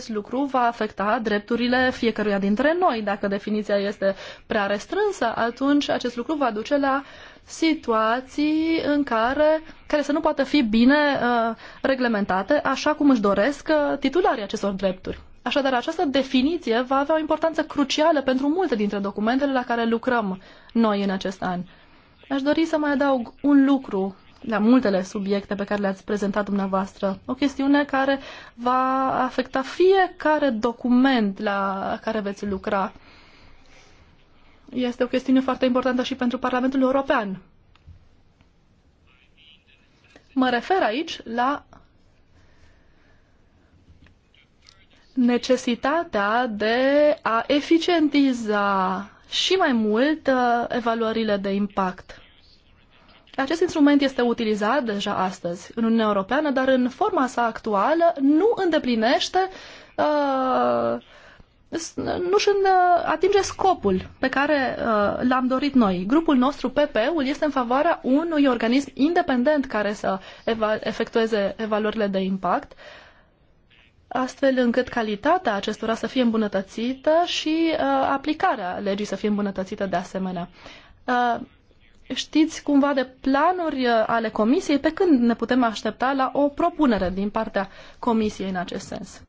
acest lucru va afecta drepturile fiecăruia dintre noi. Dacă definiția este prea restrânsă, atunci acest lucru va duce la situații în care, care să nu poată fi bine uh, reglementate așa cum își doresc uh, titularii acestor drepturi. Așadar, această definiție va avea o importanță crucială pentru multe dintre documentele la care lucrăm noi în acest an. Aș dori să mai adaug un lucru la multele subiecte pe care le-ați prezentat dumneavoastră. O chestiune care va afecta fiecare document la care veți lucra. Este o chestiune foarte importantă și pentru Parlamentul European. Mă refer aici la necesitatea de a eficientiza și mai mult uh, evaluările de impact acest instrument este utilizat deja astăzi în Uniunea Europeană, dar în forma sa actuală nu îndeplinește, uh, nu-și atinge scopul pe care uh, l-am dorit noi. Grupul nostru, PP-ul, este în favoarea unui organism independent care să eva- efectueze evaluările de impact, astfel încât calitatea acestora să fie îmbunătățită și uh, aplicarea legii să fie îmbunătățită de asemenea. Uh, știți cumva de planuri uh, ale Comisiei, pe când ne putem aștepta la o propunere din partea Comisiei în acest sens?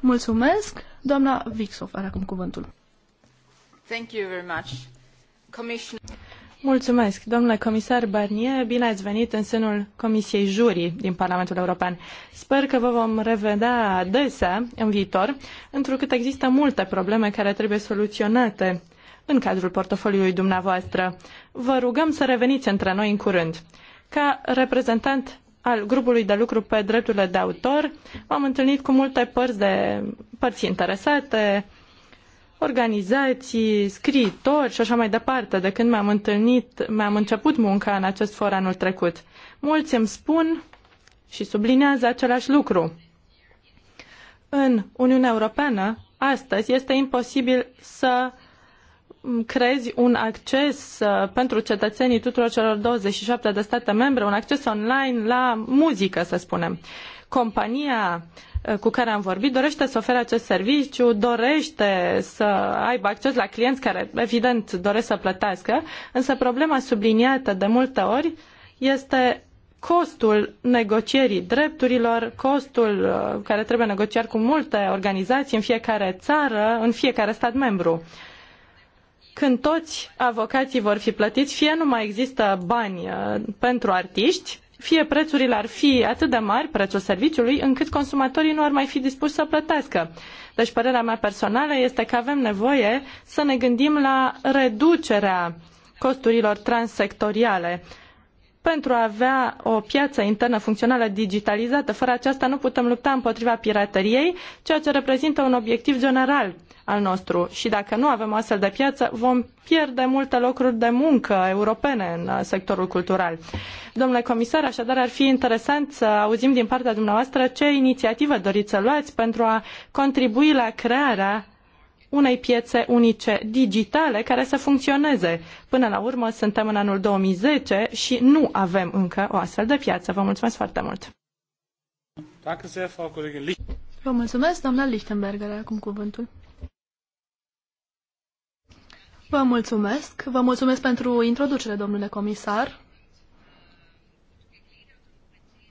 Mulțumesc. Doamna Vixov are acum cuvântul. Thank you very much. Commission... Mulțumesc, domnule comisar Barnier, bine ați venit în sânul Comisiei Juri din Parlamentul European. Sper că vă vom revedea adesea în viitor, întrucât există multe probleme care trebuie soluționate în cadrul portofoliului dumneavoastră. Vă rugăm să reveniți între noi în curând. Ca reprezentant al grupului de lucru pe drepturile de autor, m-am întâlnit cu multe părți, de, părți interesate, organizații, scriitori și așa mai departe, de când mi-am întâlnit, mi-am început munca în acest for anul trecut. Mulți îmi spun și sublinează același lucru. În Uniunea Europeană, astăzi, este imposibil să crezi un acces uh, pentru cetățenii tuturor celor 27 de state membre, un acces online la muzică, să spunem. Compania uh, cu care am vorbit dorește să ofere acest serviciu, dorește să aibă acces la clienți care, evident, doresc să plătească, însă problema subliniată de multe ori este costul negocierii drepturilor, costul uh, care trebuie negociat cu multe organizații în fiecare țară, în fiecare stat membru când toți avocații vor fi plătiți, fie nu mai există bani uh, pentru artiști, fie prețurile ar fi atât de mari, prețul serviciului, încât consumatorii nu ar mai fi dispuși să plătească. Deci părerea mea personală este că avem nevoie să ne gândim la reducerea costurilor transsectoriale pentru a avea o piață internă funcțională digitalizată. Fără aceasta nu putem lupta împotriva pirateriei, ceea ce reprezintă un obiectiv general al nostru. Și dacă nu avem o astfel de piață, vom pierde multe locuri de muncă europene în uh, sectorul cultural. Domnule comisar, așadar ar fi interesant să auzim din partea dumneavoastră ce inițiative doriți să luați pentru a contribui la crearea unei piețe unice digitale care să funcționeze. Până la urmă, suntem în anul 2010 și nu avem încă o astfel de piață. Vă mulțumesc foarte mult! Vă mulțumesc, doamna Lichtenberger, acum cuvântul. Vă mulțumesc. Vă mulțumesc pentru introducere, domnule comisar.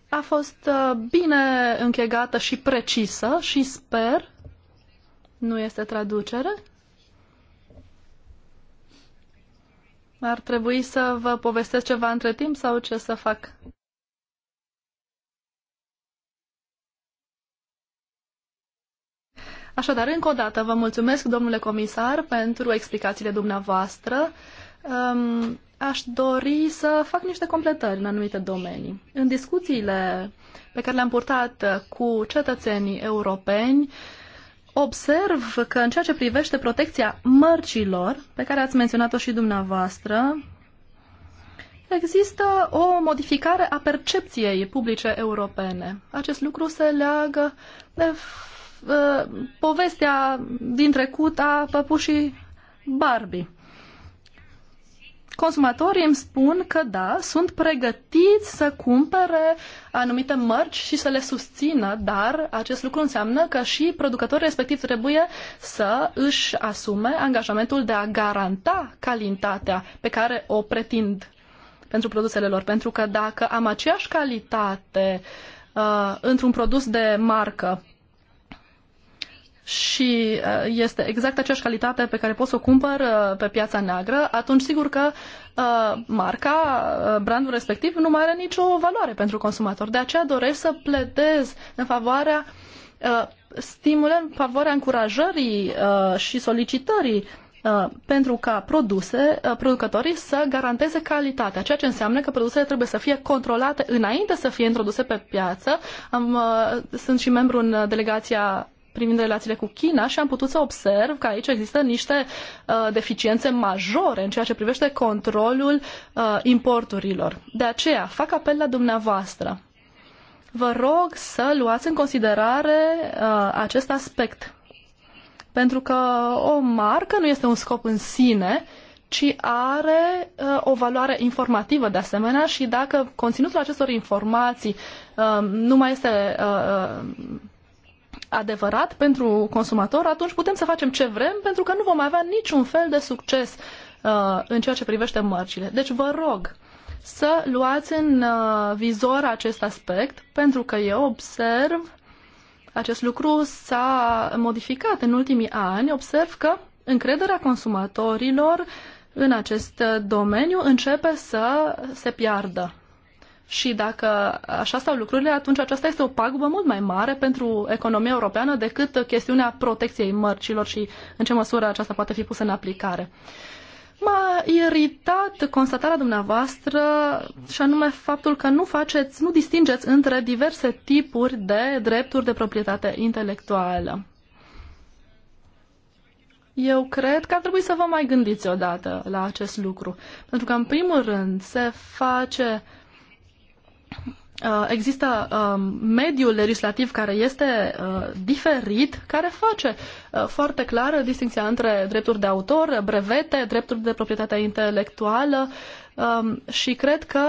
A fost uh, bine închegată și precisă și sper. Nu este traducere? Ar trebui să vă povestesc ceva între timp sau ce să fac? Așadar, încă o dată, vă mulțumesc, domnule comisar, pentru explicațiile dumneavoastră. Um, aș dori să fac niște completări în anumite domenii. În discuțiile pe care le-am purtat cu cetățenii europeni, observ că în ceea ce privește protecția mărcilor, pe care ați menționat-o și dumneavoastră, există o modificare a percepției publice europene. Acest lucru se leagă de Uh, povestea din trecut a păpușii Barbie. Consumatorii îmi spun că da, sunt pregătiți să cumpere anumite mărci și să le susțină, dar acest lucru înseamnă că și producătorii respectiv trebuie să își asume angajamentul de a garanta calitatea pe care o pretind pentru produsele lor. Pentru că dacă am aceeași calitate uh, într-un produs de marcă și uh, este exact aceeași calitate pe care poți să o cumpăr uh, pe piața neagră, atunci sigur că uh, marca, brandul respectiv nu mai are nicio valoare pentru consumator. De aceea doresc să pledez în favoarea stimulăm în favoarea încurajării și solicitării pentru ca produse, producătorii să garanteze calitatea, ceea ce înseamnă că produsele trebuie să fie controlate înainte să fie introduse pe piață. Am, sunt și membru în delegația privind relațiile cu China și am putut să observ că aici există niște uh, deficiențe majore în ceea ce privește controlul uh, importurilor. De aceea, fac apel la dumneavoastră. Vă rog să luați în considerare uh, acest aspect. Pentru că o marcă nu este un scop în sine, ci are uh, o valoare informativă de asemenea și dacă conținutul acestor informații uh, nu mai este uh, uh adevărat pentru consumator, atunci putem să facem ce vrem pentru că nu vom avea niciun fel de succes uh, în ceea ce privește mărcile. Deci vă rog să luați în uh, vizor acest aspect pentru că eu observ acest lucru s-a modificat în ultimii ani, observ că încrederea consumatorilor în acest domeniu începe să se piardă. Și dacă așa stau lucrurile, atunci aceasta este o pagubă mult mai mare pentru economia europeană decât chestiunea protecției mărcilor și în ce măsură aceasta poate fi pusă în aplicare. M-a iritat constatarea dumneavoastră și anume faptul că nu faceți, nu distingeți între diverse tipuri de drepturi de proprietate intelectuală. Eu cred că ar trebui să vă mai gândiți odată la acest lucru. Pentru că, în primul rând, se face Uh, există um, mediul legislativ care este uh, diferit, care face uh, foarte clară distinția între drepturi de autor, brevete, drepturi de proprietate intelectuală um, și cred că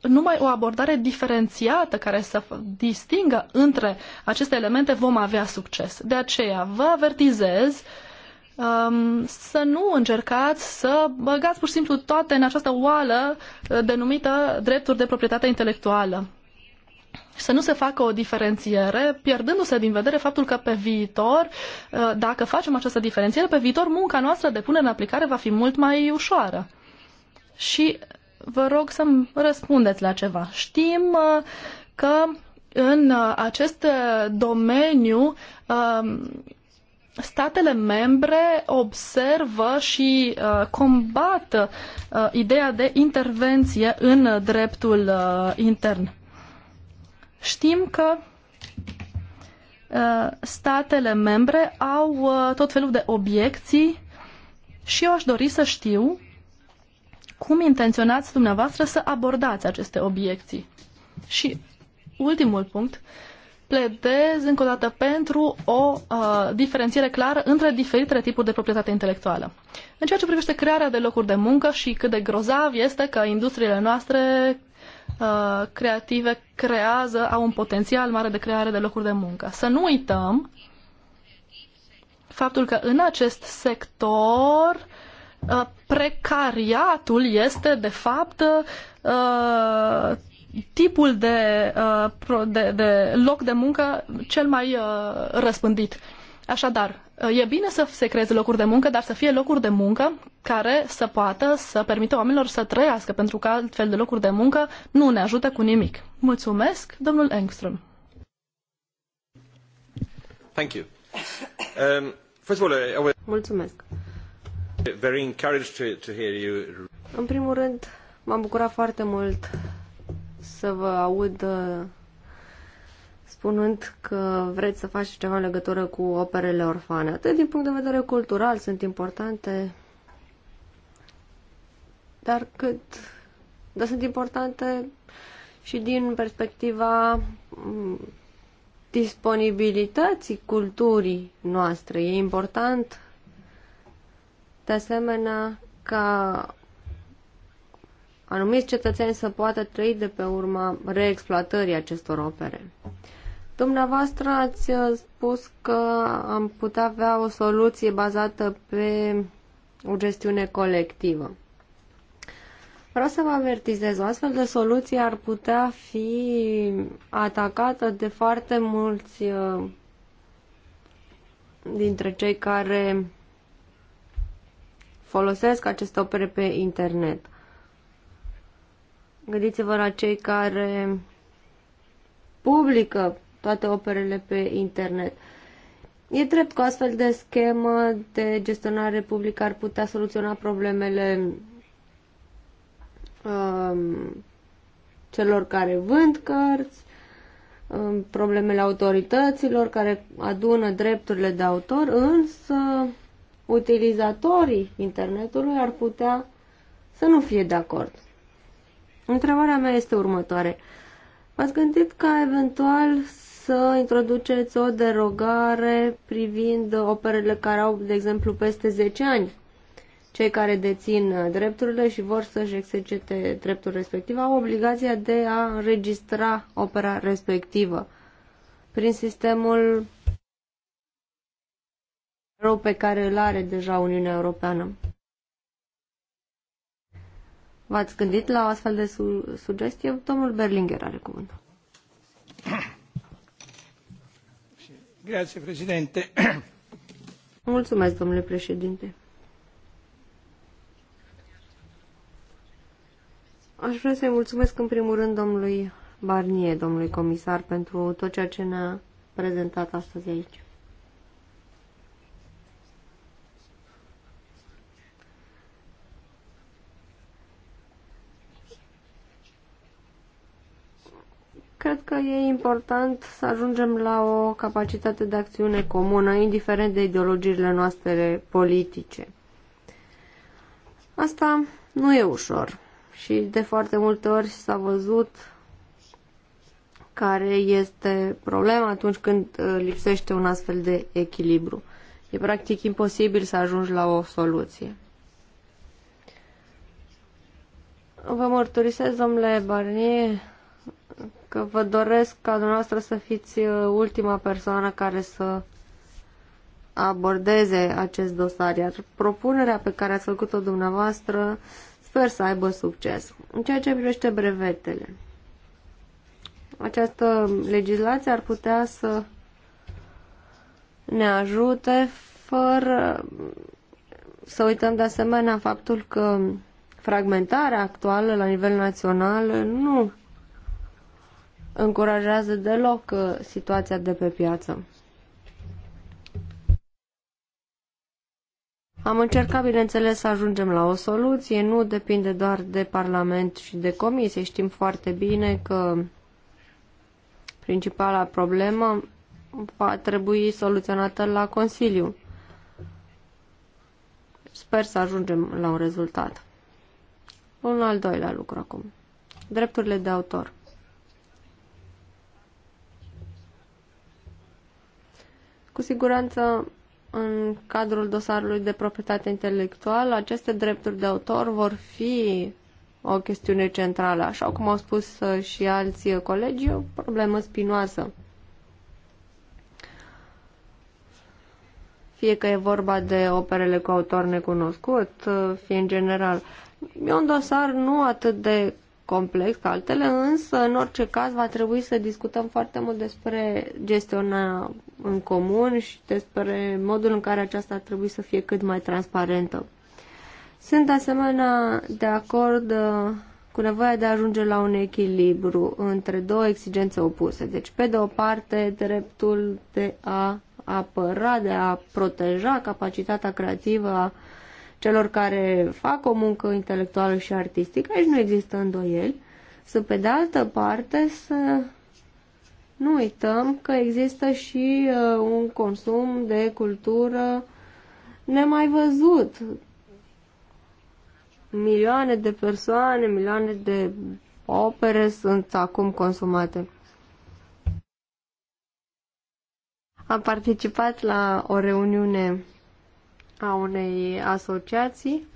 numai o abordare diferențiată care să distingă între aceste elemente vom avea succes. De aceea vă avertizez Um, să nu încercați să băgați pur și simplu toate în această oală uh, denumită drepturi de proprietate intelectuală. Să nu se facă o diferențiere, pierdându-se din vedere faptul că pe viitor, uh, dacă facem această diferențiere, pe viitor munca noastră de punere în aplicare va fi mult mai ușoară. Și vă rog să-mi răspundeți la ceva. Știm uh, că în acest domeniu statele membre observă și uh, combat uh, ideea de intervenție în dreptul uh, intern. Știm că uh, statele membre au uh, tot felul de obiecții și eu aș dori să știu cum intenționați dumneavoastră să abordați aceste obiecții. Și ultimul punct, uh, pledez încă o dată pentru o uh, diferențiere clară între diferitele tipuri de proprietate intelectuală. În ceea ce privește crearea de locuri de muncă și cât de grozav este că industriile noastre uh, creative creează, au un potențial mare de creare de locuri de muncă. Să nu uităm faptul că în acest sector uh, precariatul este de fapt uh, tipul de, uh, de, de loc de muncă cel mai uh, răspândit. Așadar, uh, e bine să se creeze locuri de muncă, dar să fie locuri de muncă care să poată să permită oamenilor să trăiască, pentru că altfel de locuri de muncă nu ne ajută cu nimic. Mulțumesc, domnul Engström. Thank you. Um, first of all, I was Mulțumesc. Very encouraged to, to hear you. În primul rând, m-am bucurat foarte mult să vă aud uh, spunând că vreți să faceți ceva în legătură cu operele orfane. Atât din punct de vedere cultural sunt importante, dar cât... Dar sunt importante și din perspectiva mm, disponibilității culturii noastre. E important, de asemenea, ca anumiți cetățeni să poată trăi de pe urma reexploatării acestor opere. Dumneavoastră ați uh, spus că am putea avea o soluție bazată pe o gestiune colectivă. Vreau să vă avertizez, o astfel de soluție ar putea fi atacată de foarte mulți uh, dintre cei care folosesc aceste opere pe internet. Gândiți-vă la cei care publică toate operele pe internet. E drept că astfel de schemă de gestionare publică ar putea soluționa problemele um, celor care vând cărți, um, problemele autorităților care adună drepturile de autor, însă utilizatorii internetului ar putea să nu fie de acord. Întrebarea mea este următoare. V-ați gândit ca eventual să introduceți o derogare privind operele care au, de exemplu, peste 10 ani? Cei care dețin drepturile și vor să-și execete dreptul respectiv au obligația de a înregistra opera respectivă prin sistemul pe care îl are deja Uniunea Europeană. V-ați gândit la o astfel de su- sugestie? Domnul Berlinger are cuvântul. Grazie, președinte. Mulțumesc, domnule președinte. Aș vrea să-i mulțumesc în primul rând domnului Barnier, domnului comisar, pentru tot ceea ce ne-a prezentat astăzi aici. Cred că e important să ajungem la o capacitate de acțiune comună, indiferent de ideologiile noastre politice. Asta nu e ușor și de foarte multe ori s-a văzut care este problema atunci când uh, lipsește un astfel de echilibru. E practic imposibil să ajungi la o soluție. Vă mărturisesc, domnule Barnier, că vă doresc ca dumneavoastră să fiți uh, ultima persoană care să abordeze acest dosar, iar propunerea pe care ați făcut-o dumneavoastră sper să aibă succes. În ceea ce privește brevetele, această legislație ar putea să ne ajute fără să uităm de asemenea faptul că fragmentarea actuală la nivel național nu încurajează deloc uh, situația de pe piață. Am încercat, bineînțeles, să ajungem la o soluție. Nu depinde doar de Parlament și de Comisie. Știm foarte bine că principala problemă va trebui soluționată la Consiliu. Sper să ajungem la un rezultat. Un al doilea lucru acum. Drepturile de autor. Cu siguranță, în cadrul dosarului de proprietate intelectuală, aceste drepturi de autor vor fi o chestiune centrală, așa cum au spus uh, și alții uh, colegi, o problemă spinoasă. Fie că e vorba de operele cu autor necunoscut, uh, fie în general. E un dosar nu atât de complex ca altele, însă în orice caz va trebui să discutăm foarte mult despre gestiona în comun și despre modul în care aceasta ar trebui să fie cât mai transparentă. Sunt de asemenea de acord uh, cu nevoia de a ajunge la un echilibru între două exigențe opuse. Deci, pe de o parte, dreptul de a apăra, de a proteja capacitatea creativă a celor care fac o muncă intelectuală și artistică, aici nu există îndoieli, să pe de altă parte să nu uităm că există și uh, un consum de cultură nemai văzut. Milioane de persoane, milioane de opere sunt acum consumate. Am participat la o reuniune a unei asociații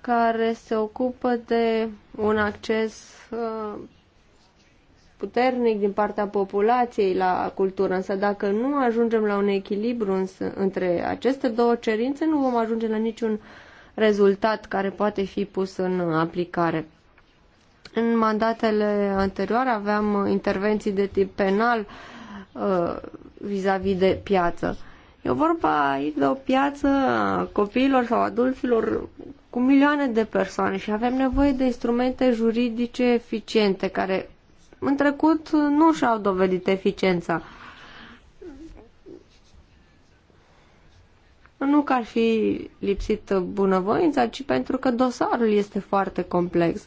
care se ocupă de un acces uh, puternic din partea populației la cultură, însă dacă nu ajungem la un echilibru între aceste două cerințe, nu vom ajunge la niciun rezultat care poate fi pus în aplicare. În mandatele anterioare aveam intervenții de tip penal uh, vis-a-vis -vis de piață. E vorba aici de o piață copiilor sau adulților cu milioane de persoane și avem nevoie de instrumente juridice eficiente care în trecut nu și-au dovedit eficiența. Nu că ar fi lipsit bunăvoința, ci pentru că dosarul este foarte complex. Uh,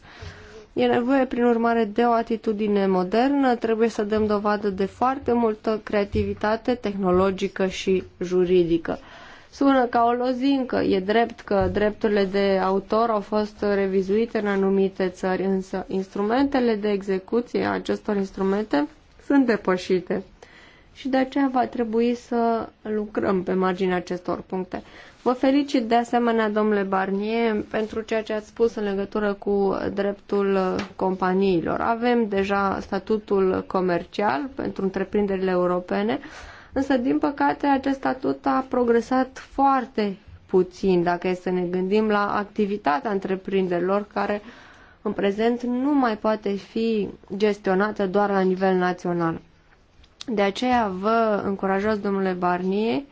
E nevoie, prin urmare, de o atitudine modernă, trebuie să dăm dovadă de foarte multă creativitate tehnologică și juridică. Sună ca o lozincă, e drept că drepturile de autor au fost revizuite în anumite țări, însă instrumentele de execuție a acestor instrumente sunt depășite. Și de aceea va trebui să lucrăm pe marginea acestor puncte. Vă felicit de asemenea, domnule Barnier, pentru ceea ce ați spus în legătură cu dreptul companiilor. Avem deja statutul comercial pentru întreprinderile europene, însă, din păcate, acest statut a progresat foarte puțin, dacă e să ne gândim la activitatea întreprinderilor care în prezent nu mai poate fi gestionată doar la nivel național. De aceea vă încurajez, domnule Barnier,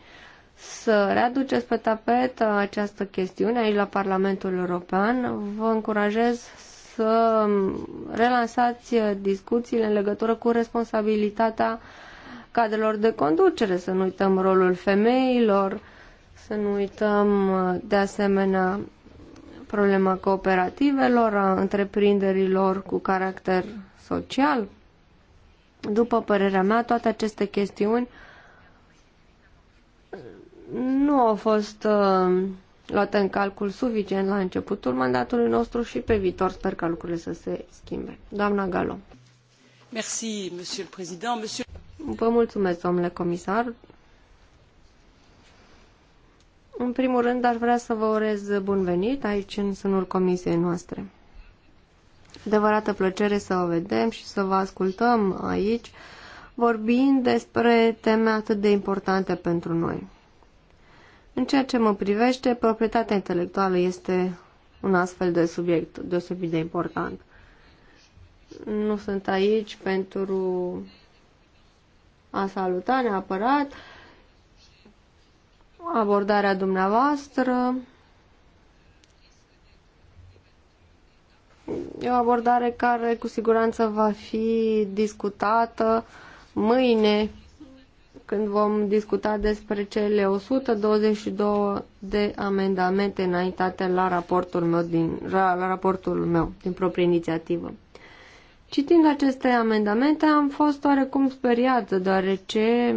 să readuceți pe tapet această chestiune aici la Parlamentul European. Vă încurajez să relansați discuțiile în legătură cu responsabilitatea cadrelor de conducere, să nu uităm rolul femeilor, să nu uităm de asemenea problema cooperativelor, a întreprinderilor cu caracter social. După părerea mea, toate aceste chestiuni nu au fost uh, luate în calcul suficient la începutul mandatului nostru și pe viitor sper ca lucrurile să se schimbe. Doamna Galo. Merci, monsieur le président. Monsieur... Vă mulțumesc, domnule comisar. În primul rând, aș vrea să vă urez bun venit aici, în sânul comisiei noastre. Adevărată plăcere să o vedem și să vă ascultăm aici, vorbind despre teme atât de importante pentru noi. În ceea ce mă privește, proprietatea intelectuală este un astfel de subiect deosebit de important. Nu sunt aici pentru a saluta neapărat abordarea dumneavoastră. E o abordare care cu siguranță va fi discutată mâine când vom discuta despre cele 122 de amendamente înaintate la raportul meu din, la raportul meu, din proprie inițiativă. Citind aceste amendamente am fost oarecum speriată, deoarece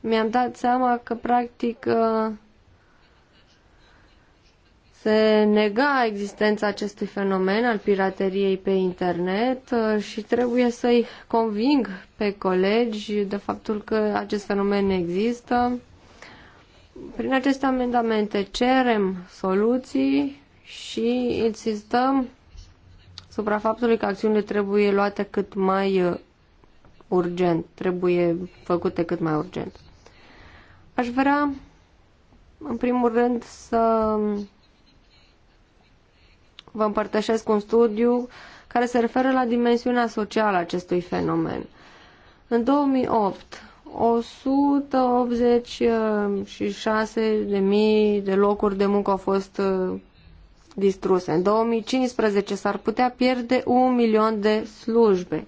mi-am dat seama că practic se nega existența acestui fenomen al pirateriei pe internet uh, și trebuie să-i conving pe colegi de faptul că acest fenomen există. Prin aceste amendamente cerem soluții și insistăm supra faptului că acțiunile trebuie luate cât mai uh, urgent, trebuie făcute cât mai urgent. Aș vrea, în primul rând, să vă împărtășesc un studiu care se referă la dimensiunea socială a acestui fenomen. În 2008, mii de locuri de muncă au fost uh, distruse. În 2015 s-ar putea pierde un milion de slujbe.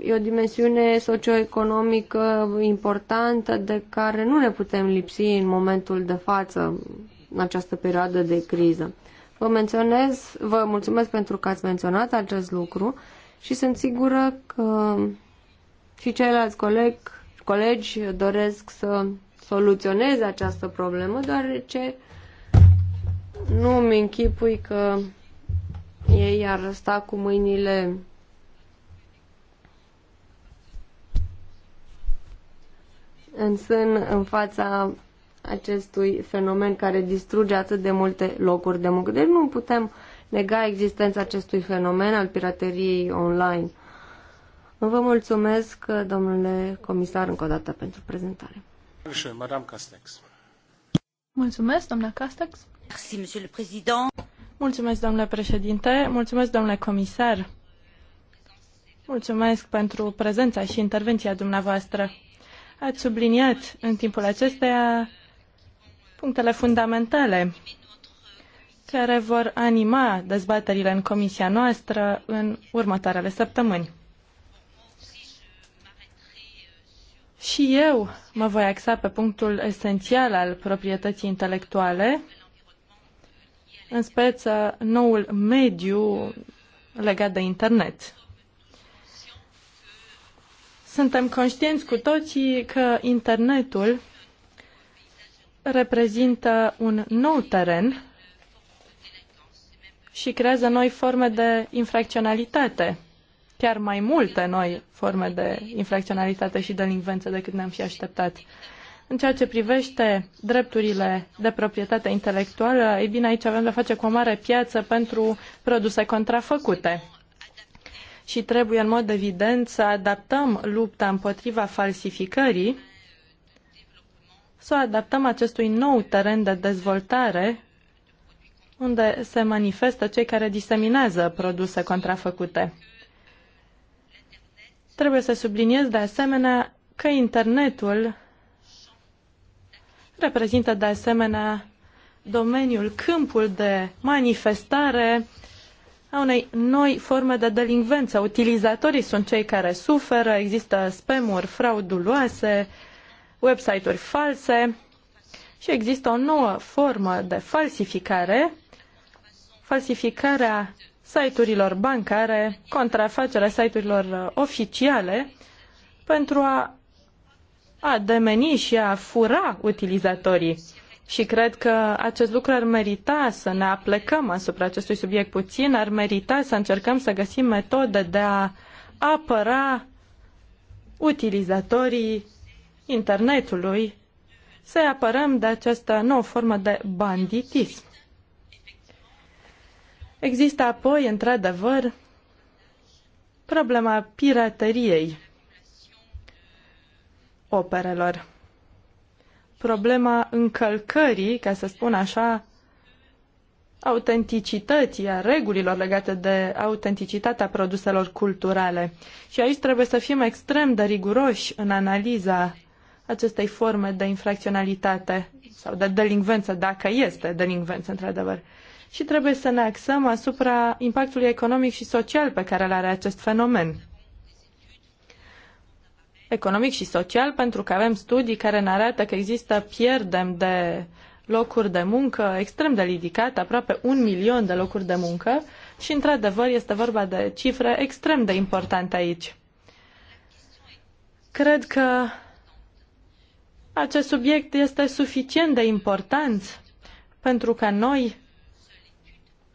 E o dimensiune socioeconomică importantă de care nu ne putem lipsi în momentul de față, în această perioadă de criză. Vă menționez, vă mulțumesc pentru că ați menționat acest lucru și sunt sigură că și ceilalți colegi, colegi doresc să soluționeze această problemă, deoarece nu mi închipui că ei ar sta cu mâinile în sân în fața acestui fenomen care distruge atât de multe locuri de muncă. Deci nu putem nega existența acestui fenomen al pirateriei online. Vă mulțumesc, domnule comisar, încă o dată pentru prezentare. Castex. Mulțumesc, doamna Castex. Merci, monsieur le président. Mulțumesc, domnule președinte. Mulțumesc, domnule comisar. Mulțumesc pentru prezența și intervenția dumneavoastră. Ați subliniat în timpul acesteia punctele fundamentale care vor anima dezbaterile în comisia noastră în următoarele săptămâni. Și eu mă voi axa pe punctul esențial al proprietății intelectuale, în speță noul mediu legat de internet. Suntem conștienți cu toții că internetul reprezintă un nou teren și creează noi forme de infracționalitate, chiar mai multe noi forme de infracționalitate și delinvență decât ne-am fi așteptat. În ceea ce privește drepturile de proprietate intelectuală, ei bine, aici avem de face cu o mare piață pentru produse contrafăcute. Și trebuie, în mod evident, să adaptăm lupta împotriva falsificării să o adaptăm acestui nou teren de dezvoltare unde se manifestă cei care diseminează produse contrafăcute. Trebuie să subliniez de asemenea că internetul reprezintă de asemenea domeniul, câmpul de manifestare a unei noi forme de delinvență. Utilizatorii sunt cei care suferă, există spemuri frauduloase, website-uri false și există o nouă formă de falsificare, falsificarea site-urilor bancare, contrafacerea site-urilor uh, oficiale pentru a ademeni și a fura utilizatorii. Și cred că acest lucru ar merita să ne aplecăm asupra acestui subiect puțin, ar merita să încercăm să găsim metode de a apăra utilizatorii internetului să apărăm de această nouă formă de banditism. Există apoi, într-adevăr, problema pirateriei operelor, problema încălcării, ca să spun așa, autenticității, a regulilor legate de autenticitatea produselor culturale. Și aici trebuie să fim extrem de riguroși în analiza acestei forme de infracționalitate sau de delinvență, dacă este delinvență, într-adevăr. Și trebuie să ne axăm asupra impactului economic și social pe care îl are acest fenomen. Economic și social, pentru că avem studii care ne arată că există pierdem de locuri de muncă extrem de ridicate, aproape un milion de locuri de muncă și, într-adevăr, este vorba de cifre extrem de importante aici. Cred că acest subiect este suficient de important pentru ca noi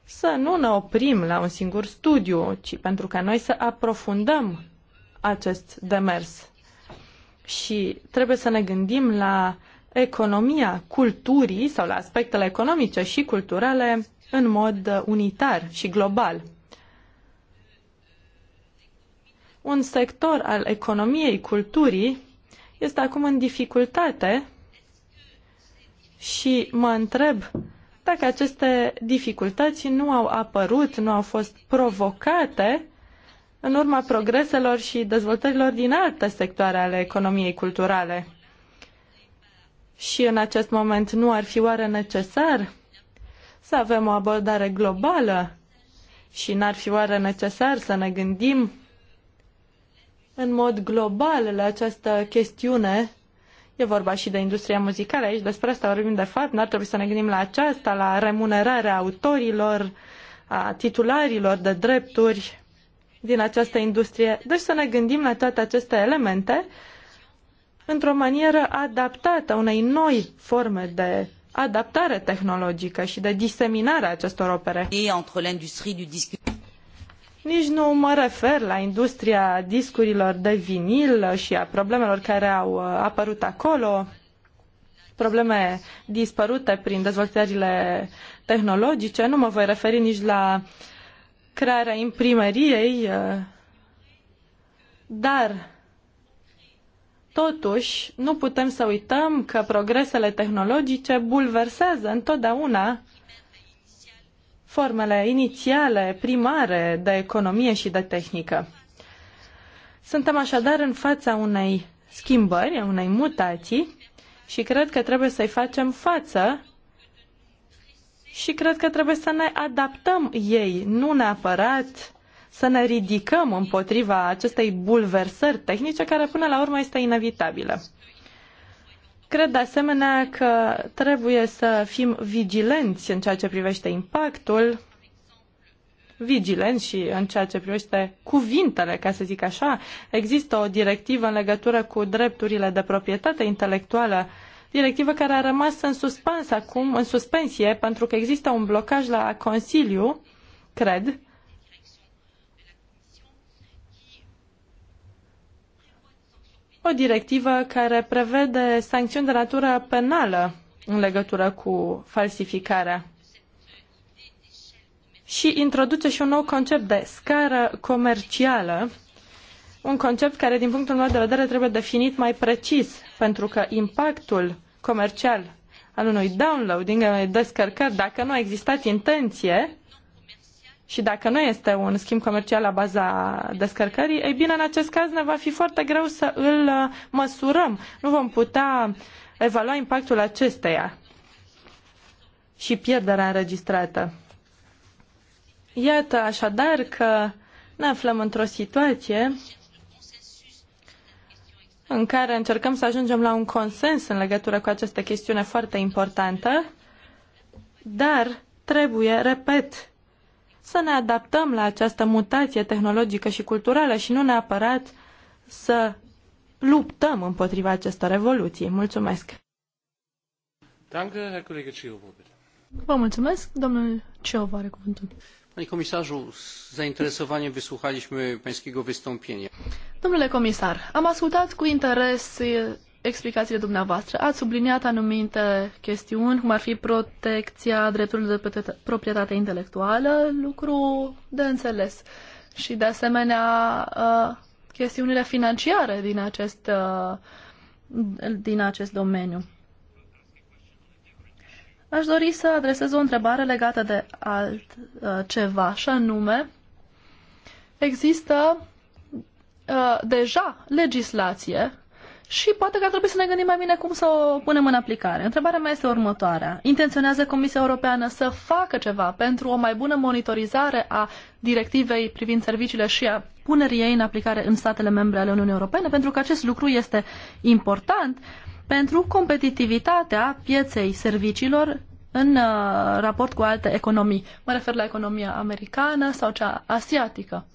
să nu ne oprim la un singur studiu, ci pentru ca noi să aprofundăm acest demers. Și trebuie să ne gândim la economia culturii sau la aspectele economice și culturale în mod unitar și global. Un sector al economiei culturii este acum în dificultate și mă întreb dacă aceste dificultăți nu au apărut, nu au fost provocate în urma progreselor și dezvoltărilor din alte sectoare ale economiei culturale. Și în acest moment nu ar fi oare necesar să avem o abordare globală și n-ar fi oare necesar să ne gândim în mod global la această chestiune. E vorba și de industria muzicală aici, despre asta vorbim de fapt, n-ar trebui să ne gândim la aceasta, la remunerarea autorilor, a titularilor de drepturi din această industrie. Deci să ne gândim la toate aceste elemente într-o manieră adaptată unei noi forme de adaptare tehnologică și de diseminare a acestor opere. Nici nu mă refer la industria discurilor de vinil și a problemelor care au uh, apărut acolo, probleme dispărute prin dezvoltările tehnologice. Nu mă voi referi nici la crearea imprimeriei, uh, dar totuși nu putem să uităm că progresele tehnologice bulversează întotdeauna formele inițiale, primare de economie și de tehnică. Suntem așadar în fața unei schimbări, unei mutații și cred că trebuie să-i facem față și cred că trebuie să ne adaptăm ei, nu neapărat să ne ridicăm împotriva acestei bulversări tehnice care până la urmă este inevitabilă. Cred de asemenea că trebuie să fim vigilenți în ceea ce privește impactul, vigilenți și în ceea ce privește cuvintele, ca să zic așa. Există o directivă în legătură cu drepturile de proprietate intelectuală directivă care a rămas în suspans acum, în suspensie, pentru că există un blocaj la Consiliu, cred, o directivă care prevede sancțiuni de natură penală în legătură cu falsificarea și introduce și un nou concept de scară comercială, un concept care, din punctul meu de vedere, trebuie definit mai precis, pentru că impactul comercial al unui downloading, al unei descărcări, dacă nu a existat intenție, și dacă nu este un schimb comercial la baza descărcării, ei bine, în acest caz ne va fi foarte greu să îl uh, măsurăm. Nu vom putea evalua impactul acesteia și pierderea înregistrată. Iată așadar că ne aflăm într-o situație în care încercăm să ajungem la un consens în legătură cu această chestiune foarte importantă, dar trebuie, repet, să ne adaptăm la această mutație tehnologică și culturală și nu neapărat să luptăm împotriva acestor revoluții. Mulțumesc! Vă mulțumesc, domnul Ciovo are cuvântul. Panie komisarzu, zainteresowaniem wysłuchaliśmy pańskiego wystąpienia. Domnule comisar, am ascultat cu interes explicațiile dumneavoastră. Ați subliniat anumite chestiuni, cum ar fi protecția drepturilor de proprietate intelectuală, lucru de înțeles. Și, de asemenea, uh, chestiunile financiare din acest, uh, din acest domeniu. Aș dori să adresez o întrebare legată de alt uh, ceva, și anume, există deja legislație și poate că ar trebui să ne gândim mai bine cum să o punem în aplicare. Întrebarea mea este următoarea. Intenționează Comisia Europeană să facă ceva pentru o mai bună monitorizare a directivei privind serviciile și a punerii ei în aplicare în statele membre ale Uniunii Europene? Pentru că acest lucru este important pentru competitivitatea pieței serviciilor în uh, raport cu alte economii. Mă refer la economia americană sau cea asiatică.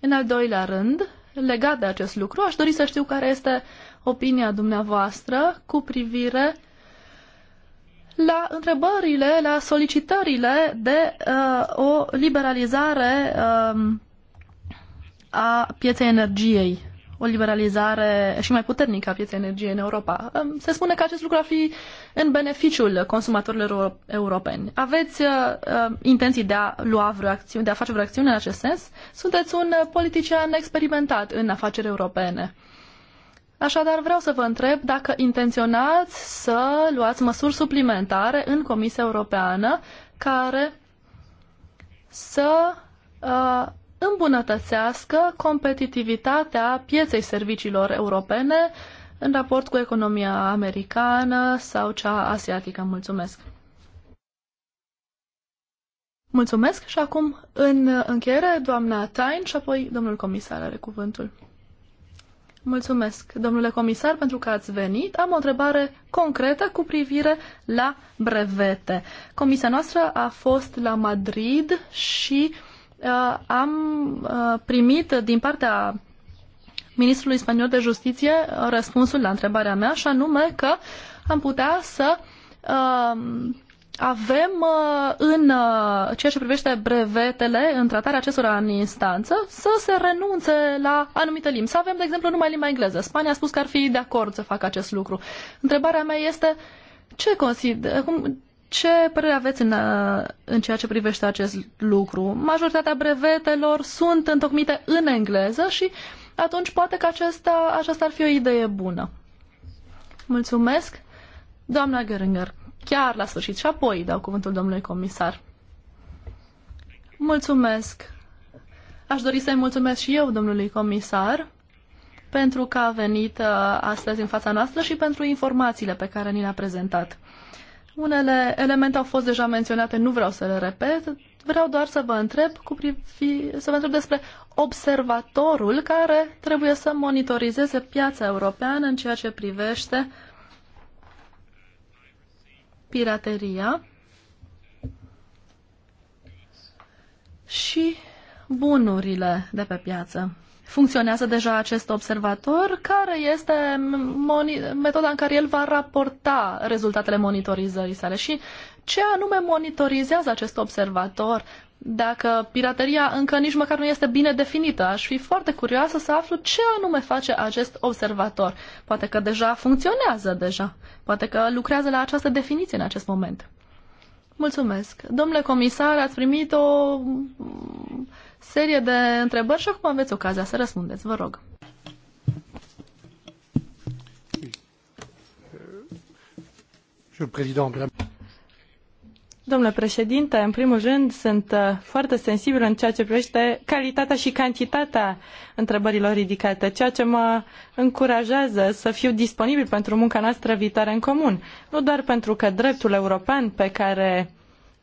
În al doilea rând, Legat de acest lucru, aș dori să știu care este opinia dumneavoastră cu privire la întrebările, la solicitările de uh, o liberalizare uh, a pieței energiei o liberalizare și mai puternică a pieței energiei în Europa. Se spune că acest lucru ar fi în beneficiul consumatorilor europeni. Aveți uh, uh, intenții de a lua vreo acțiune, de a face vreo acțiune în acest sens? Sunteți un uh, politician experimentat în afaceri europene. Așadar, vreau să vă întreb dacă intenționați să luați măsuri suplimentare în Comisia Europeană care să uh, îmbunătățească competitivitatea pieței serviciilor europene în raport cu economia americană sau cea asiatică. Mulțumesc! Mulțumesc și acum în încheiere doamna Tain și apoi domnul comisar are cuvântul. Mulțumesc, domnule comisar, pentru că ați venit. Am o întrebare concretă cu privire la brevete. Comisia noastră a fost la Madrid și uh, Uh, am uh, primit din partea ministrului spaniol de justiție uh, răspunsul la întrebarea mea și anume că am putea să avem în ceea ce privește brevetele, în tratarea acestora în instanță, să se renunțe la anumite limbi. Să avem, de exemplu, numai limba engleză. Spania a spus că ar fi de acord să facă acest lucru. Întrebarea mea este ce consider, cum, ce părere aveți în, uh, în ceea ce privește acest lucru? Majoritatea brevetelor sunt întocmite în engleză și atunci poate că acesta, aceasta ar fi o idee bună. Mulțumesc, doamna Göringer. Chiar la sfârșit și apoi dau cuvântul domnului comisar. Mulțumesc. Aș dori să-i mulțumesc și eu, domnului comisar, pentru că a venit uh, astăzi în fața noastră și pentru informațiile pe care ni le-a prezentat. Unele elemente au fost deja menționate, nu vreau să le repet, vreau doar să vă întreb cu privi, să vă întreb despre observatorul care trebuie să monitorizeze piața europeană în ceea ce privește pirateria și bunurile de pe piață funcționează deja acest observator, care este metoda în care el va raporta rezultatele monitorizării sale și ce anume monitorizează acest observator, dacă pirateria încă nici măcar nu este bine definită. Aș fi foarte curioasă să aflu ce anume face acest observator. Poate că deja funcționează deja, poate că lucrează la această definiție în acest moment. Mulțumesc. Domnule comisar, ați primit o serie de întrebări și acum aveți ocazia să răspundeți. Vă rog. Domnule președinte, în primul rând sunt uh, foarte sensibil în ceea ce privește calitatea și cantitatea întrebărilor ridicate, ceea ce mă încurajează să fiu disponibil pentru munca noastră viitoare în comun. Nu doar pentru că dreptul european pe care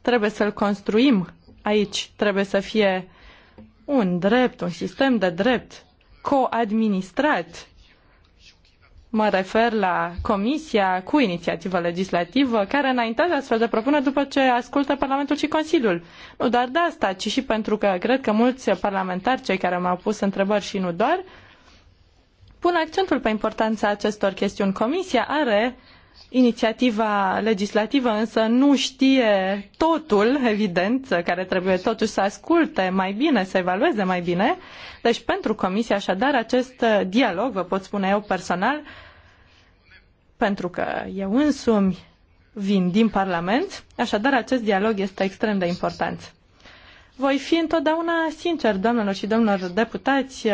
trebuie să-l construim aici trebuie să fie un drept, un sistem de drept coadministrat. Mă refer la comisia cu inițiativă legislativă care înaintează astfel de propuneri după ce ascultă Parlamentul și Consiliul. Nu doar de asta, ci și pentru că cred că mulți parlamentari, cei care mi-au pus întrebări și nu doar, pun accentul pe importanța acestor chestiuni. Comisia are uh, inițiativa legislativă, însă nu știe totul, evident, care trebuie totuși să asculte mai bine, să evalueze mai bine. Deci pentru Comisie, așadar, acest dialog, vă pot spune eu personal, pentru că eu însumi vin din Parlament, așadar acest dialog este extrem de important. Voi fi întotdeauna sincer, doamnelor și domnilor deputați,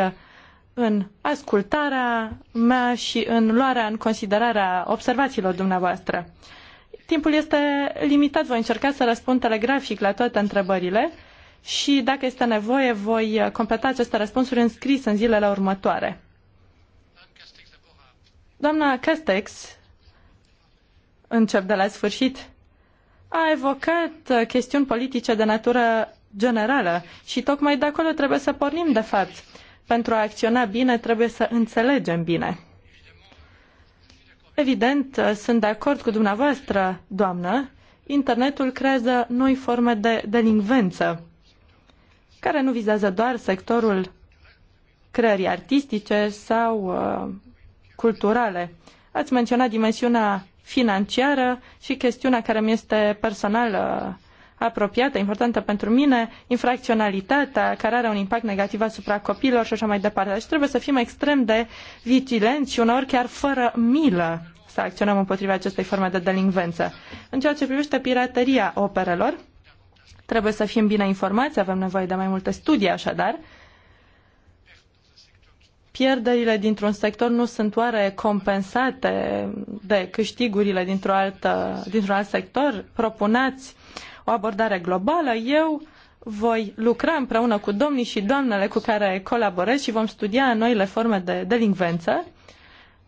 în ascultarea mea și în luarea în considerarea observațiilor dumneavoastră. Timpul este limitat, voi încerca să răspund telegrafic la toate întrebările și, dacă este nevoie, voi completa aceste răspunsuri în scris în zilele următoare. Doamna Castex, încep de la sfârșit, a evocat chestiuni politice de natură generală și tocmai de acolo trebuie să pornim, de fapt pentru a acționa bine trebuie să înțelegem bine. Evident, sunt de acord cu dumneavoastră, doamnă, internetul creează noi forme de delinvență, care nu vizează doar sectorul creării artistice sau uh, culturale. Ați menționat dimensiunea financiară și chestiunea care mi este personală uh, apropiată, importantă pentru mine, infracționalitatea care are un impact negativ asupra copiilor și așa mai departe. Deci trebuie să fim extrem de vigilenți și uneori chiar fără milă să acționăm împotriva acestei forme de delinvență. În ceea ce privește pirateria operelor, trebuie să fim bine informați, avem nevoie de mai multe studii așadar, pierderile dintr-un sector nu sunt oare compensate de câștigurile dintr-o altă, dintr-un alt sector? Propuneați o abordare globală? Eu voi lucra împreună cu domnii și doamnele cu care colaborez și vom studia noile forme de delinvență,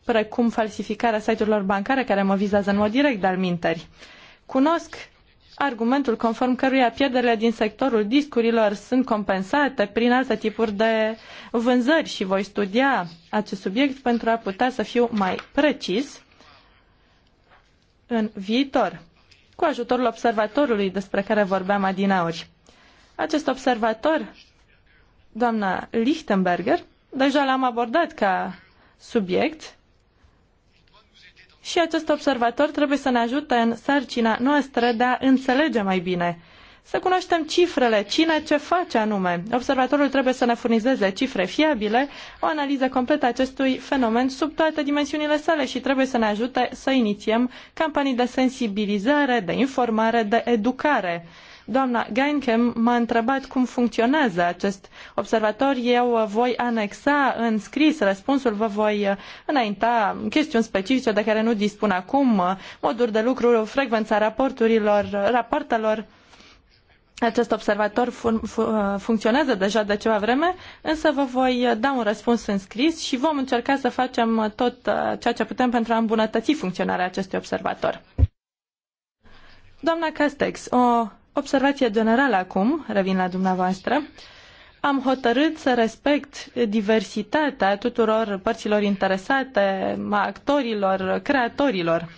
precum falsificarea site-urilor bancare care mă vizează în mod direct de-al minteri. Cunosc argumentul conform căruia pierderile din sectorul discurilor sunt compensate prin alte tipuri de vânzări și voi studia acest subiect pentru a putea să fiu mai precis în viitor, cu ajutorul observatorului despre care vorbeam adinauri. Acest observator, doamna Lichtenberger, deja l-am abordat ca subiect și acest observator trebuie să ne ajute în sarcina noastră de a înțelege mai bine să cunoaștem cifrele, cine ce face anume. Observatorul trebuie să ne furnizeze cifre fiabile, o analiză completă a acestui fenomen sub toate dimensiunile sale și trebuie să ne ajute să inițiem campanii de sensibilizare, de informare, de educare. Doamna Geinkem m-a întrebat cum funcționează acest observator. Eu voi anexa în scris răspunsul, vă voi uh, înainta chestiuni specifice de care nu dispun acum, uh, moduri de lucru, frecvența raporturilor, uh, rapoartelor. Acest observator fun- fun- funcționează deja de ceva vreme, însă vă voi da un răspuns în scris și vom încerca să facem tot ceea ce putem pentru a îmbunătăți funcționarea acestui observator. Doamna Castex, o observație generală acum, revin la dumneavoastră. Am hotărât să respect diversitatea tuturor părților interesate, a actorilor, creatorilor.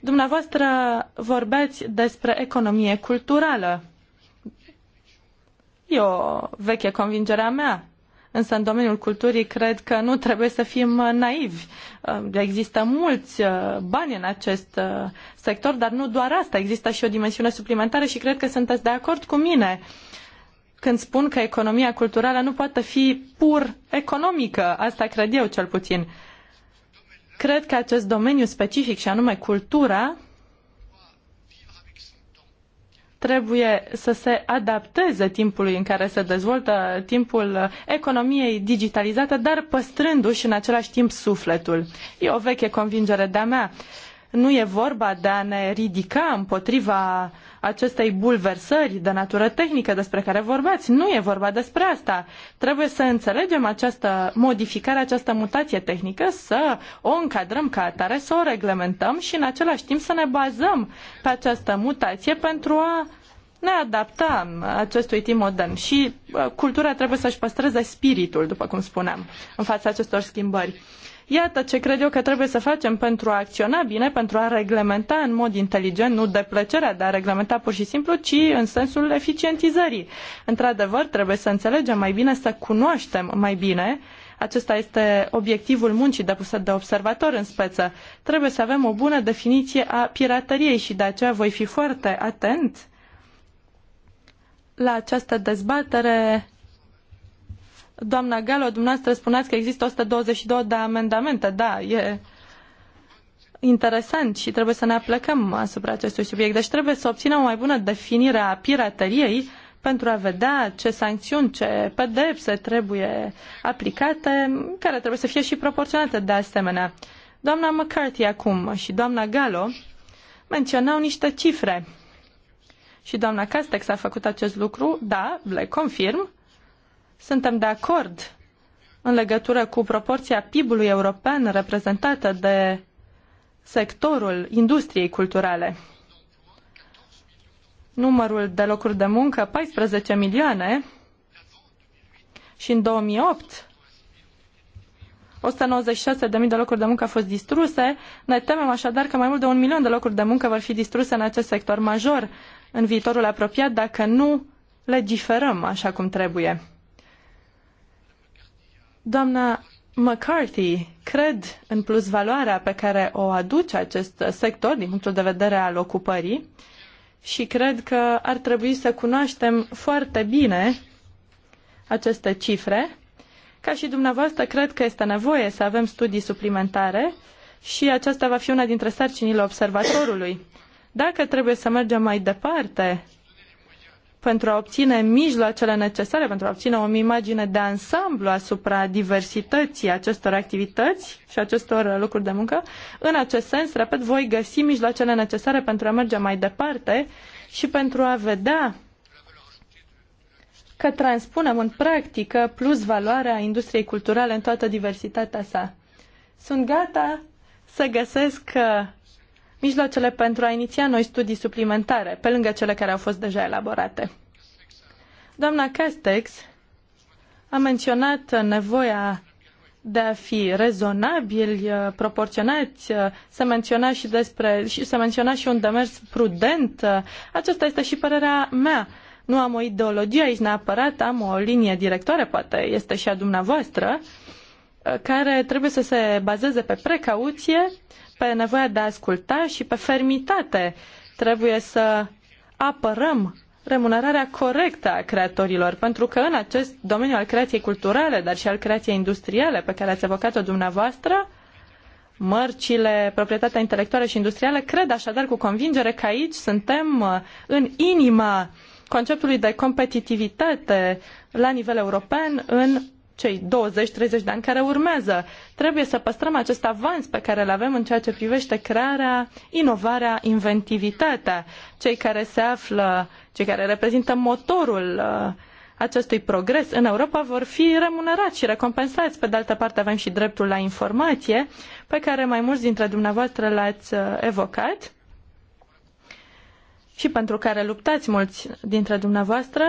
Dumneavoastră vorbeați despre economie culturală. E o veche convingere a mea. Însă în domeniul culturii cred că nu trebuie să fim uh, naivi. Uh, există mulți uh, bani în acest sector, dar nu doar asta. Există și o dimensiune suplimentară și cred că sunteți de acord cu mine când spun că economia culturală nu poate fi pur economică. Asta cred eu cel puțin. Cred că acest domeniu specific și anume cultura trebuie să se adapteze timpului în care se dezvoltă timpul economiei digitalizate, dar păstrându-și în același timp sufletul. E o veche convingere de-a mea. Nu e vorba de a ne ridica împotriva acestei bulversări de natură tehnică despre care vorbeați. Nu e vorba despre asta. Trebuie să înțelegem această modificare, această mutație tehnică, să o încadrăm ca atare, să o reglementăm și în același timp să ne bazăm pe această mutație pentru a ne adapta acestui timp modern și uh, cultura trebuie să-și păstreze spiritul, după cum spuneam, în fața acestor schimbări. Iată ce cred eu că trebuie să facem pentru a acționa bine, pentru a reglementa în mod inteligent, nu de plăcerea de a reglementa pur și simplu, ci în sensul eficientizării. Într-adevăr, trebuie să înțelegem mai bine, să cunoaștem mai bine acesta este obiectivul muncii depuse de observator în speță. Trebuie să avem o bună definiție a pirateriei și de aceea voi fi foarte atent la această dezbatere Doamna Galo, dumneavoastră spuneați că există 122 de amendamente. Da, e interesant și trebuie să ne aplecăm asupra acestui subiect. Deci trebuie să obținem o mai bună definire a pirateriei pentru a vedea ce sancțiuni, ce pedepse trebuie aplicate, care trebuie să fie și proporționate de asemenea. Doamna McCarthy acum și doamna Galo menționau niște cifre. Și doamna Castex a făcut acest lucru, da, le confirm, suntem de acord în legătură cu proporția PIB-ului european reprezentată de sectorul industriei culturale. Numărul de locuri de muncă 14 milioane și în 2008 196.000 de locuri de muncă au fost distruse. Ne temem așadar că mai mult de un milion de locuri de muncă vor fi distruse în acest sector major în viitorul apropiat dacă nu legiferăm așa cum trebuie. Doamna McCarthy, cred în plus valoarea pe care o aduce acest sector din punctul de vedere al ocupării și cred că ar trebui să cunoaștem foarte bine aceste cifre. Ca și dumneavoastră, cred că este nevoie să avem studii suplimentare și aceasta va fi una dintre sarcinile observatorului. Dacă trebuie să mergem mai departe pentru a obține mijloacele necesare, pentru a obține o imagine de ansamblu asupra diversității acestor activități și acestor lucruri de muncă. În acest sens, repet, voi găsi mijloacele necesare pentru a merge mai departe și pentru a vedea că transpunem în practică plus valoarea industriei culturale în toată diversitatea sa. Sunt gata să găsesc uh, mijloacele pentru a iniția noi studii suplimentare, pe lângă cele care au fost deja elaborate. Doamna Castex a menționat nevoia de a fi rezonabili, uh, proporționați, uh, să menționa și despre și să menționa și un demers prudent. Uh, aceasta este și părerea mea. Nu am o ideologie aici neapărat, am o linie directoare, poate este și a dumneavoastră, care trebuie să se bazeze pe precauție, pe nevoia de a asculta și pe fermitate. Trebuie să apărăm remunerarea corectă a creatorilor, pentru că în acest domeniu al creației culturale, dar și al creației industriale pe care ați evocat-o dumneavoastră, mărcile, proprietatea intelectuală și industrială, cred așadar cu convingere că aici suntem uh, în inima conceptului de competitivitate la nivel european în cei 20-30 de ani care urmează. Trebuie să păstrăm acest avans pe care îl avem în ceea ce privește crearea, inovarea, inventivitatea. Cei care se află, cei care reprezintă motorul uh, acestui progres în Europa vor fi remunerați și recompensați. Pe de altă parte avem și dreptul la informație, pe care mai mulți dintre dumneavoastră l-ați uh, evocat și pentru care luptați mulți dintre dumneavoastră.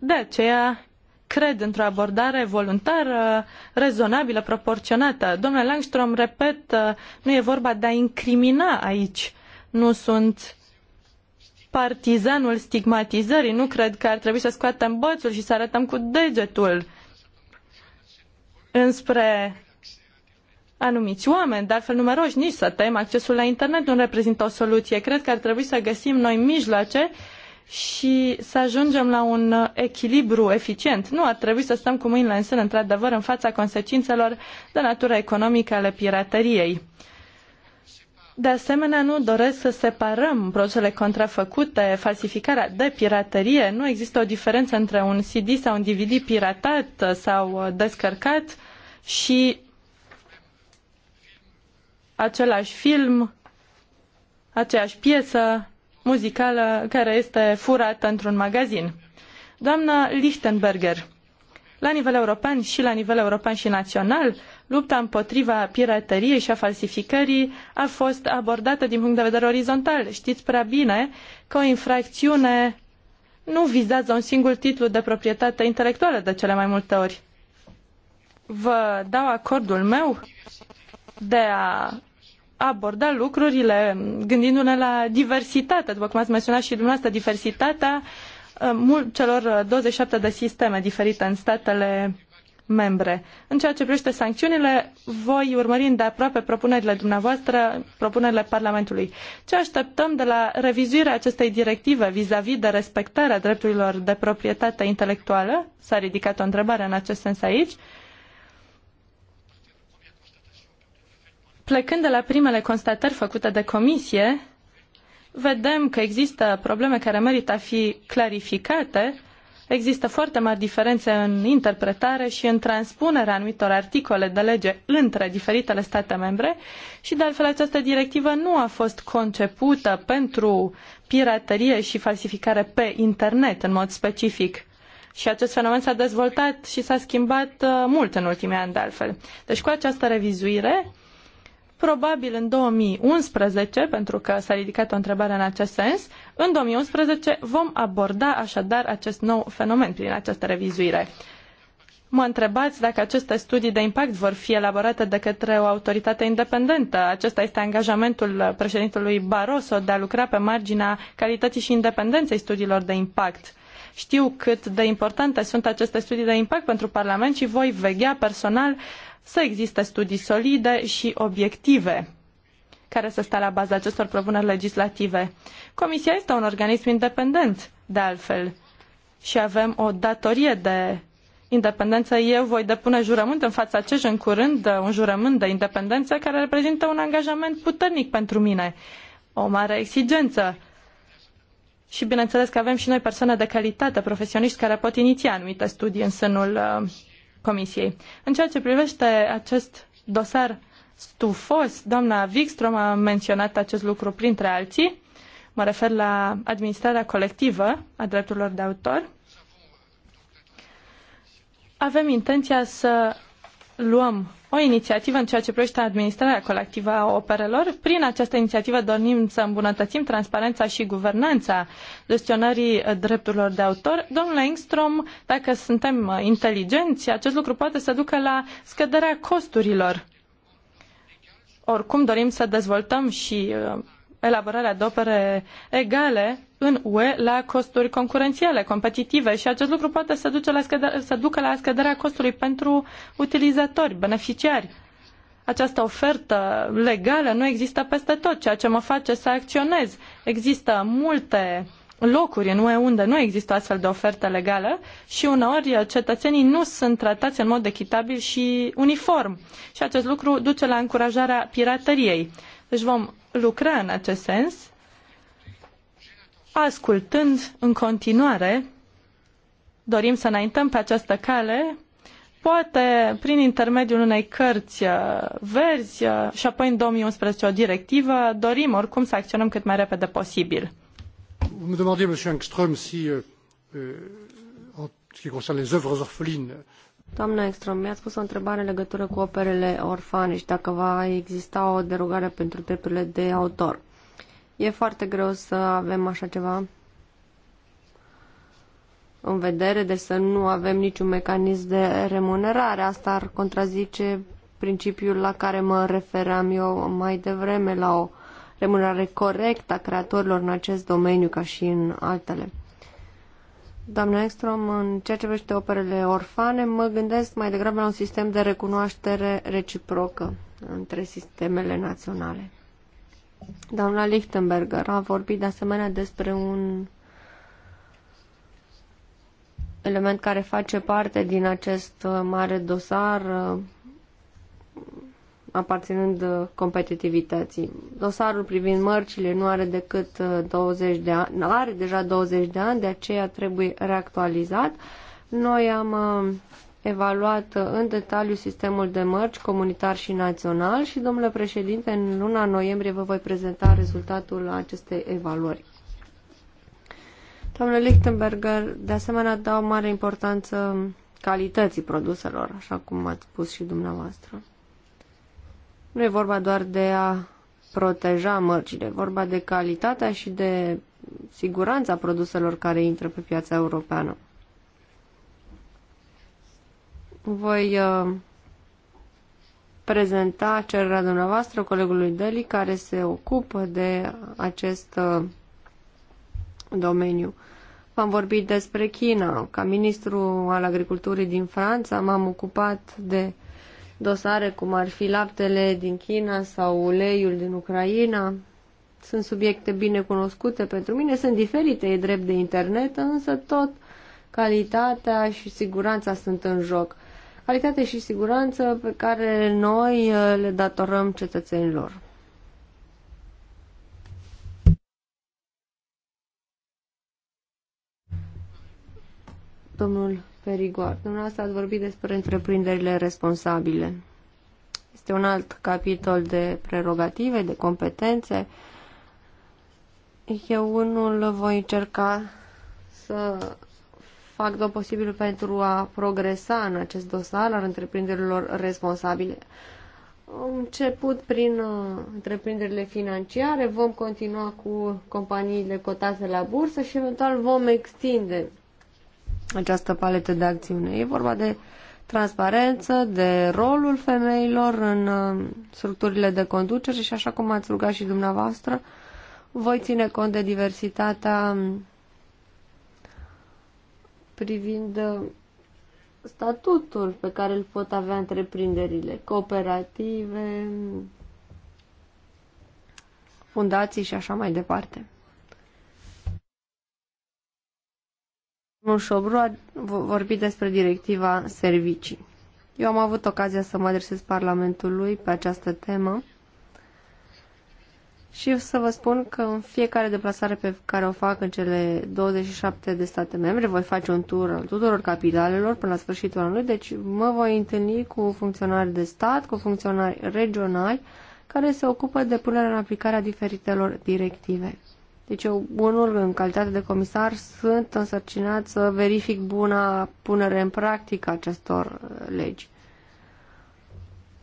De aceea cred într-o abordare voluntară, rezonabilă, proporționată. Domnule Langstrom, repet, nu e vorba de a incrimina aici. Nu sunt partizanul stigmatizării, nu cred că ar trebui să scoatem bățul și să arătăm cu degetul înspre anumiți oameni, de altfel numeroși, nici să tem accesul la internet nu reprezintă o soluție. Cred că ar trebui să găsim noi mijloace și să ajungem la un echilibru eficient. Nu ar trebui să stăm cu mâinile în sân, într-adevăr, în fața consecințelor de natură economică ale pirateriei. De asemenea, nu doresc să separăm produsele contrafăcute, falsificarea de piraterie. Nu există o diferență între un CD sau un DVD piratat sau descărcat și același film, aceeași piesă muzicală care este furată într-un magazin. Doamna Lichtenberger, la nivel european și la nivel european și național, lupta împotriva pirateriei și a falsificării a fost abordată din punct de vedere orizontal. Știți prea bine că o infracțiune nu vizează un singur titlu de proprietate intelectuală de cele mai multe ori. Vă dau acordul meu de a aborda lucrurile gândindu-ne la diversitate, după cum ați menționat și dumneavoastră, diversitatea uh, celor 27 uh, de sisteme diferite în statele membre. În ceea ce privește sancțiunile, voi urmări îndeaproape propunerile dumneavoastră, propunerile Parlamentului. Ce așteptăm de la revizuirea acestei directive vis-a-vis -vis de respectarea drepturilor de proprietate intelectuală? S-a ridicat o întrebare în acest sens aici. Plecând de la primele constatări făcute de comisie, vedem că există probleme care merită a fi clarificate, există foarte mari diferențe în interpretare și în transpunerea anumitor articole de lege între diferitele state membre și de altfel această directivă nu a fost concepută pentru piraterie și falsificare pe internet în mod specific. Și acest fenomen s-a dezvoltat și s-a schimbat uh, mult în ultimii ani, de altfel. Deci cu această revizuire probabil în 2011, pentru că s-a ridicat o întrebare în acest sens, în 2011 vom aborda așadar acest nou fenomen prin această revizuire. Mă întrebați dacă aceste studii de impact vor fi elaborate de către o autoritate independentă. Acesta este angajamentul președintelui Barroso de a lucra pe marginea calității și independenței studiilor de impact. Știu cât de importante sunt aceste studii de impact pentru Parlament și voi veghea personal uh, să existe studii solide și obiective care să stea la baza acestor propuneri legislative. Comisia este un organism independent, de altfel, și avem o datorie de independență. Eu voi depune jurământ în fața CEJ în curând, un jurământ de independență care reprezintă un angajament puternic pentru mine, o mare exigență. Și bineînțeles că avem și noi persoane de calitate, profesioniști care pot iniția anumite studii în sânul uh, Comisiei. În ceea ce privește acest dosar stufos, doamna Wikström a menționat acest lucru printre alții, mă refer la administrarea colectivă a drepturilor de autor. Avem intenția să luăm o inițiativă în ceea ce privește administrarea colectivă a operelor. Prin această inițiativă dorim să îmbunătățim transparența și guvernanța gestionării drepturilor de autor. Domnule Engstrom, dacă suntem inteligenți, acest lucru poate să ducă la scăderea costurilor. Oricum dorim să dezvoltăm și uh, elaborarea de opere egale în UE la costuri concurențiale, competitive și acest lucru poate să, duce la scădere, să ducă la scăderea costului pentru utilizatori, beneficiari. Această ofertă legală nu există peste tot, ceea ce mă face să acționez. Există multe locuri în UE unde nu există astfel de ofertă legală și uneori cetățenii nu sunt tratați în mod echitabil și uniform. Și acest lucru duce la încurajarea pirateriei. Deci vom lucra în acest sens, ascultând în continuare, dorim să înaintăm pe această cale, poate prin intermediul unei cărți uh, verzi uh, și apoi în 2011 o directivă, dorim oricum să acționăm cât mai repede posibil. Vous me demandez, Monsieur Engström, si, euh, euh, en ce qui concerne les œuvres orphelines, Doamna Extrom, mi-a spus o întrebare în legătură cu operele orfane și dacă va exista o derogare pentru drepturile de autor. E foarte greu să avem așa ceva în vedere, de deci să nu avem niciun mecanism de remunerare. Asta ar contrazice principiul la care mă referam eu mai devreme, la o remunerare corectă a creatorilor în acest domeniu ca și în altele. Doamna Ekstrom, în ceea ce vrește operele orfane, mă gândesc mai degrabă la un sistem de recunoaștere reciprocă între sistemele naționale. Doamna Lichtenberger a vorbit de asemenea despre un element care face parte din acest mare dosar aparținând uh, competitivității. Dosarul privind mărcile nu are decât 20 uh, de ani, are deja 20 de ani, de aceea trebuie reactualizat. Noi am uh, evaluat în detaliu sistemul de mărci comunitar și național și, domnule președinte, în luna noiembrie vă voi prezenta rezultatul acestei evaluări. Domnule Lichtenberger, de asemenea dau mare importanță calității produselor, așa cum ați spus și dumneavoastră. Nu e vorba doar de a proteja mărcile, e vorba de calitatea și de siguranța produselor care intră pe piața europeană. Voi uh, prezenta cererea dumneavoastră colegului Deli care se ocupă de acest uh, domeniu. am vorbit despre China. Ca ministru al agriculturii din Franța m-am ocupat de uh, dosare, cum ar fi laptele din China sau uleiul din Ucraina. Sunt subiecte bine cunoscute pentru mine, sunt diferite, e drept de internet, însă tot calitatea și siguranța sunt în joc. Calitate și siguranță pe care noi uh, le datorăm cetățenilor. Domnul Perigor. Dumneavoastră ați vorbit despre întreprinderile responsabile. Este un alt capitol de prerogative, de competențe. Eu unul voi încerca să fac tot posibilul pentru a progresa în acest dosar al întreprinderilor responsabile. Am Început prin uh, întreprinderile financiare, vom continua cu companiile cotate la bursă și eventual vom extinde această paletă de acțiune. E vorba de transparență, de rolul femeilor în uh, structurile de conducere și așa cum ați rugat și dumneavoastră, voi ține cont de diversitatea um, privind uh, statutul pe care îl pot avea întreprinderile, cooperative, fundații și așa mai departe. Domnul Șobru a vorbit despre directiva servicii. Eu am avut ocazia să mă adresez Parlamentului pe această temă și să vă spun că în fiecare deplasare pe care o fac în cele 27 de state membre, voi face un tur al tuturor capitalelor până la sfârșitul anului, deci mă voi întâlni cu funcționari de stat, cu funcționari regionali care se ocupă de punerea în aplicare a diferitelor directive. Deci eu, unul, în calitate de comisar, sunt însărcinat să verific buna punere în practică acestor uh, legi.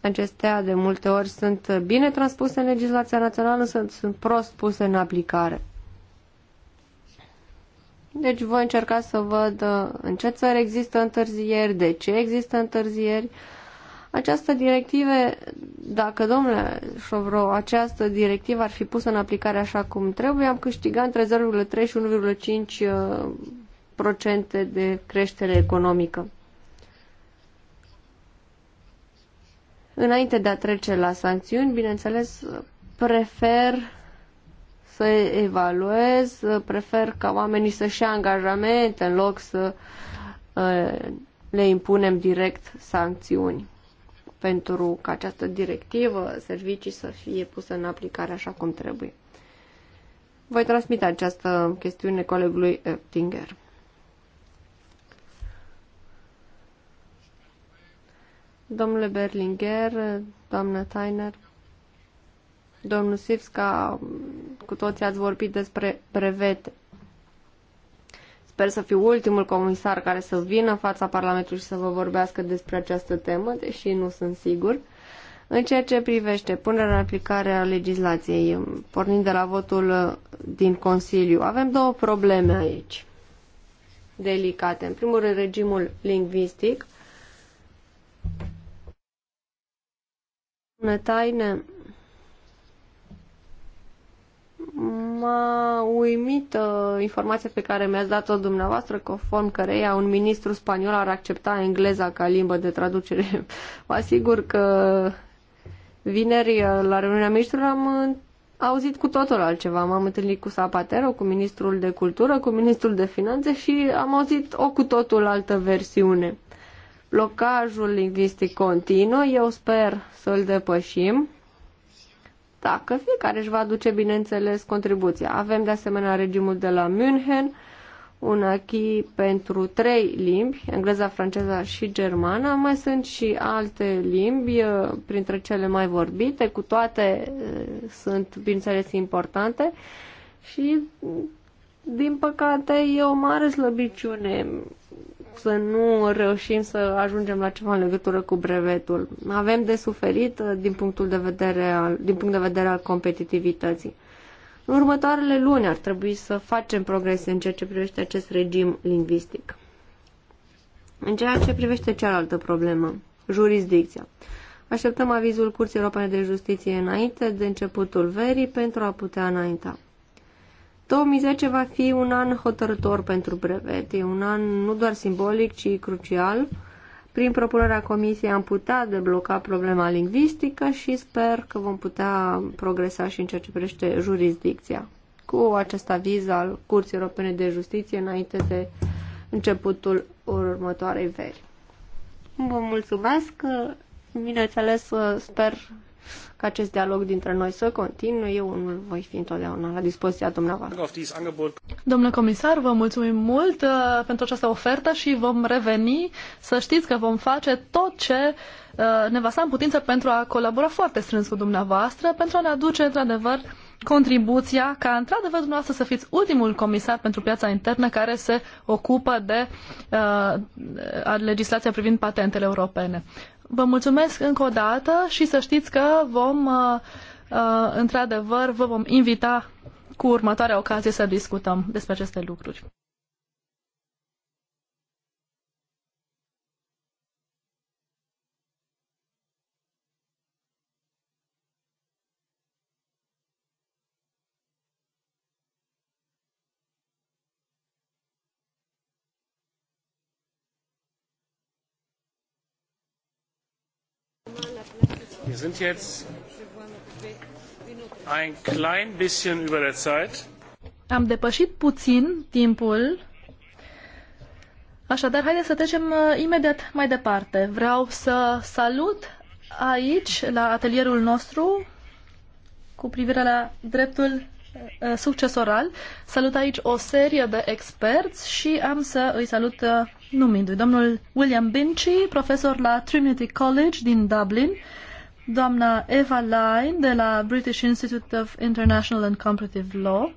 Acestea, de multe ori, sunt bine transpuse în legislația națională, însă sunt prost puse în aplicare. Deci voi încerca să văd uh, în ce țări există întârzieri, de ce există întârzieri, uh, această directivă, dacă domnule Șovro, această directivă ar fi pusă în aplicare așa cum trebuie, am câștigat între 0,3 și 1,5% uh, de creștere economică. Înainte de a trece la sancțiuni, bineînțeles, prefer să evaluez, prefer ca oamenii să-și ia angajamente în loc să uh, le impunem direct sancțiuni pentru ca această directivă servicii să fie pusă în aplicare așa cum trebuie. Voi transmite această chestiune colegului Eptinger. Domnule Berlinger, doamnă Tainer, domnul Sivska, cu toții ați vorbit despre brevete. Sper să fiu ultimul comisar care să vină în fața Parlamentului și să vă vorbească despre această temă, deși nu sunt sigur. În ceea ce privește punerea în aplicare a legislației, pornind de la votul din Consiliu, avem două probleme aici delicate. În primul rând, regimul lingvistic. Ne taine, m-a uimit uh, informația pe care mi-ați dat-o dumneavoastră, conform căreia un ministru spaniol ar accepta engleza ca limbă de traducere. Vă asigur că vineri uh, la reuniunea ministrului am uh, auzit cu totul altceva. M-am întâlnit cu Zapatero, cu ministrul de cultură, cu ministrul de finanțe și am auzit o cu totul altă versiune. Blocajul lingvistic continuă, eu sper să-l depășim dacă fiecare își va aduce, bineînțeles, contribuția. Avem de asemenea regimul de la München, un achi pentru trei limbi, engleza, franceza și germana. Mai sunt și alte limbi, eh, printre cele mai vorbite, cu toate eh, sunt, bineînțeles, importante. Și, din păcate, e o mare slăbiciune să nu reușim să ajungem la ceva în legătură cu brevetul. Avem de suferit uh, din, punctul de vedere al, din punct de vedere al competitivității. În următoarele luni ar trebui să facem progrese în ceea ce privește acest regim lingvistic. În ceea ce privește cealaltă problemă, jurisdicția. Așteptăm avizul Curții Europene de Justiție înainte de începutul verii pentru a putea înainta. 2010 va fi un an hotărător pentru brevet. E un an nu doar simbolic, ci crucial. Prin propunerea comisiei am putea debloca problema lingvistică și sper că vom putea progresa și în ceea ce privește jurisdicția. Cu acest aviz al Curții Europene de Justiție înainte de începutul următoarei veri. Vă mulțumesc, bineînțeles sper ca acest dialog dintre noi să continue. Eu unul voi fi întotdeauna la dispoziția dumneavoastră. Domnule comisar, vă mulțumim mult uh, pentru această ofertă și vom reveni. Să știți că vom face tot ce uh, ne va sta în putință pentru a colabora foarte strâns cu dumneavoastră, pentru a ne aduce într-adevăr contribuția ca într-adevăr dumneavoastră să fiți ultimul comisar pentru piața internă care se ocupă de uh, legislația privind patentele europene. Vă mulțumesc încă o dată și să știți că vom, uh, uh, într-adevăr, vă vom invita cu următoarea ocazie să discutăm despre aceste lucruri. sind jetzt ein klein bisschen über der Zeit. Am depășit puțin timpul. Așadar, haideți să trecem uh, imediat mai departe. Vreau să salut aici, la atelierul nostru, cu privire la dreptul uh, uh, succesoral. Salut aici o serie de experți și am să îi salut numindu-i. Domnul William Binchy, profesor la Trinity College din Dublin, doamna Eva Line de la British Institute of International and Comparative Law,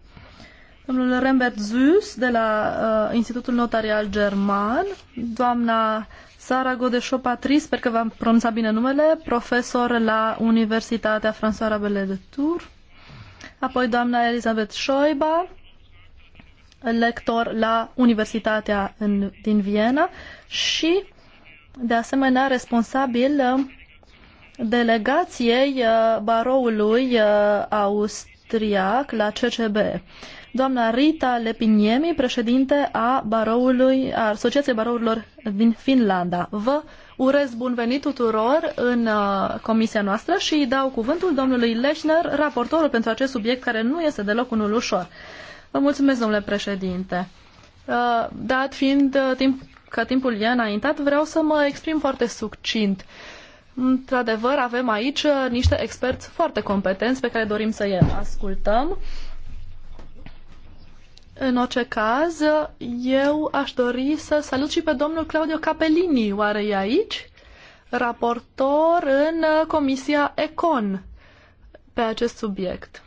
domnul Rembert Zus de la uh, Institutul Notarial German, doamna Sara godeșo Patris, sper că v-am pronunțat bine numele, profesor la Universitatea François Rabelais de Tours, apoi doamna Elizabeth Schoiba, lector la Universitatea în, din Viena și, de asemenea, responsabil uh, delegației uh, baroului uh, austriac la CCB. Doamna Rita Lepiniemi, președinte a baroului, a Asociației Barourilor din Finlanda. Vă urez bun venit tuturor în uh, comisia noastră și îi dau cuvântul domnului Lechner, raportorul pentru acest subiect care nu este deloc unul ușor. Vă mulțumesc, domnule președinte. Dat fiind timp, că timpul e înaintat, vreau să mă exprim foarte succint. Uh, Într-adevăr, avem aici uh, niște experți foarte competenți pe care dorim să-i ascultăm. În orice caz, eu aș dori să salut și pe domnul Claudio Capellini, oare e aici? Raportor în uh, Comisia Econ pe acest subiect.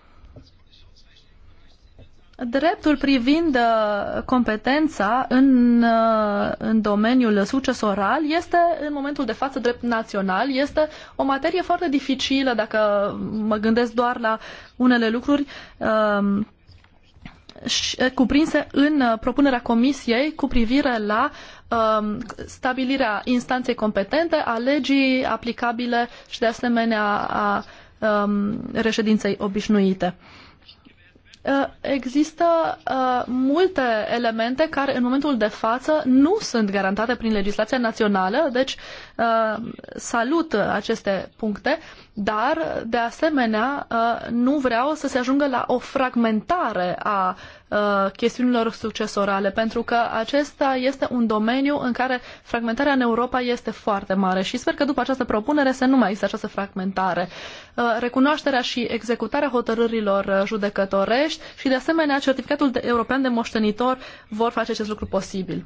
Dreptul privind uh, competența în, uh, în domeniul succesoral este, în momentul de față, drept național. Este o materie foarte dificilă, dacă mă gândesc doar la unele lucruri um, uh, cuprinse în propunerea Comisiei cu privire la um, stabilirea instanței competente, a legii aplicabile și, de asemenea, a um, reședinței obișnuite. Uh, Uh, există uh, multe elemente care în momentul de față nu sunt garantate prin legislația națională, deci uh, salut aceste puncte, dar, de asemenea, uh, nu vreau să se ajungă la o fragmentare a uh, chestiunilor succesorale, pentru că acesta este un domeniu în care fragmentarea în Europa este foarte mare și sper că după această propunere să nu mai există această fragmentare. Uh, recunoașterea și executarea hotărârilor judecătorești și, de asemenea, certificatul de european de moștenitor vor face acest lucru posibil.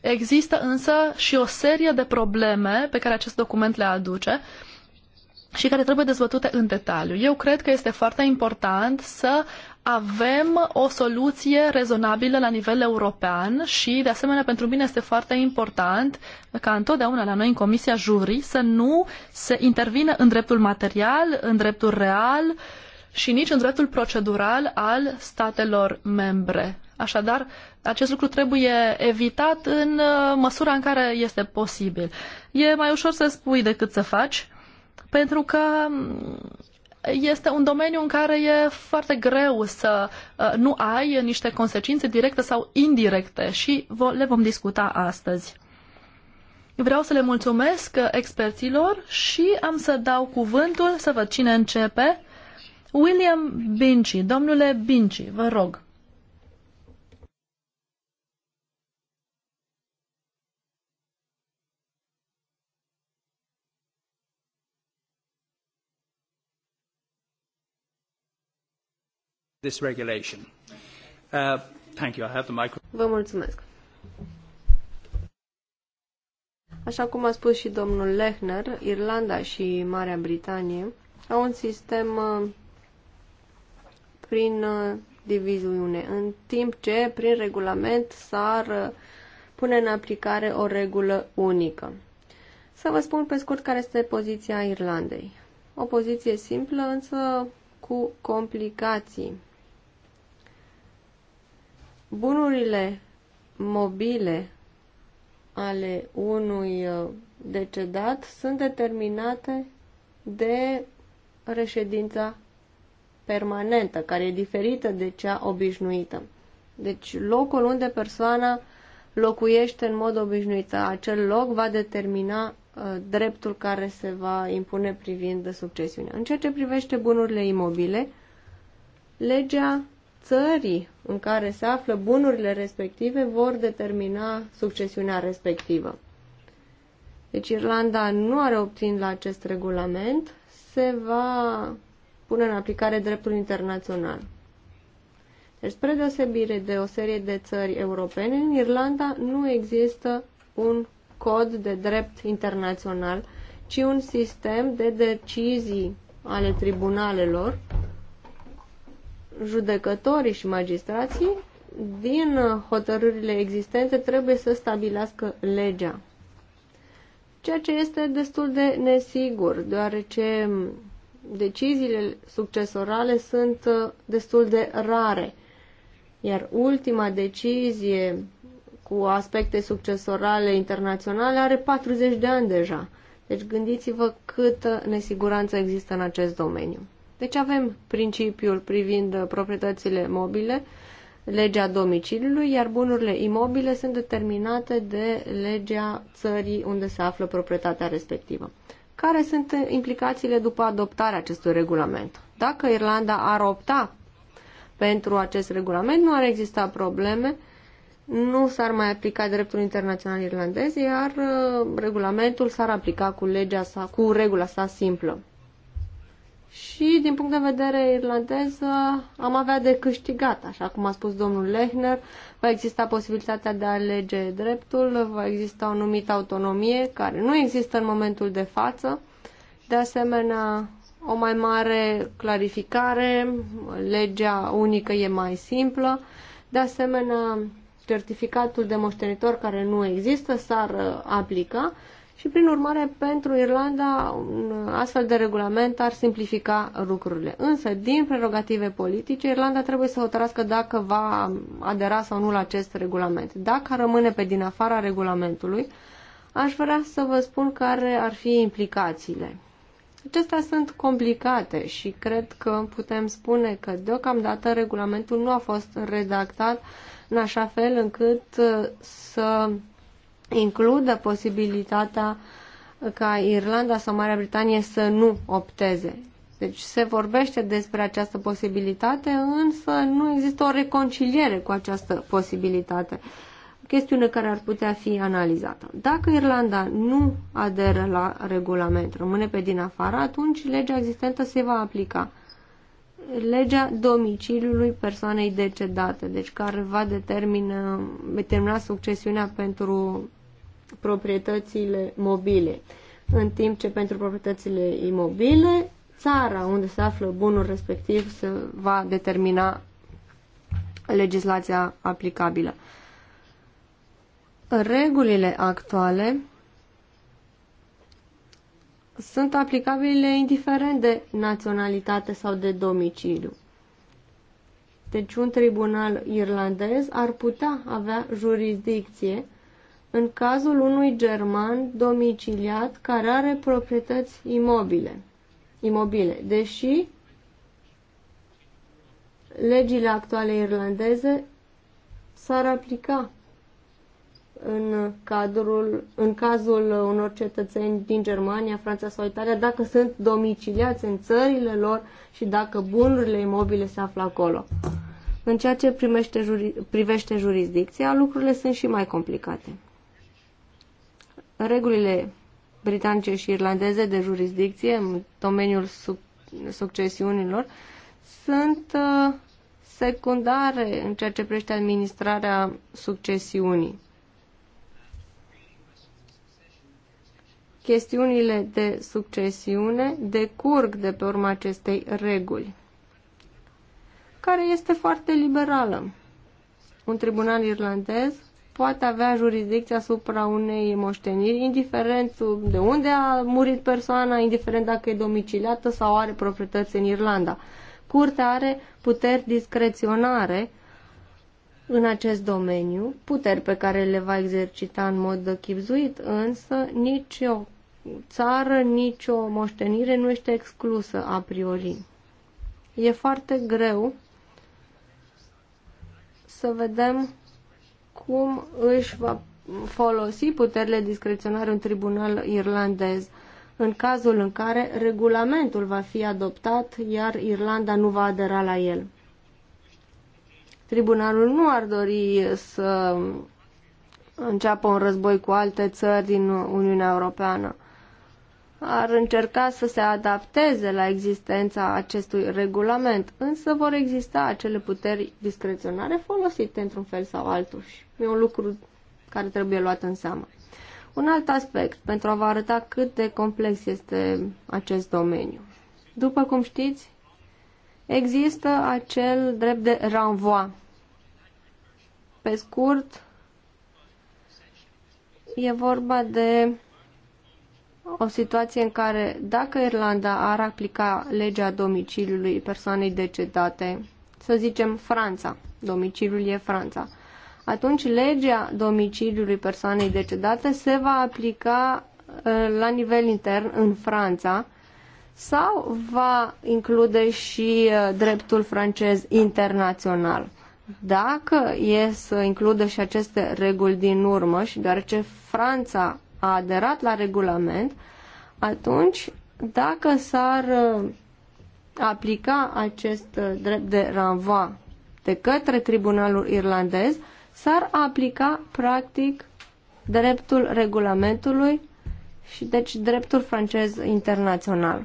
Există însă și o serie de probleme pe care acest document le aduce uh, și care trebuie dezbătute în detaliu. Eu cred că este foarte important să avem o soluție rezonabilă la nivel european și, de asemenea, pentru mine este foarte important ca întotdeauna la noi în Comisia Jurii să nu se intervină în dreptul material, în dreptul real și nici în dreptul procedural al statelor membre. Așadar, acest lucru trebuie evitat în uh, măsura în care este posibil. E mai ușor să spui decât să faci, pentru că este un domeniu în care e foarte greu să uh, nu ai niște consecințe directe sau indirecte și le vom discuta astăzi. Vreau să le mulțumesc experților și am să dau cuvântul să văd cine începe. William Binci, domnule Binci, vă rog. this regulation. Uh, thank you. I have the Vă mulțumesc. Așa cum a spus și domnul Lechner, Irlanda și Marea Britanie au un sistem uh, prin uh, diviziune, în timp ce prin regulament s-ar uh, pune în aplicare o regulă unică. Să vă spun pe scurt care este poziția Irlandei. O poziție simplă, însă cu complicații bunurile mobile ale unui uh, decedat sunt determinate de reședința permanentă, care e diferită de cea obișnuită. Deci locul unde persoana locuiește în mod obișnuit, acel loc va determina uh, dreptul care se va impune privind de succesiunea. În ceea ce privește bunurile imobile, legea țării în care se află bunurile respective vor determina succesiunea respectivă. Deci Irlanda nu are obținut la acest regulament, se va pune în aplicare dreptul internațional. Deci, spre deosebire de o serie de țări europene, în Irlanda nu există un cod de drept internațional, ci un sistem de decizii ale tribunalelor judecătorii și magistrații din hotărârile existente trebuie să stabilească legea. Ceea ce este destul de nesigur, deoarece deciziile succesorale sunt uh, destul de rare, iar ultima decizie cu aspecte succesorale internaționale are 40 de ani deja. Deci gândiți-vă câtă nesiguranță există în acest domeniu. Deci avem principiul privind proprietățile mobile, legea domiciliului, iar bunurile imobile sunt determinate de legea țării unde se află proprietatea respectivă. Care sunt implicațiile după adoptarea acestui regulament? Dacă Irlanda ar opta pentru acest regulament, nu ar exista probleme, nu s-ar mai aplica dreptul internațional irlandez, iar uh, regulamentul s-ar aplica cu legea sa, cu regula sa simplă. Și din punct de vedere irlandez am avea de câștigat, așa cum a spus domnul Lehner, va exista posibilitatea de a alege dreptul, va exista o numită autonomie care nu există în momentul de față, de asemenea o mai mare clarificare, legea unică e mai simplă, de asemenea certificatul de moștenitor care nu există s-ar aplica și, prin urmare, pentru Irlanda, un astfel de regulament ar simplifica lucrurile. Însă, din prerogative politice, Irlanda trebuie să hotărască dacă va adera sau nu la acest regulament. Dacă rămâne pe din afara regulamentului, aș vrea să vă spun care ar fi implicațiile. Acestea sunt complicate și cred că putem spune că deocamdată regulamentul nu a fost redactat în așa fel încât uh, să includă posibilitatea ca Irlanda sau Marea Britanie să nu opteze. Deci se vorbește despre această posibilitate, însă nu există o reconciliere cu această posibilitate. chestiune care ar putea fi analizată. Dacă Irlanda nu aderă la regulament, rămâne pe din afară, atunci legea existentă se va aplica legea domiciliului persoanei decedate, deci care va determina, determina succesiunea pentru proprietățile mobile, în timp ce pentru proprietățile imobile, țara unde se află bunul respectiv se va determina legislația aplicabilă. Regulile actuale sunt aplicabile indiferent de naționalitate sau de domiciliu. Deci un tribunal irlandez ar putea avea jurisdicție în cazul unui german domiciliat care are proprietăți imobile, imobile deși legile actuale irlandeze s-ar aplica în, cadrul, în cazul unor cetățeni din Germania, Franța sau Italia, dacă sunt domiciliați în țările lor și dacă bunurile imobile se află acolo. În ceea ce primește juri, privește jurisdicția, lucrurile sunt și mai complicate. Regulile britanice și irlandeze de jurisdicție în domeniul sub, succesiunilor sunt uh, secundare în ceea ce privește administrarea succesiunii. chestiunile de succesiune decurg de pe urma acestei reguli, care este foarte liberală. Un tribunal irlandez poate avea jurisdicția asupra unei moșteniri, indiferent de unde a murit persoana, indiferent dacă e domiciliată sau are proprietăți în Irlanda. Curtea are puteri discreționare în acest domeniu, puteri pe care le va exercita în mod chipzuit, însă nici o țară, nicio moștenire nu este exclusă a priori. E foarte greu să vedem cum își va folosi puterile discreționare un tribunal irlandez în cazul în care regulamentul va fi adoptat, iar Irlanda nu va adera la el. Tribunalul nu ar dori să înceapă un război cu alte țări din Uniunea Europeană ar încerca să se adapteze la existența acestui regulament, însă vor exista acele puteri discreționare folosite într-un fel sau altul și e un lucru care trebuie luat în seamă. Un alt aspect pentru a vă arăta cât de complex este acest domeniu. După cum știți, există acel drept de ranvoi. Pe scurt, e vorba de o situație în care dacă Irlanda ar aplica legea domiciliului persoanei decedate, să zicem Franța, domiciliul e Franța, atunci legea domiciliului persoanei decedate se va aplica ă, la nivel intern în Franța sau va include și ă, dreptul francez internațional. Dacă e să includă și aceste reguli din urmă și deoarece Franța a aderat la regulament, atunci dacă s-ar uh, aplica acest uh, drept de ranva de către tribunalul irlandez, s-ar aplica practic dreptul regulamentului și deci dreptul francez internațional.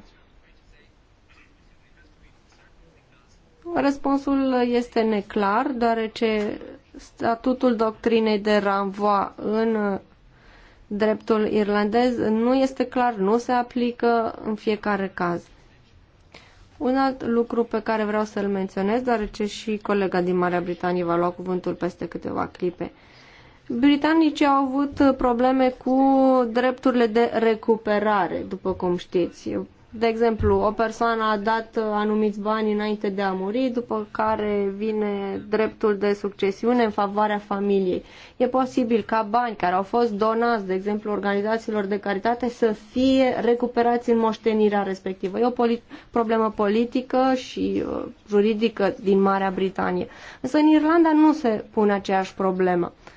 Răspunsul este neclar, deoarece statutul doctrinei de Ramvoa în uh, dreptul irlandez nu este clar, nu se aplică în fiecare caz. Un alt lucru pe care vreau să-l menționez, deoarece și colega din Marea Britanie va lua cuvântul peste câteva clipe. Britanicii au avut probleme cu drepturile de recuperare, după cum știți. De exemplu, o persoană a dat uh, anumiți bani înainte de a muri, după care vine dreptul de succesiune în favoarea familiei. E posibil ca bani care au fost donați, de exemplu, organizațiilor de caritate, să fie recuperați în moștenirea respectivă. E o polit- problemă politică și uh, juridică din Marea Britanie. Însă în Irlanda nu se pune aceeași problemă. Uh,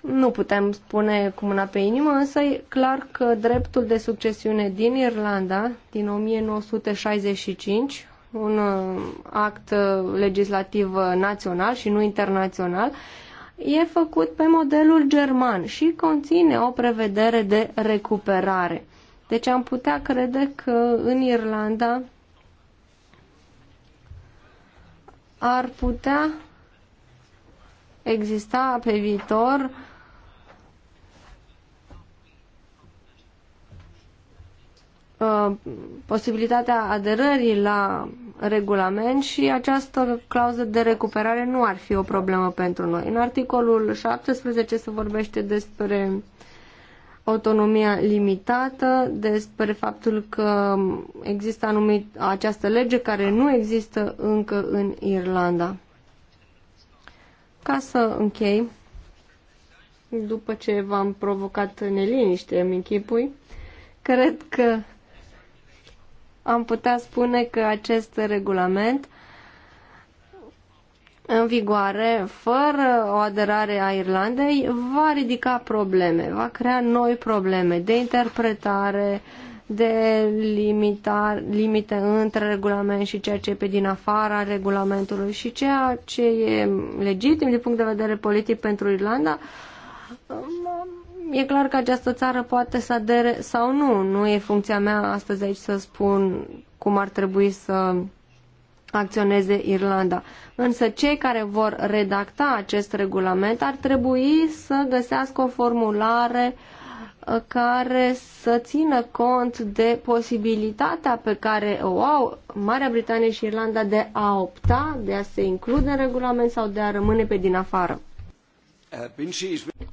nu putem spune cu mâna pe inimă, însă e clar că dreptul de succesiune din Irlanda din 1965, un uh, act uh, legislativ uh, național și nu internațional, e făcut pe modelul german și conține o prevedere de recuperare. Deci am putea crede că în Irlanda ar putea exista pe viitor Uh, posibilitatea aderării la regulament și această clauză de recuperare nu ar fi o problemă pentru noi. În articolul 17 se vorbește despre autonomia limitată, despre faptul că există anumit, această lege care nu există încă în Irlanda. Ca să închei, după ce v-am provocat neliniște, în închipui, cred că am putea spune că acest regulament în vigoare, fără o aderare a Irlandei, va ridica probleme, va crea noi probleme de interpretare, de limitar, limite între regulament și ceea ce e pe din afara regulamentului și ceea ce e legitim din punct de vedere politic pentru Irlanda E clar că această țară poate să adere sau nu. Nu e funcția mea astăzi aici să spun cum ar trebui să acționeze Irlanda. Însă cei care vor redacta acest regulament ar trebui să găsească o formulare uh, care să țină cont de posibilitatea pe care o au Marea Britanie și Irlanda de a opta, de a se include în regulament sau de a rămâne pe din afară.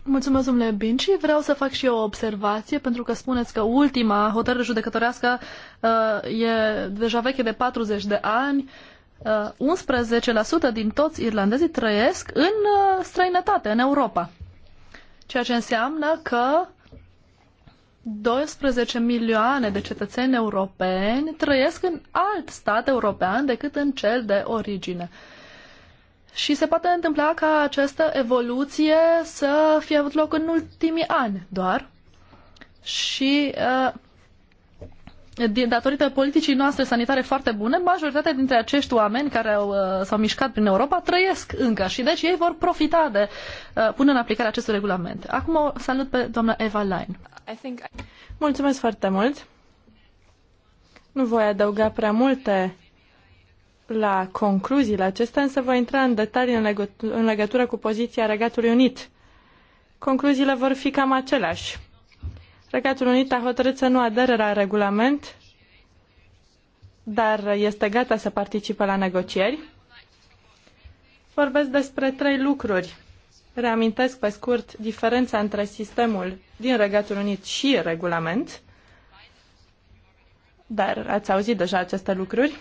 Mulțumesc, domnule Binci. Vreau să fac și eu o observație, pentru că spuneți că ultima hotărâre judecătorească uh, e deja veche de 40 de ani. Uh, 11% din toți irlandezii trăiesc în uh, străinătate, în Europa. Ceea ce înseamnă că 12 milioane de cetățeni europeni trăiesc în alt stat european decât în cel de origine. Uh, și se poate întâmpla ca această evoluție să fie avut loc în ultimii ani doar. Și uh, din, datorită politicii noastre sanitare foarte bune, majoritatea dintre acești oameni care au, uh, s-au mișcat prin Europa trăiesc încă și deci ei vor profita de uh, până în aplicarea acestui regulament. Acum o salut pe doamna Eva Line. I think I... Mulțumesc foarte mult! Nu voi adăuga prea multe la concluziile acestea, însă voi intra în detalii în, legăt- în legătură cu poziția Regatului Unit. Concluziile vor fi cam aceleași. Regatul Unit a hotărât să nu adere la regulament, dar este gata să participe la negocieri. Vorbesc despre trei lucruri. Reamintesc pe scurt diferența între sistemul din Regatul Unit și regulament, dar ați auzit deja aceste lucruri.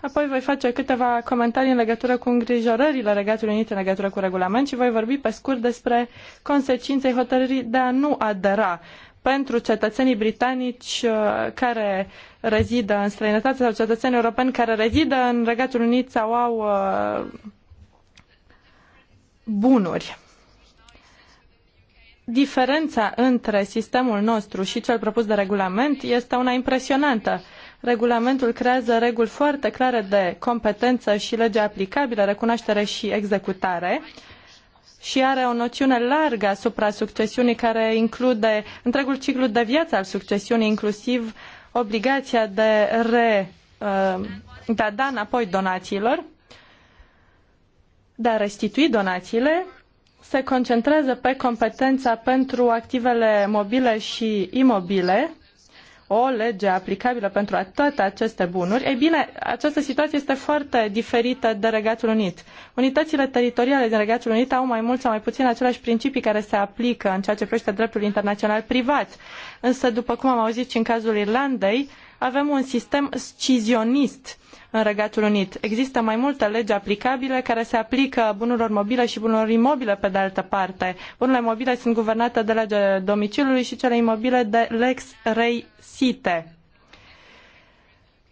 Apoi voi face câteva comentarii în legătură cu îngrijorările Regatului Unit în legătură cu regulament și voi vorbi pe scurt despre consecinței hotărârii de a nu adera pentru cetățenii britanici uh, care rezidă în străinătate sau cetățenii europeni care rezidă în Regatul Unit sau au uh, bunuri. Diferența între sistemul nostru și cel propus de regulament este una impresionantă Regulamentul creează reguli foarte clare de competență și lege aplicabilă, recunoaștere și executare și are o noțiune largă asupra succesiunii care include întregul ciclu de viață al succesiunii, inclusiv obligația de, re, uh, de a da înapoi donațiilor, de a restitui donațiile, se concentrează pe competența pentru activele mobile și imobile, o lege aplicabilă pentru toate aceste bunuri, ei bine, această situație este foarte diferită de Regatul Unit. Unitățile teritoriale din Regatul Unit au mai mult sau mai puțin aceleași principii care se aplică în ceea ce privește dreptul internațional privat. Însă, după cum am auzit și în cazul Irlandei, avem un sistem scizionist în Regatul Unit. Există mai multe legi aplicabile care se aplică bunurilor mobile și bunurilor imobile pe de altă parte. Bunurile mobile sunt guvernate de legea domiciliului și cele imobile de lex rei site.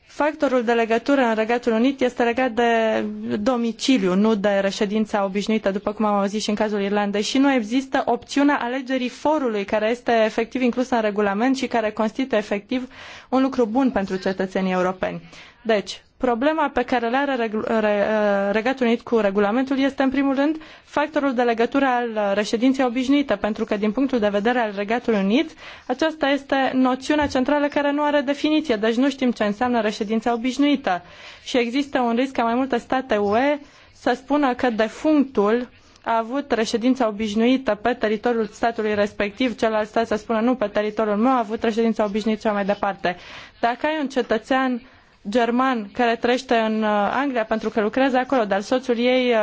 Factorul de legătură în Regatul Unit este legat de domiciliu, nu de reședința obișnuită, după cum am auzit și în cazul Irlandei. Și nu există opțiunea alegerii forului, care este efectiv inclusă în regulament și care constituie efectiv un lucru bun pentru cetățenii europeni. Deci, Problema pe care le are uh, Regatul Unit cu regulamentul este, în primul rând, factorul de legătură al reședinței obișnuite, pentru că, din punctul de vedere al Regatului Unit, aceasta este noțiunea centrală care nu are definiție, deci nu știm ce înseamnă reședința obișnuită. Și există un risc ca mai multe state UE să spună că defunctul a avut reședința obișnuită pe teritoriul statului respectiv, celălalt stat să spună nu, pe teritoriul meu a avut reședința obișnuită și mai departe. Dacă ai un cetățean german care trăiește în uh, Anglia pentru că lucrează acolo, dar soțul ei uh,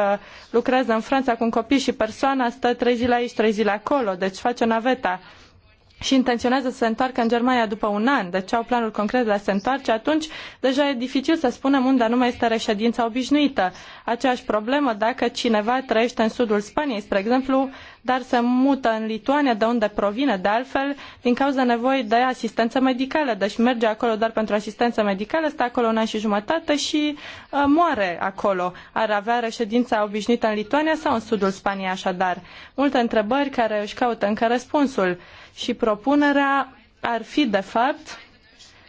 lucrează în Franța cu un copil și persoana stă trei zile aici, trei zile acolo, deci face naveta și intenționează să se întoarcă în Germania după un an, deci au planul concret de a se întoarce, atunci deja e dificil să spunem unde anume este reședința obișnuită. Aceeași problemă dacă cineva trăiește în sudul Spaniei, spre exemplu, dar se mută în Lituania, de unde provine, de altfel, din cauza nevoii de asistență medicală. Deci merge acolo doar pentru asistență medicală, stă acolo un an și jumătate și uh, moare acolo. Ar avea reședința obișnuită în Lituania sau în sudul Spaniei, așadar. Multe întrebări care își caută încă răspunsul. Și propunerea ar fi, de fapt,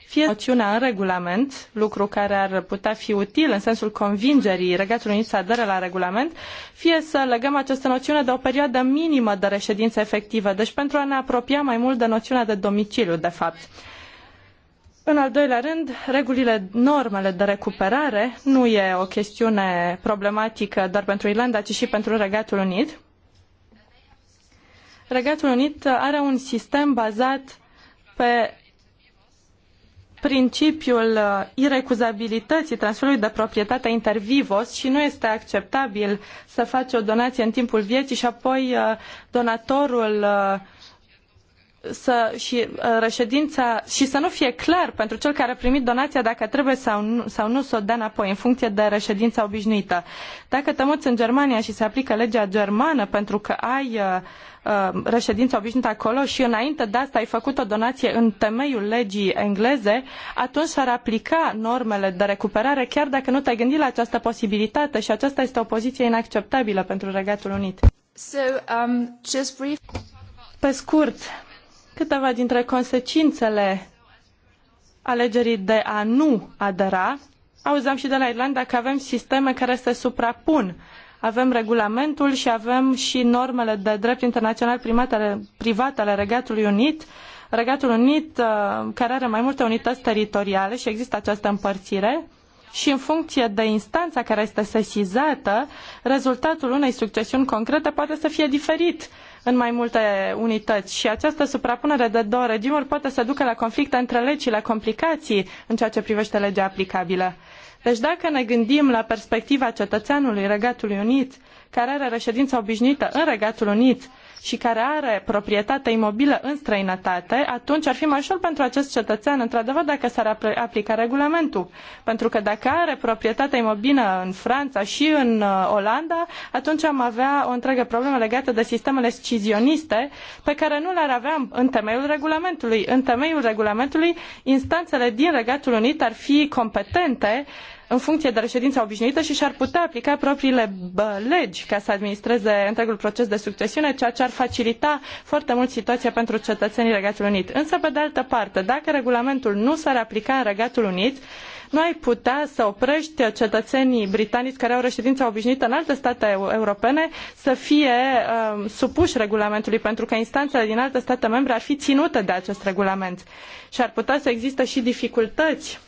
fie acțiunea în regulament, lucru care ar putea fi util în sensul convingerii Regatului Unit să adere la regulament, fie să legăm această noțiune de o perioadă minimă de reședință efectivă, deci pentru a ne apropia mai mult de noțiunea de domiciliu, de fapt. În al doilea rând, regulile, normele de recuperare nu e o chestiune problematică doar pentru Irlanda, ci și pentru Regatul Unit. Regatul Unit are un sistem bazat pe principiul uh, irecuzabilității transferului de proprietate inter vivos și nu este acceptabil să faci o donație în timpul vieții și apoi uh, donatorul uh, să, și reședința și să nu fie clar pentru cel care a primit donația dacă trebuie sau nu, sau nu să o dea înapoi în funcție de reședința obișnuită. Dacă te muți în Germania și se aplică legea germană pentru că ai Uh, reședință obișnuită acolo și înainte de asta ai făcut o donație în temeiul legii engleze, atunci s-ar aplica normele de recuperare chiar dacă nu te-ai gândit la această posibilitate și aceasta este o poziție inacceptabilă pentru Regatul Unit. So, um, just brief... Pe scurt, câteva dintre consecințele alegerii de a nu adera. Auzeam și de la Irlanda că avem sisteme care se suprapun avem regulamentul și avem și normele de drept internațional privat ale Regatului Unit, Regatul Unit uh, care are mai multe unități teritoriale și există această împărțire și în funcție de instanța care este sesizată, rezultatul unei succesiuni concrete poate să fie diferit în mai multe unități și această suprapunere de două regimuri poate să ducă la conflicte între legi și la complicații în ceea ce privește legea aplicabilă. Deci dacă ne gândim la perspectiva cetățeanului Regatului Unit, care are reședința obișnuită în Regatul Unit și care are proprietate imobilă în străinătate, atunci ar fi mai ușor pentru acest cetățean, într-adevăr, dacă s-ar aplica regulamentul. Pentru că dacă are proprietate imobilă în Franța și în uh, Olanda, atunci am avea o întreagă problemă legată de sistemele scizioniste pe care nu le-ar avea în temeiul regulamentului. În temeiul regulamentului, instanțele din Regatul Unit ar fi competente uh, în funcție de reședința obișnuită și și-ar putea aplica propriile legi ca să administreze întregul proces de succesiune, ceea ce ar facilita foarte mult situația pentru cetățenii Regatului Unit. Însă, pe de altă parte, dacă regulamentul nu s-ar aplica în Regatul Unit, nu ai putea să oprești cetățenii britanici care au reședința obișnuită în alte state europene să fie um, supuși regulamentului, pentru că instanțele din alte state membre ar fi ținute de acest regulament și ar putea să existe și dificultăți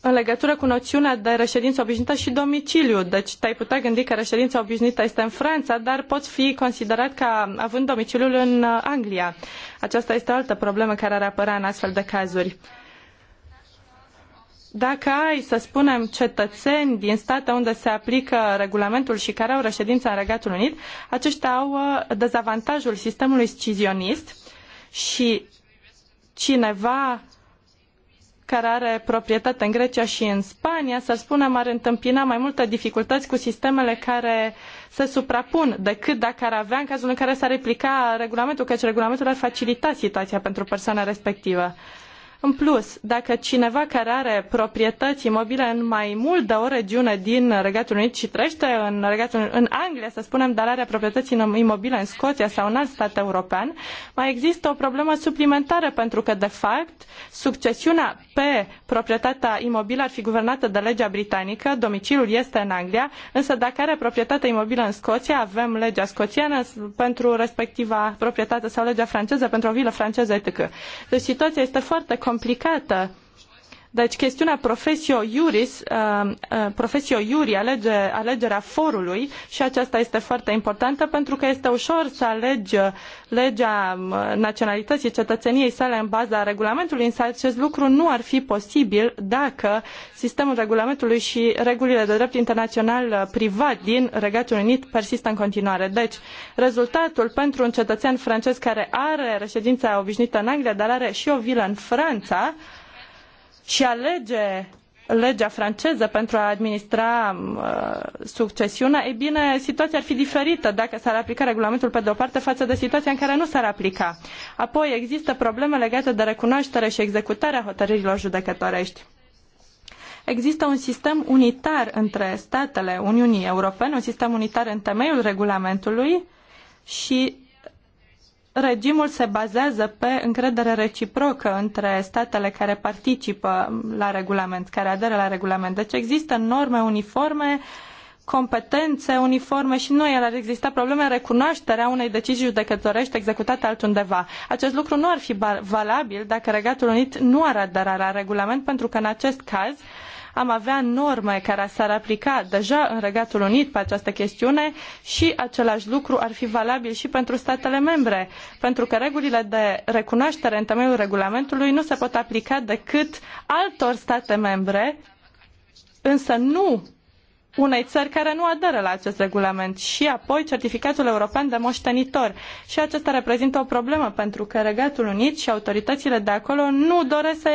în legătură cu noțiunea de reședință obișnuită și domiciliu. Deci te-ai putea gândi că reședința obișnuită este în Franța, dar poți fi considerat ca având domiciliul în uh, Anglia. Aceasta este o altă problemă care ar apărea în astfel de cazuri. Dacă ai, să spunem, cetățeni din state unde se aplică regulamentul și care au reședința în Regatul Unit, aceștia au uh, dezavantajul sistemului scizionist și cineva care are proprietate în Grecia și în Spania, să spunem, ar întâmpina mai multe dificultăți cu sistemele care se suprapun decât dacă ar avea în cazul în care s-ar replica regulamentul, căci regulamentul ar facilita situația pentru persoana respectivă. În plus, dacă cineva care are proprietăți imobile în mai mult de o regiune din Regatul Unit și trăiește în, Regatul, în Anglia, să spunem, dar are proprietăți imobile în Scoția sau în alt stat european, mai există o problemă suplimentară pentru că, de fapt, succesiunea pe proprietatea imobilă ar fi guvernată de legea britanică, domiciliul este în Anglia, însă dacă are proprietate imobilă în Scoția, avem legea scoțiană pentru respectiva proprietate sau legea franceză pentru o vilă franceză etc. Deci situația este foarte complicată. Deci chestiunea profesio iuris, uh, uh, profesio iuri, alege, alegerea forului și aceasta este foarte importantă pentru că este ușor să alegi uh, legea naționalității cetățeniei sale în baza regulamentului, însă acest lucru nu ar fi posibil dacă sistemul regulamentului și regulile de drept internațional privat din Regatul Unit persistă în continuare. Deci rezultatul pentru un cetățean francez care are reședința obișnuită în Anglia, dar are și o vilă în Franța, și alege legea franceză pentru a administra uh, succesiunea, e bine, situația ar fi diferită dacă s-ar aplica regulamentul pe de o parte față de situația în care nu s-ar aplica. Apoi există probleme legate de recunoaștere și executarea hotărârilor judecătorești. Există un sistem unitar între statele Uniunii Europene, un sistem unitar în temeiul regulamentului și regimul se bazează pe încredere reciprocă între statele care participă la regulament, care aderă la regulament. Deci există norme uniforme, competențe uniforme și nu ar exista probleme în recunoașterea unei decizii judecătorești executate altundeva. Acest lucru nu ar fi valabil dacă Regatul Unit nu ar adera la regulament, pentru că în acest caz am avea norme care s-ar aplica deja în Regatul Unit pe această chestiune și același lucru ar fi valabil și pentru statele membre, pentru că regulile de recunoaștere în temeiul regulamentului nu se pot aplica decât altor state membre, însă nu unei țări care nu aderă la acest regulament și apoi certificatul european de moștenitor. Și acesta reprezintă o problemă pentru că Regatul Unit și autoritățile de acolo nu doresc să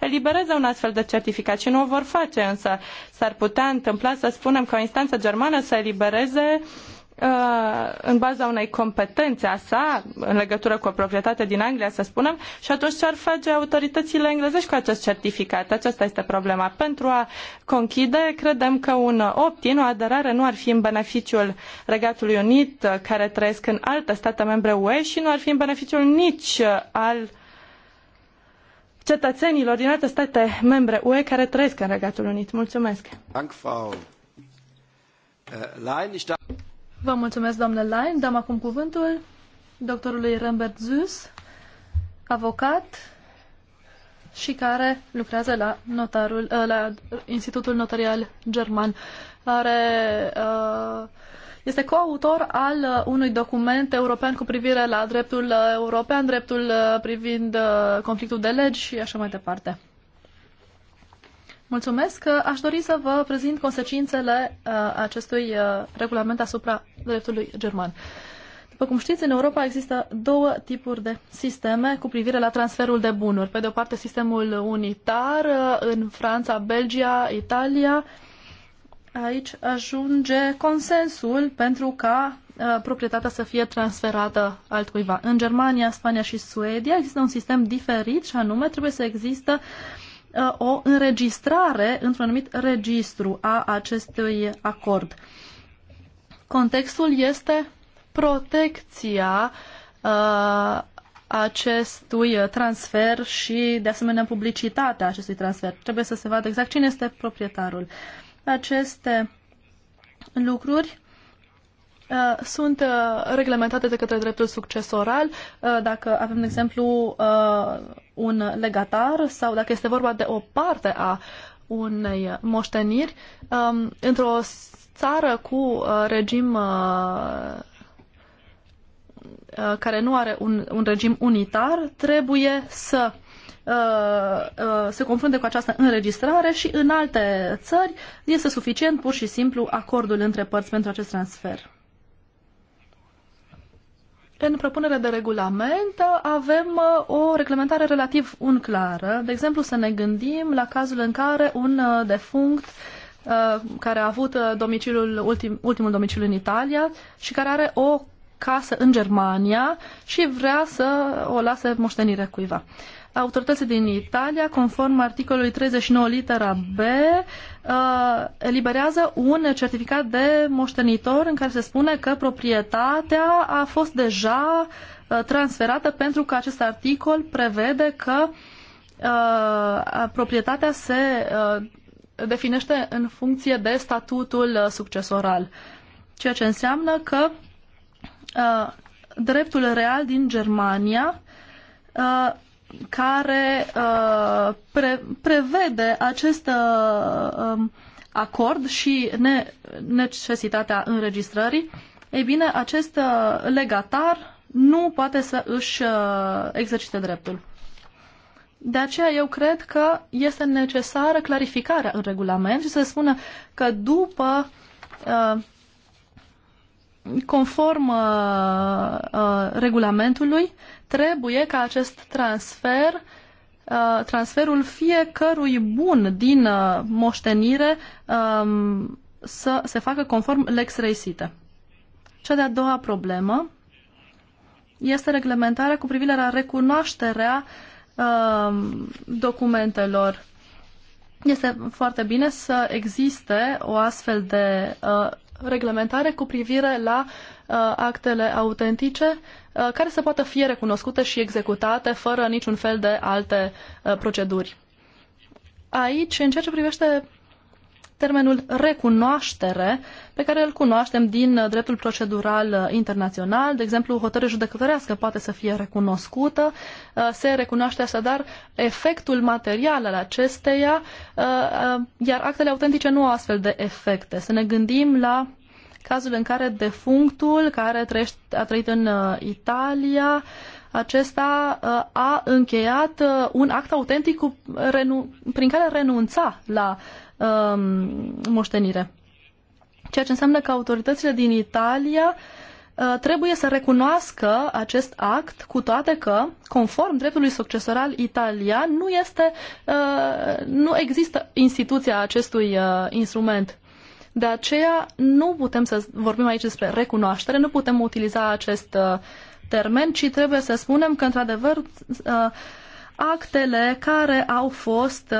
elibereze un astfel de certificat și nu o vor face, însă s-ar putea întâmpla să spunem că o instanță germană să elibereze Uh, în baza unei competențe a sa, în legătură cu o proprietate din Anglia, să spunem, și atunci ce ar face autoritățile englezești cu acest certificat? Aceasta este problema. Pentru a conchide, credem că un opt-in, o aderare, nu ar fi în beneficiul Regatului Unit, uh, care trăiesc în alte state membre UE și nu ar fi în beneficiul nici uh, al cetățenilor din alte state membre UE care trăiesc în Regatul Unit. Mulțumesc! Äh, Vă mulțumesc, doamnă Lain. Dăm acum cuvântul doctorului Rembert Zus, avocat și care lucrează la, notarul, uh, la Institutul Notarial German. Are, uh, este coautor al uh, unui document european cu privire la dreptul european, dreptul privind conflictul de legi și așa mai departe. Mulțumesc. Aș dori să vă prezint consecințele uh, acestui uh, regulament asupra dreptului german. După cum știți, în Europa există două tipuri de sisteme cu privire la transferul de bunuri. Pe de o parte, sistemul unitar uh, în Franța, Belgia, Italia. Aici ajunge consensul pentru ca proprietatea să fie transferată altcuiva. În Germania, Spania și Suedia există un sistem diferit și anume trebuie să există uh, Uh, o înregistrare într-un anumit registru a acestui acord. Contextul este protecția uh, acestui transfer și, de asemenea, publicitatea acestui transfer. Trebuie să se vadă exact cine este proprietarul. Aceste lucruri Uh, sunt uh, reglementate de către dreptul succesoral, uh, dacă avem, de exemplu, un legatar sau dacă este vorba de o parte a unei moșteniri, um, într-o țară cu regim care nu are un, un regim unitar, trebuie să se confrunte cu această înregistrare și în alte țări este suficient pur și simplu acordul între părți pentru acest transfer în propunerea de regulament avem uh, o reglementare relativ unclară. De exemplu, să ne gândim la cazul în care un uh, defunct uh, care a avut domiciliul, ultim, ultimul domiciliu în Italia și care are o casă în Germania și vrea să o lase moștenire cuiva. Uh, autorității din Italia, conform articolului 39 litera B, uh, eliberează un certificat de moștenitor în care se spune că proprietatea a fost deja uh, transferată pentru că acest articol prevede că uh, proprietatea se definește în funcție de statutul succesoral, ceea ce înseamnă că dreptul real din Germania care uh, pre, prevede acest uh, um, acord și ne, necesitatea înregistrării, ei bine, acest uh, legatar nu poate să își uh, exercite dreptul. De aceea eu cred că este necesară clarificarea în regulament și să spună că după uh, conform uh, regulamentului, trebuie ca acest transfer, uh, transferul fiecărui bun din uh, moștenire um, să se facă conform lex reisite. Cea de-a doua problemă este reglementarea cu privire la recunoașterea um, documentelor. Este foarte bine să existe o astfel de uh, reglementare cu privire la uh, Uh, actele autentice uh, care să poată fi recunoscute și executate fără niciun fel de alte uh, proceduri. Aici, în ceea ce privește termenul recunoaștere, pe care îl cunoaștem din dreptul procedural internațional. De exemplu, hotărâre judecătorească poate să fie recunoscută. Se recunoaște așadar efectul material al acesteia, iar actele autentice nu au astfel de efecte. Să ne gândim la cazul în care defunctul care a trăit în uh, Italia, acesta uh, a încheiat uh, un act autentic cu, prin care renunța la um, moștenire. Ceea ce înseamnă că autoritățile din Italia trebuie să recunoască acest act, cu toate că, conform dreptului succesoral italian, nu, este, nu există instituția acestui instrument. De aceea nu putem să vorbim aici despre recunoaștere, nu putem utiliza acest uh, termen, ci trebuie să spunem că, într-adevăr, uh, actele care au fost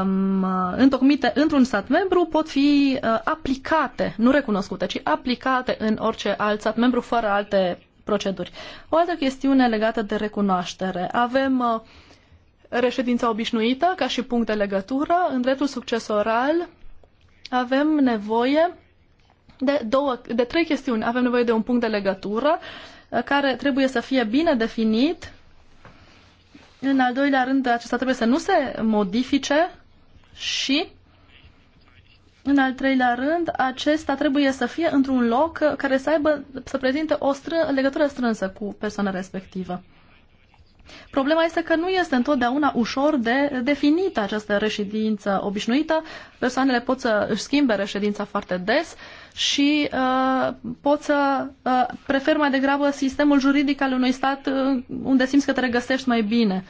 um, uh, întocmite într-un stat membru pot fi aplicate, nu recunoscute, ci aplicate în orice alt stat membru fără alte proceduri. O altă chestiune legată de recunoaștere. Avem reședința obișnuită ca și punct de legătură. În dreptul succesoral avem nevoie de, două, de trei chestiuni. Avem nevoie de un punct de legătură uh, care trebuie să fie bine definit. În al doilea rând, acesta trebuie să nu se modifice și în al treilea rând, acesta trebuie să fie într-un loc care să aibă, să prezinte o strân, legătură strânsă cu persoana respectivă. Problema este că nu este întotdeauna ușor de definită această reședință obișnuită. Persoanele pot să își schimbe reședința foarte des și uh, pot să uh, prefer mai degrabă sistemul juridic al unui stat uh, unde simți că te regăsești mai bine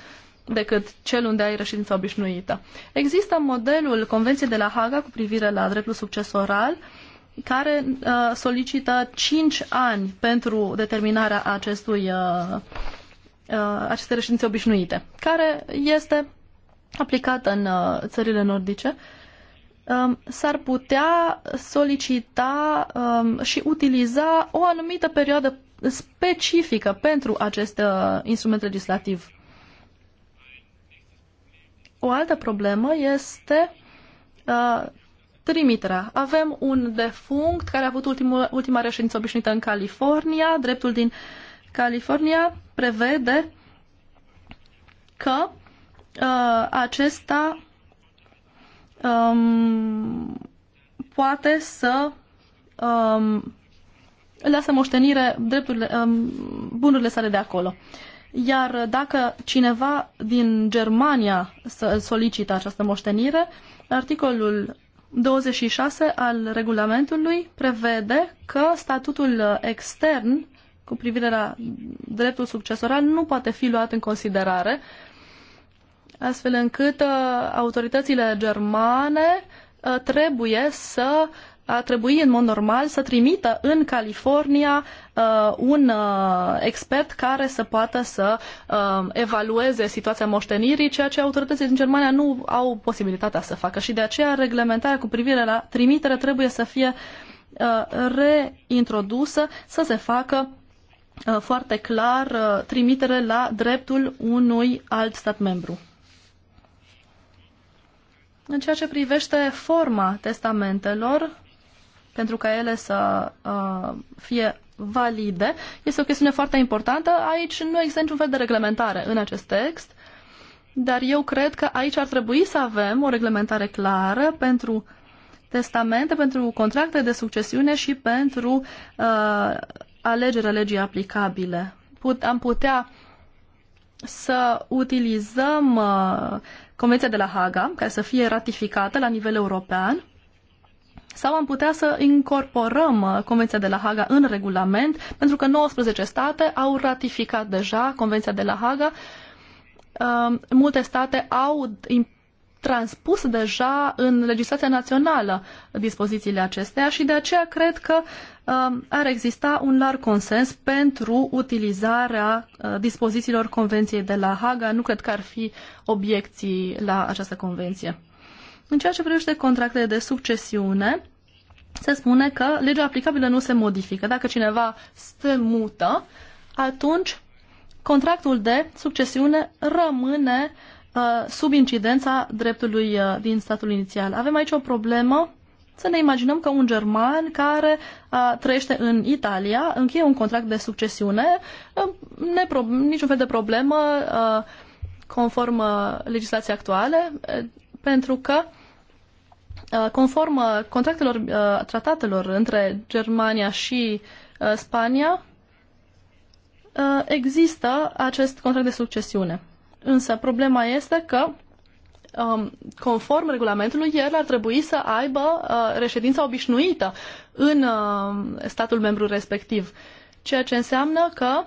decât cel unde ai reședința obișnuită. Există modelul Convenției de la Haga cu privire la dreptul succesoral care uh, solicită 5 ani pentru determinarea acestui uh, Uh, aceste reședințe obișnuite, care este aplicată în uh, țările nordice, um, s-ar putea solicita um, și utiliza o anumită perioadă specifică pentru acest uh, instrument legislativ. O altă problemă este trimiterea. Avem un defunct care a avut ultimul, ultima reședință obișnuită în California, dreptul din uh, California prevede că uh, acesta um, poate să um, lasă moștenire drepturile, um, bunurile sale de acolo. Iar dacă cineva din Germania să solicită această moștenire, articolul 26 al regulamentului prevede că statutul extern cu privire la dreptul succesoral nu poate fi luat în considerare, astfel încât uh, autoritățile germane uh, trebuie să a trebui în mod normal să trimită în California uh, un uh, expert care să poată să uh, evalueze situația moștenirii, ceea ce autoritățile din Germania nu au posibilitatea să facă și de aceea reglementarea cu privire la trimitere trebuie să fie uh, reintrodusă, să se facă Uh, foarte clar uh, trimitere la dreptul unui alt stat membru. În ceea ce privește forma testamentelor, pentru ca ele să uh, fie valide, este o chestiune foarte importantă. Aici nu există niciun fel de reglementare în acest text, dar eu cred că aici ar trebui să avem o reglementare clară pentru testamente, pentru contracte de succesiune și pentru uh, alegerea legii aplicabile. Put, am putea să utilizăm uh, Convenția de la Haga, care să fie ratificată la nivel european, sau am putea să incorporăm uh, Convenția de la Haga în regulament, pentru că 19 state au ratificat deja Convenția de la Haga. Uh, multe state au transpus deja în legislația națională dispozițiile acesteia și de aceea cred că um, ar exista un larg consens pentru utilizarea uh, dispozițiilor Convenției de la Haga. Nu cred că ar fi obiecții la această convenție. În ceea ce privește contractele de succesiune, se spune că legea aplicabilă nu se modifică. Dacă cineva se mută, atunci contractul de succesiune rămâne uh, Uh, sub incidența dreptului uh, din statul inițial. Avem aici o problemă să ne imaginăm că un german care a, uh, trăiește în Italia încheie un contract de succesiune, nepro- niciun fel de problemă a, conform legislației actuale, pentru că a, conform contractelor, a, tratatelor între Germania și a, Spania, a, există acest contract de succesiune. Însă problema este că um, conform regulamentului, el ar trebui să aibă uh, reședința obișnuită în um, statul membru respectiv. Ceea ce înseamnă că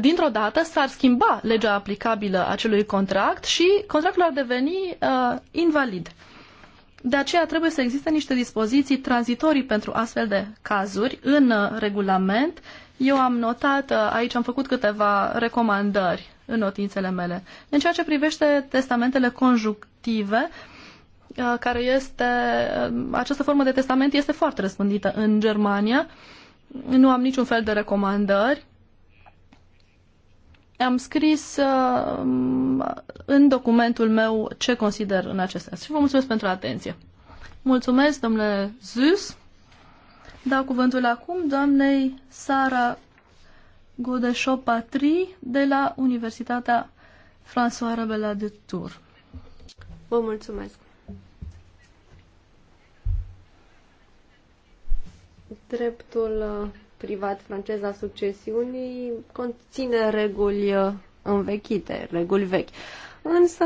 dintr-o dată s-ar schimba legea aplicabilă acelui contract și contractul ar deveni uh, invalid. De aceea trebuie să existe niște dispoziții tranzitorii pentru astfel de cazuri în uh, regulament. Eu am notat, uh, aici am făcut câteva recomandări în notințele mele. În ceea ce privește testamentele conjunctive, uh, care este, uh, această formă de testament este foarte răspândită în Germania. Nu am niciun fel de recomandări. Am scris uh, în documentul meu ce consider în acest sens. Și vă mulțumesc pentru atenție. Mulțumesc, domnule Zus. Dau cuvântul acum doamnei Sara Godeshop Patri de la Universitatea François Rabela de Tours. Vă mulțumesc! Dreptul uh, privat francez a succesiunii conține reguli uh, învechite, reguli vechi. Însă,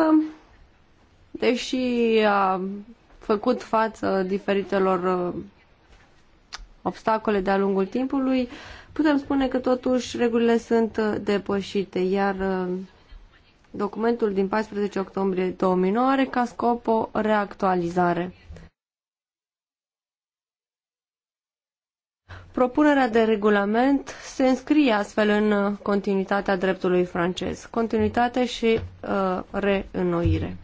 deși a făcut față diferitelor uh, obstacole de-a lungul timpului, uh, putem spune că totuși regulile sunt uh, depășite, iar uh, documentul din 14 octombrie 2009 are ca scop o reactualizare. Propunerea de regulament se înscrie astfel în uh, continuitatea dreptului francez, continuitate și uh, reînnoire.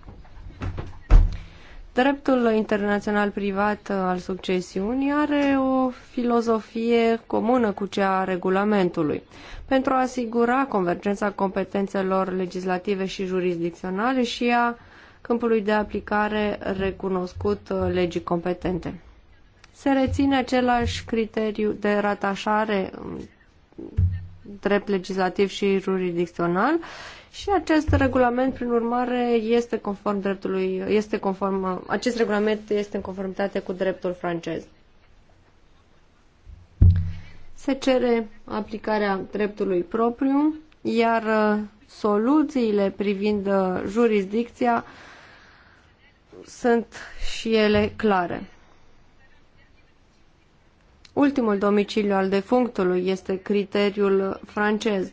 Dreptul internațional privat uh, al succesiunii are o filozofie comună cu cea a regulamentului. Pentru a asigura convergența competențelor legislative și jurisdicționale și a câmpului de aplicare recunoscut uh, legii competente. Se reține același criteriu de ratașare um, drept legislativ și jurisdicțional și acest regulament, prin urmare, este conform dreptului, este conform, acest regulament este în conformitate cu dreptul francez. Se cere aplicarea dreptului propriu, iar uh, soluțiile privind uh, jurisdicția sunt și ele clare. Ultimul domiciliu al defunctului este criteriul francez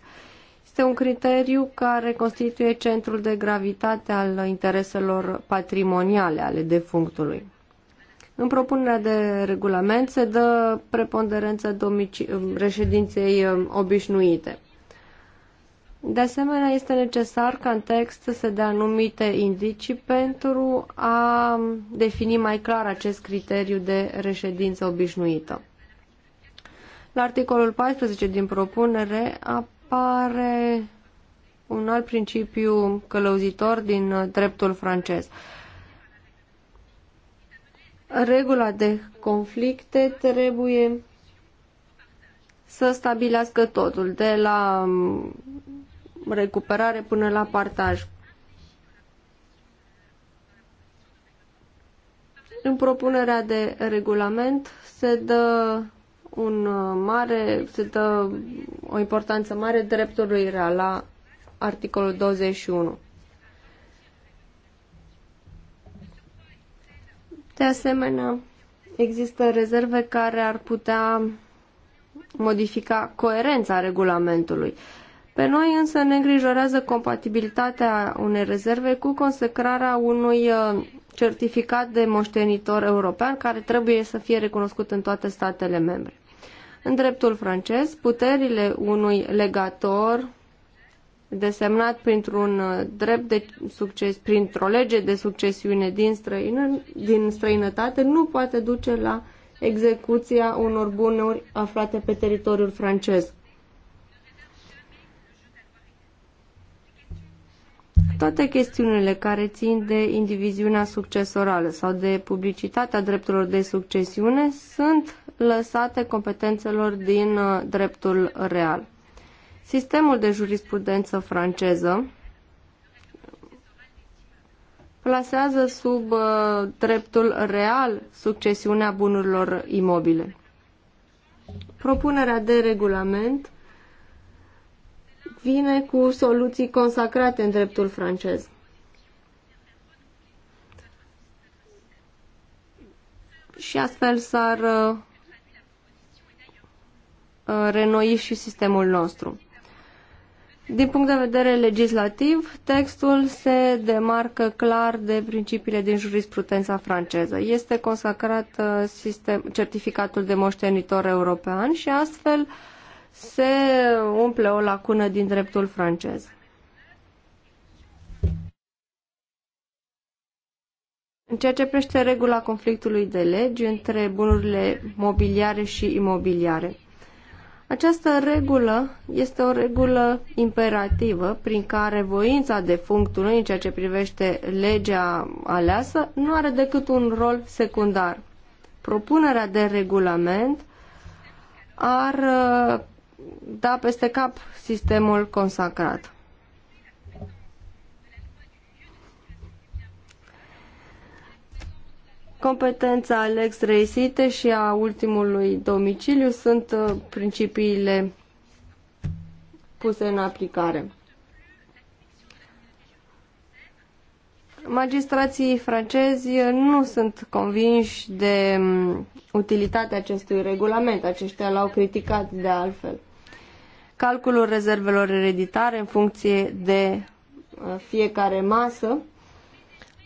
este un criteriu care constituie centrul de gravitate al intereselor patrimoniale ale defunctului. În propunerea de regulament se dă preponderența reședinței um, obișnuite. De asemenea, este necesar ca în text să se dea anumite indicii pentru a um, defini mai clar acest criteriu de reședință obișnuită. La articolul 14 din propunere apare un alt principiu călăuzitor din uh, dreptul francez. Regula de conflicte trebuie să stabilească totul, de la um, recuperare până la partaj. În propunerea de regulament se dă un uh, mare, se dă o importanță mare real la articolul 21. De asemenea, există rezerve care ar putea modifica coerența regulamentului. Pe noi însă ne îngrijorează compatibilitatea unei rezerve cu consecrarea unui uh, certificat de moștenitor european care trebuie să fie recunoscut în toate statele membre. În dreptul francez, puterile unui legator desemnat printr-un uh, drept de succes, printr-o lege de succesiune din, străină, din străinătate, nu poate duce la execuția unor bunuri aflate pe teritoriul francez. toate chestiunile care țin de indiviziunea succesorală sau de publicitatea drepturilor de succesiune sunt lăsate competențelor din uh, dreptul real. Sistemul de jurisprudență franceză plasează sub uh, dreptul real succesiunea bunurilor imobile. Propunerea de regulament vine cu soluții consacrate în dreptul francez. Și astfel s-ar uh, uh, renoi și sistemul nostru. Din punct de vedere legislativ, textul se demarcă clar de principiile din jurisprudența franceză. Este consacrat uh, sistem, certificatul de moștenitor european și astfel uh, se umple o lacună din dreptul francez. În ceea ce prește regula conflictului de legi între bunurile mobiliare și imobiliare. Această regulă este o regulă imperativă prin care voința defunctului în ceea ce privește legea aleasă nu are decât un rol secundar. Propunerea de regulament ar da peste cap sistemul consacrat. Competența Alex Reisite și a ultimului domiciliu sunt uh, principiile puse în aplicare. Magistrații francezi uh, nu sunt convinși de um, utilitatea acestui regulament. Aceștia l-au criticat de altfel calculul rezervelor ereditare în funcție de uh, fiecare masă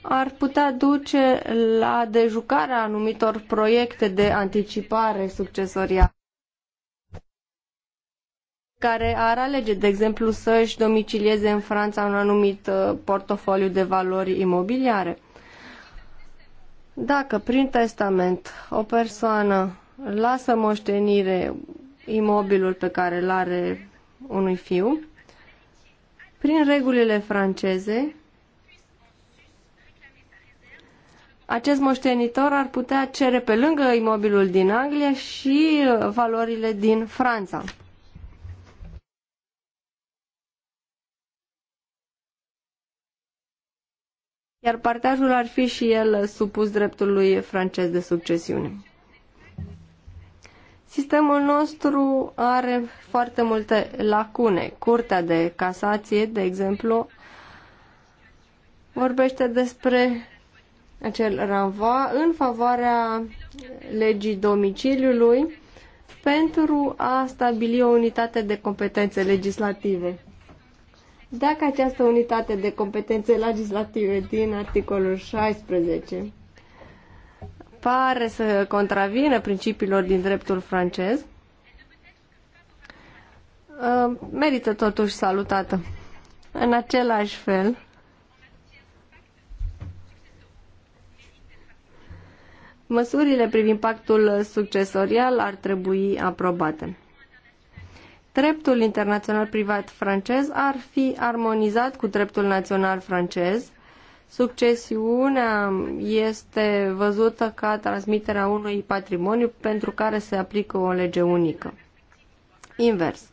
ar putea duce la dejucarea anumitor proiecte de anticipare succesorială care ar alege, de exemplu, să-și domicilieze în Franța un anumit uh, portofoliu de valori imobiliare. Dacă prin testament o persoană lasă moștenire imobilul pe care îl are unui fiu. Prin regulile franceze, acest moștenitor ar putea cere pe lângă imobilul din Anglia și uh, valorile din Franța. Iar partajul ar fi și el supus dreptului francez de succesiune. Sistemul nostru are foarte multe lacune. Curtea de casație, de exemplu, vorbește despre acel ranva în favoarea legii domiciliului pentru a stabili o unitate de competențe legislative. Dacă această unitate de competențe legislative din articolul 16 pare să contravină principiilor din dreptul francez, uh, merită totuși salutată. În același fel, măsurile privind pactul succesorial ar trebui aprobate. Dreptul internațional privat francez ar fi armonizat cu dreptul național francez Succesiunea este văzută ca transmiterea unui patrimoniu pentru care se aplică o lege unică. Invers.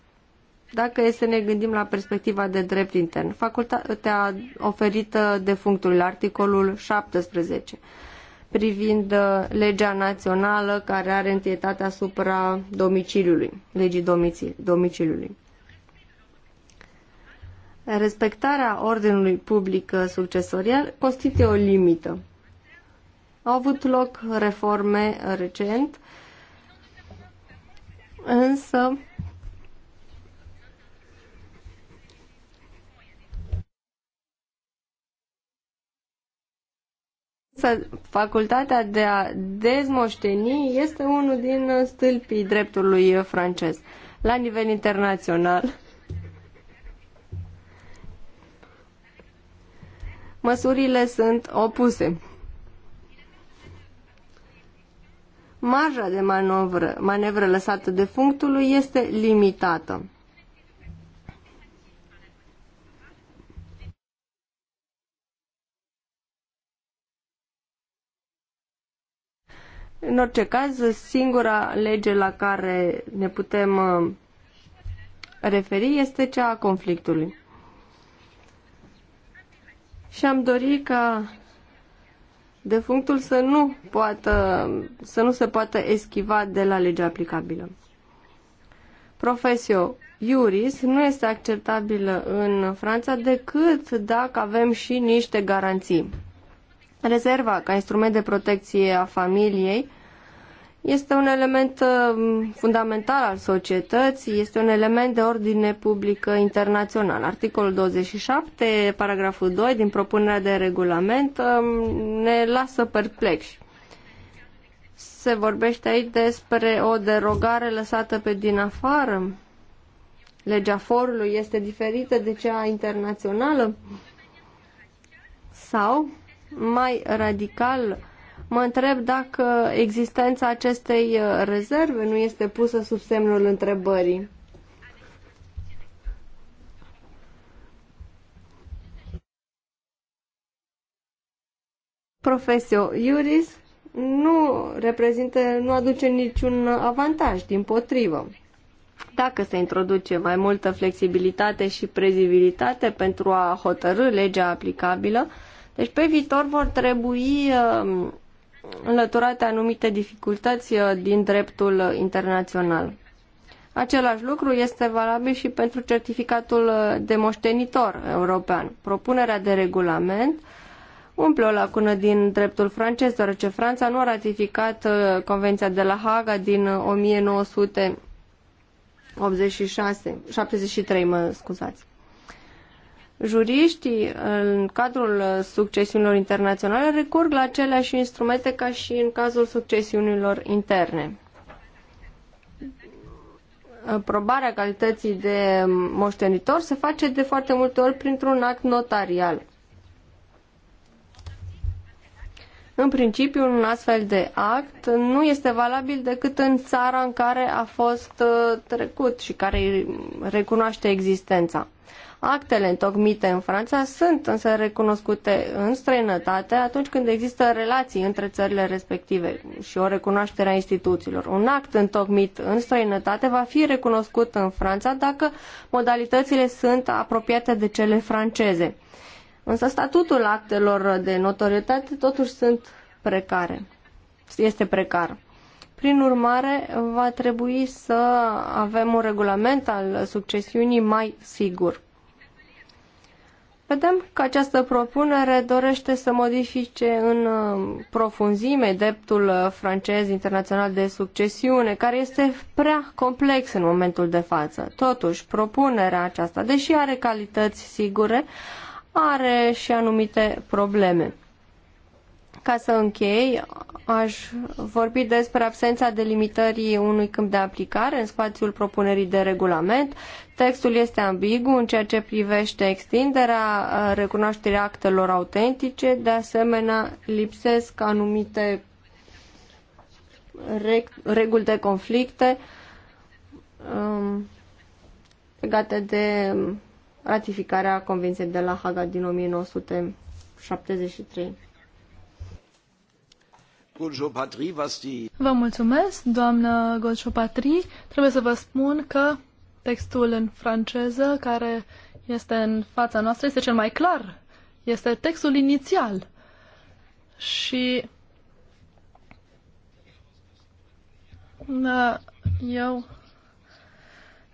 Dacă e să ne gândim la perspectiva de drept intern, facultatea oferită de functul articolul 17 privind uh, legea națională care are întietate asupra domiciliului, legii domiciliului respectarea ordinului public uh, succesorial constituie o limită. Au avut loc reforme uh, recent, însă facultatea de a dezmoșteni este unul din stâlpii dreptului uh, francez. La nivel internațional, măsurile sunt opuse. Marja de manovră, manevră lăsată de punctului este limitată. În orice caz, singura lege la care ne putem uh, referi este cea a conflictului și am dorit ca defunctul să nu, poată, să nu se poată eschiva de la legea aplicabilă. Profesio iuris nu este acceptabilă în Franța decât dacă avem și niște garanții. Rezerva ca instrument de protecție a familiei este un element uh, fundamental al societății, este un element de ordine publică internațional. Articolul 27, paragraful 2 din propunerea de regulament um, ne lasă perplexi. Se vorbește aici despre o derogare lăsată pe din afară. Legea forului este diferită de cea internațională? Sau, mai radical, Mă întreb dacă existența acestei uh, rezerve nu este pusă sub semnul întrebării. Profesio Iuris nu reprezintă, nu aduce niciun avantaj, din potrivă. Dacă se introduce mai multă flexibilitate și prezibilitate pentru a hotărâ legea aplicabilă, deci pe viitor vor trebui um, înlăturate anumite dificultăți uh, din dreptul internațional. Același lucru este valabil și pentru certificatul uh, de moștenitor european. Propunerea de regulament umple o lacună din dreptul francez, deoarece Franța nu a ratificat uh, Convenția de la Haga din 1986, 73, mă scuzați juriștii, în cadrul succesiunilor internaționale, recurg la aceleași instrumente ca și în cazul succesiunilor interne. Probarea calității de moștenitor se face de foarte multe ori printr-un act notarial. În principiu, un astfel de act nu este valabil decât în țara în care a fost uh, trecut și care recunoaște existența. Actele întocmite în Franța sunt însă recunoscute în străinătate atunci când există relații între țările respective și o recunoaștere a instituțiilor. Un act întocmit în străinătate va fi recunoscut în Franța dacă modalitățile sunt apropiate de cele franceze. Însă statutul actelor de notorietate totuși sunt precare. Este precar. Prin urmare, va trebui să avem un regulament al succesiunii mai sigur. Vedem că această propunere dorește să modifice în uh, profunzime dreptul uh, francez internațional de succesiune, care este prea complex în momentul de față. Totuși, propunerea aceasta, deși are calități sigure, are și anumite probleme. Ca să închei, aș vorbi despre absența delimitării unui câmp de aplicare în spațiul propunerii de regulament Textul este ambigu în ceea ce privește extinderea recunoașterii actelor autentice, de asemenea lipsesc anumite reguli de conflicte um, legate de ratificarea Convenției de la Haga din 1973. Vă mulțumesc, doamnă Golșopatri. Trebuie să vă spun că Textul în franceză, care este în fața noastră, este cel mai clar. Este textul inițial. Și da, eu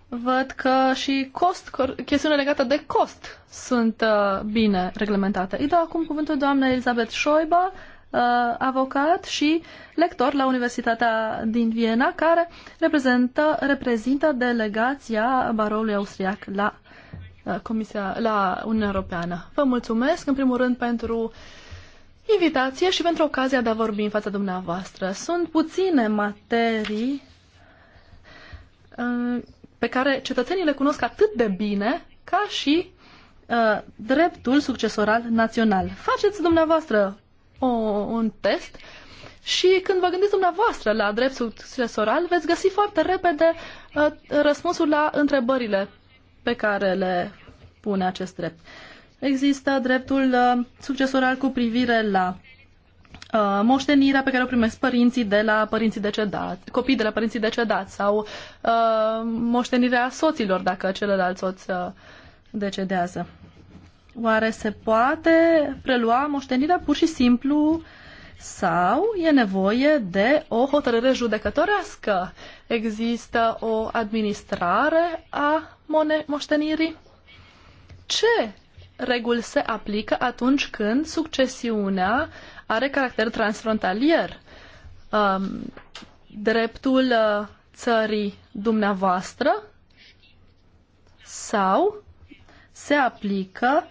văd că și cost, chestiunile legate de cost sunt uh, bine reglementate. Îi dau acum cuvântul doamnei Elizabeth Șoiba, Uh, avocat și lector la Universitatea din Viena, care reprezintă, reprezintă delegația baroului austriac la, uh, Comisia, la Uniunea Europeană. Vă mulțumesc, în primul rând, pentru invitație și pentru ocazia de a vorbi în fața dumneavoastră. Sunt puține materii uh, pe care cetățenii le cunosc atât de bine ca și dreptul succesoral național. Faceți dumneavoastră o, un test și când vă gândiți dumneavoastră la dreptul succesoral, veți găsi foarte repede uh, răspunsul la întrebările pe care le pune acest drept. Există dreptul uh, succesoral cu privire la uh, moștenirea pe care o primesc părinții de la părinții decedați, copii de la părinții decedați sau uh, moștenirea soților dacă celălalt soț uh, decedează. Oare se poate prelua moștenirea pur și simplu sau e nevoie de o hotărâre judecătorească? Există o administrare a moștenirii? Ce reguli se aplică atunci când succesiunea are caracter transfrontalier? Um, dreptul uh, țării dumneavoastră sau se aplică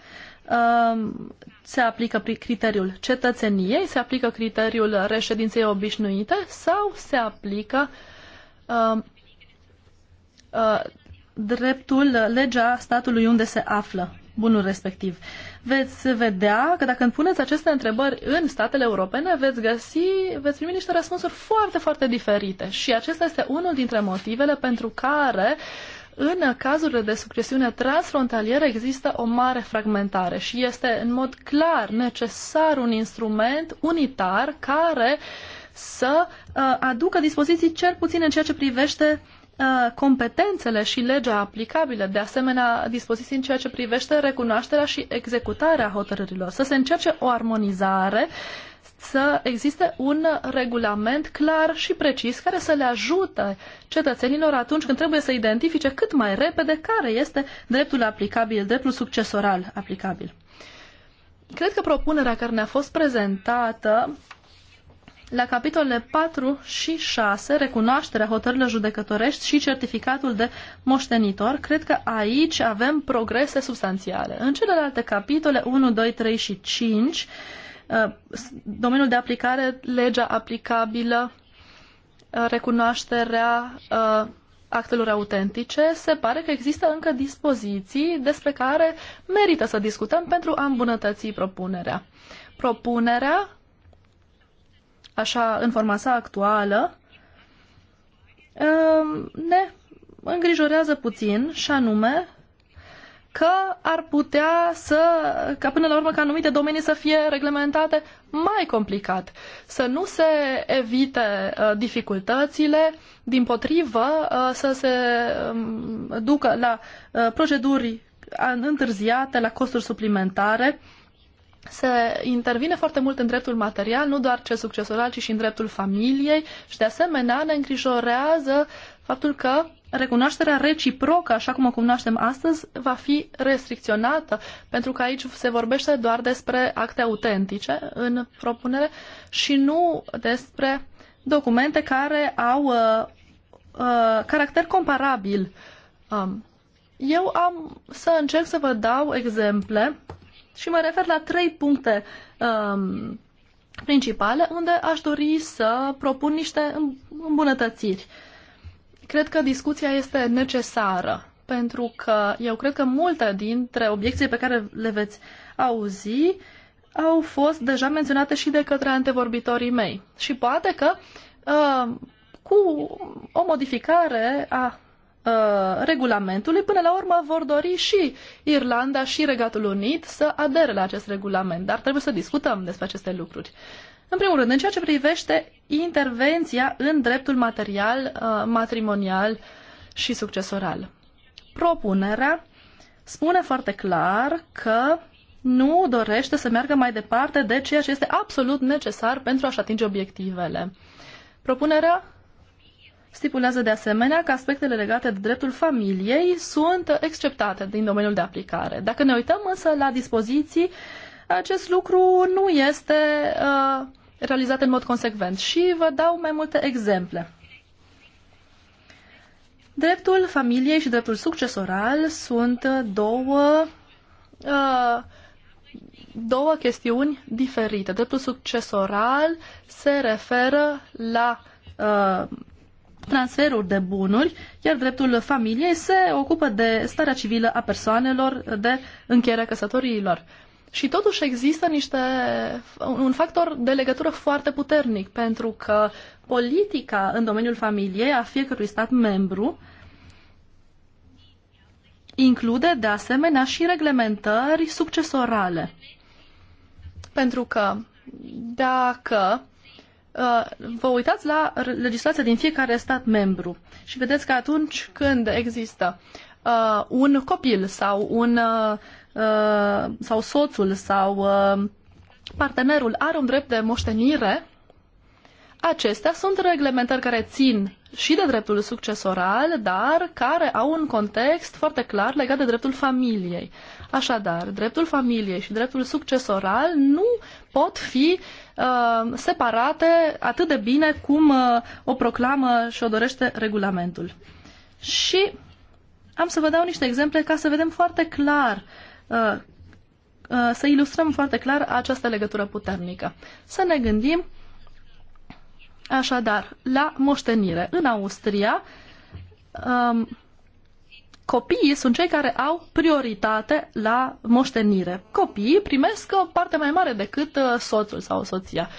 um, se aplică criteriul cetățeniei, se aplică criteriul reședinței obișnuite sau se aplică uh, uh, dreptul, legea statului unde se află bunul respectiv. Veți vedea că dacă îmi puneți aceste întrebări în statele europene, veți găsi, veți primi niște răspunsuri foarte, foarte diferite. Și acesta este unul dintre motivele pentru care uh, în cazurile de succesiune transfrontalieră există o mare fragmentare și este în mod clar necesar un instrument unitar care să uh, aducă dispoziții cel puțin în ceea ce privește uh, competențele și legea aplicabilă, de asemenea dispoziții în ceea ce privește recunoașterea și executarea hotărârilor, să se încerce o armonizare să existe un regulament clar și precis care să le ajute cetățenilor atunci când trebuie să identifice cât mai repede care este dreptul aplicabil, dreptul succesoral aplicabil. Cred că propunerea care ne-a fost prezentată la capitolele 4 și 6, recunoașterea hotărârilor judecătorești și certificatul de moștenitor, cred că aici avem progrese substanțiale. În celelalte capitole 1, 2, 3 și 5, Uh, domeniul de aplicare, legea aplicabilă, uh, recunoașterea uh, actelor autentice, se pare că există încă dispoziții despre care merită să discutăm pentru a îmbunătăți propunerea. Propunerea, așa în forma sa actuală, ne îngrijorează puțin și anume că ar putea să, ca până la urmă, ca anumite domenii să fie reglementate mai complicat, să nu se evite uh, dificultățile, din potrivă uh, să se um, ducă la uh, proceduri uh, întârziate, la costuri suplimentare, se intervine foarte mult în dreptul material, nu doar cel succesoral, ci și în dreptul familiei și de asemenea ne îngrijorează faptul că recunoașterea reciprocă, așa cum o cunoaștem astăzi, va fi restricționată, pentru că aici se vorbește doar despre acte autentice în propunere și nu despre documente care au uh, uh, caracter comparabil. Um, eu am să încerc să vă dau exemple și mă refer la trei puncte um, principale unde aș dori să propun niște îmbunătățiri. Uh, Cred că discuția este necesară, pentru că eu cred că multe dintre obiecții pe care le veți auzi au fost deja menționate și de către antevorbitorii mei. Și poate că uh, cu o modificare a uh, regulamentului, până la urmă vor dori și Irlanda și Regatul Unit să adere la acest regulament, dar trebuie să discutăm despre aceste lucruri. În primul rând, în ceea ce privește intervenția în dreptul material, uh, matrimonial și succesoral. Propunerea spune foarte clar că nu dorește să meargă mai departe de ceea ce este absolut necesar pentru a-și atinge obiectivele. Propunerea stipulează de asemenea că aspectele legate de dreptul familiei sunt exceptate din domeniul de aplicare. Dacă ne uităm însă la dispoziții, acest lucru nu este uh, realizate în mod consecvent. Și vă dau mai multe exemple. Dreptul familiei și dreptul succesoral sunt două, uh, două chestiuni diferite. Dreptul succesoral se referă la uh, transferuri de bunuri, iar dreptul familiei se ocupă de starea civilă a persoanelor, de încheierea căsătoriilor. Și totuși există niște, un factor de legătură foarte puternic, pentru că politica în domeniul familiei a fiecărui stat membru include de asemenea și reglementări succesorale. Pentru că dacă uh, vă uitați la legislația din fiecare stat membru și vedeți că atunci când există uh, un copil sau un uh, Uh, sau soțul sau uh, partenerul are un drept de moștenire, acestea sunt reglementări care țin și de dreptul succesoral, dar care au un context foarte clar legat de dreptul familiei. Așadar, dreptul familiei și dreptul succesoral nu pot fi uh, separate atât de bine cum uh, o proclamă și o dorește regulamentul. Și am să vă dau niște exemple ca să vedem foarte clar uh, Uh, uh, să ilustrăm foarte clar această legătură puternică. Să ne gândim așadar la moștenire. În Austria, um, copiii sunt cei care au prioritate la moștenire. Copiii primesc o parte mai mare decât uh, soțul sau soția.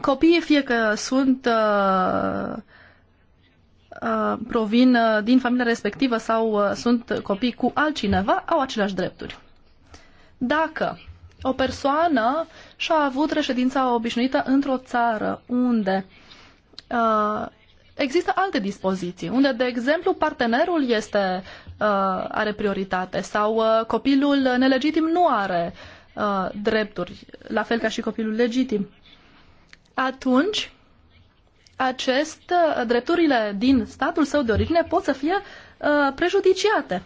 Copiii fie că sunt uh, Uh, provin uh, din familia respectivă sau uh, sunt copii cu altcineva, au aceleași drepturi. Dacă o persoană și-a avut reședința obișnuită într-o țară unde există alte dispoziții, unde, de exemplu, partenerul este, are prioritate sau copilul nelegitim nu are drepturi, la fel ca și copilul legitim. Atunci, acest, uh, drepturile din statul său de origine pot să fie uh, prejudiciate.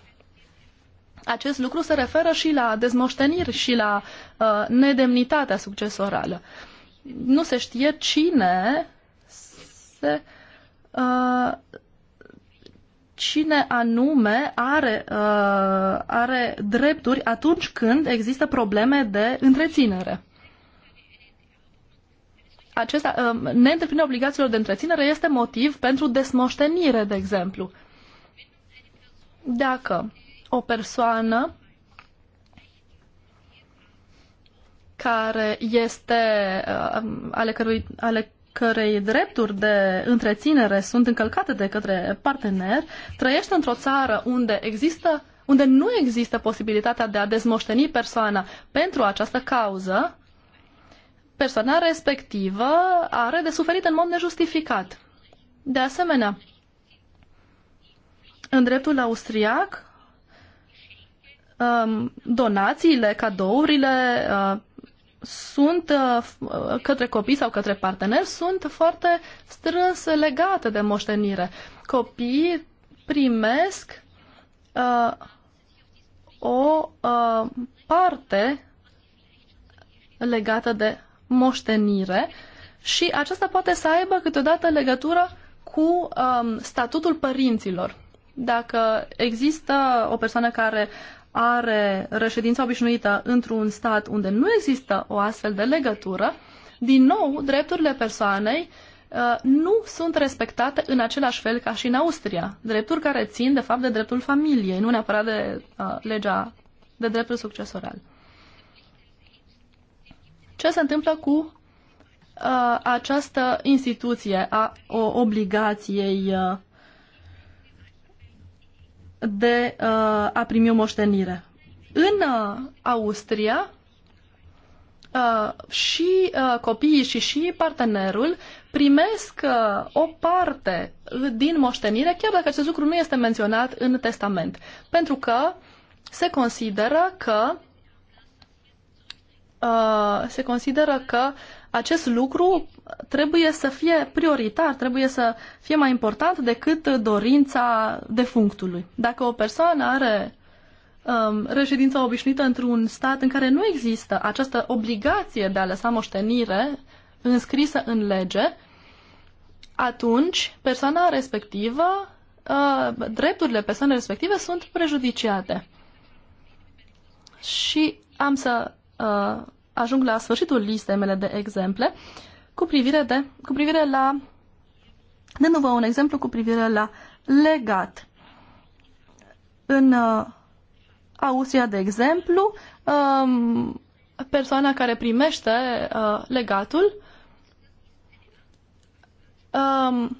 Acest lucru se referă și la dezmoșteniri și la uh, nedemnitatea succesorală. Nu se știe cine se, cine anume are, uh, are drepturi atunci când există probleme de întreținere acesta, uh, neîndeplinirea obligațiilor de întreținere este motiv pentru desmoștenire, de exemplu. Dacă o persoană care este uh, ale, cărui, ale cărei drepturi de întreținere sunt încălcate de către partener, trăiește într-o țară unde există unde nu există posibilitatea de a dezmoșteni persoana pentru această cauză, persoana respectivă are de suferit în mod nejustificat. De asemenea, în dreptul austriac, um, donațiile, cadourile uh, sunt uh, către copii sau către parteneri sunt foarte strâns legate de moștenire. Copiii primesc uh, o parte legată de moștenire și aceasta poate să aibă câteodată legătură cu um, statutul părinților. Dacă există o persoană care are reședința obișnuită într-un stat unde nu există o astfel de legătură, din nou, drepturile persoanei uh, nu sunt respectate în același fel ca și în Austria. Drepturi care țin, de fapt, de dreptul familiei, nu neapărat de uh, legea de dreptul succesorial ce se întâmplă cu uh, această instituție a o, obligației uh, de uh, a primi o moștenire. În uh, Austria, Uh, și uh, copiii și și partenerul primesc uh, o parte uh, din moștenire, chiar dacă acest lucru nu este menționat în testament. Pentru că se consideră că Uh, se consideră că acest lucru trebuie să fie prioritar, trebuie să fie mai important decât dorința defunctului. Dacă o persoană are um, reședința obișnuită într-un stat în care nu există această obligație de a lăsa moștenire înscrisă în lege, atunci persoana respectivă, uh, drepturile persoanei respective sunt prejudiciate. Și am să uh, ajung la sfârșitul listei mele de exemple cu privire, de, cu privire la dându-vă un exemplu cu privire la legat. În uh, Austria, de exemplu, um, persoana care primește uh, legatul um,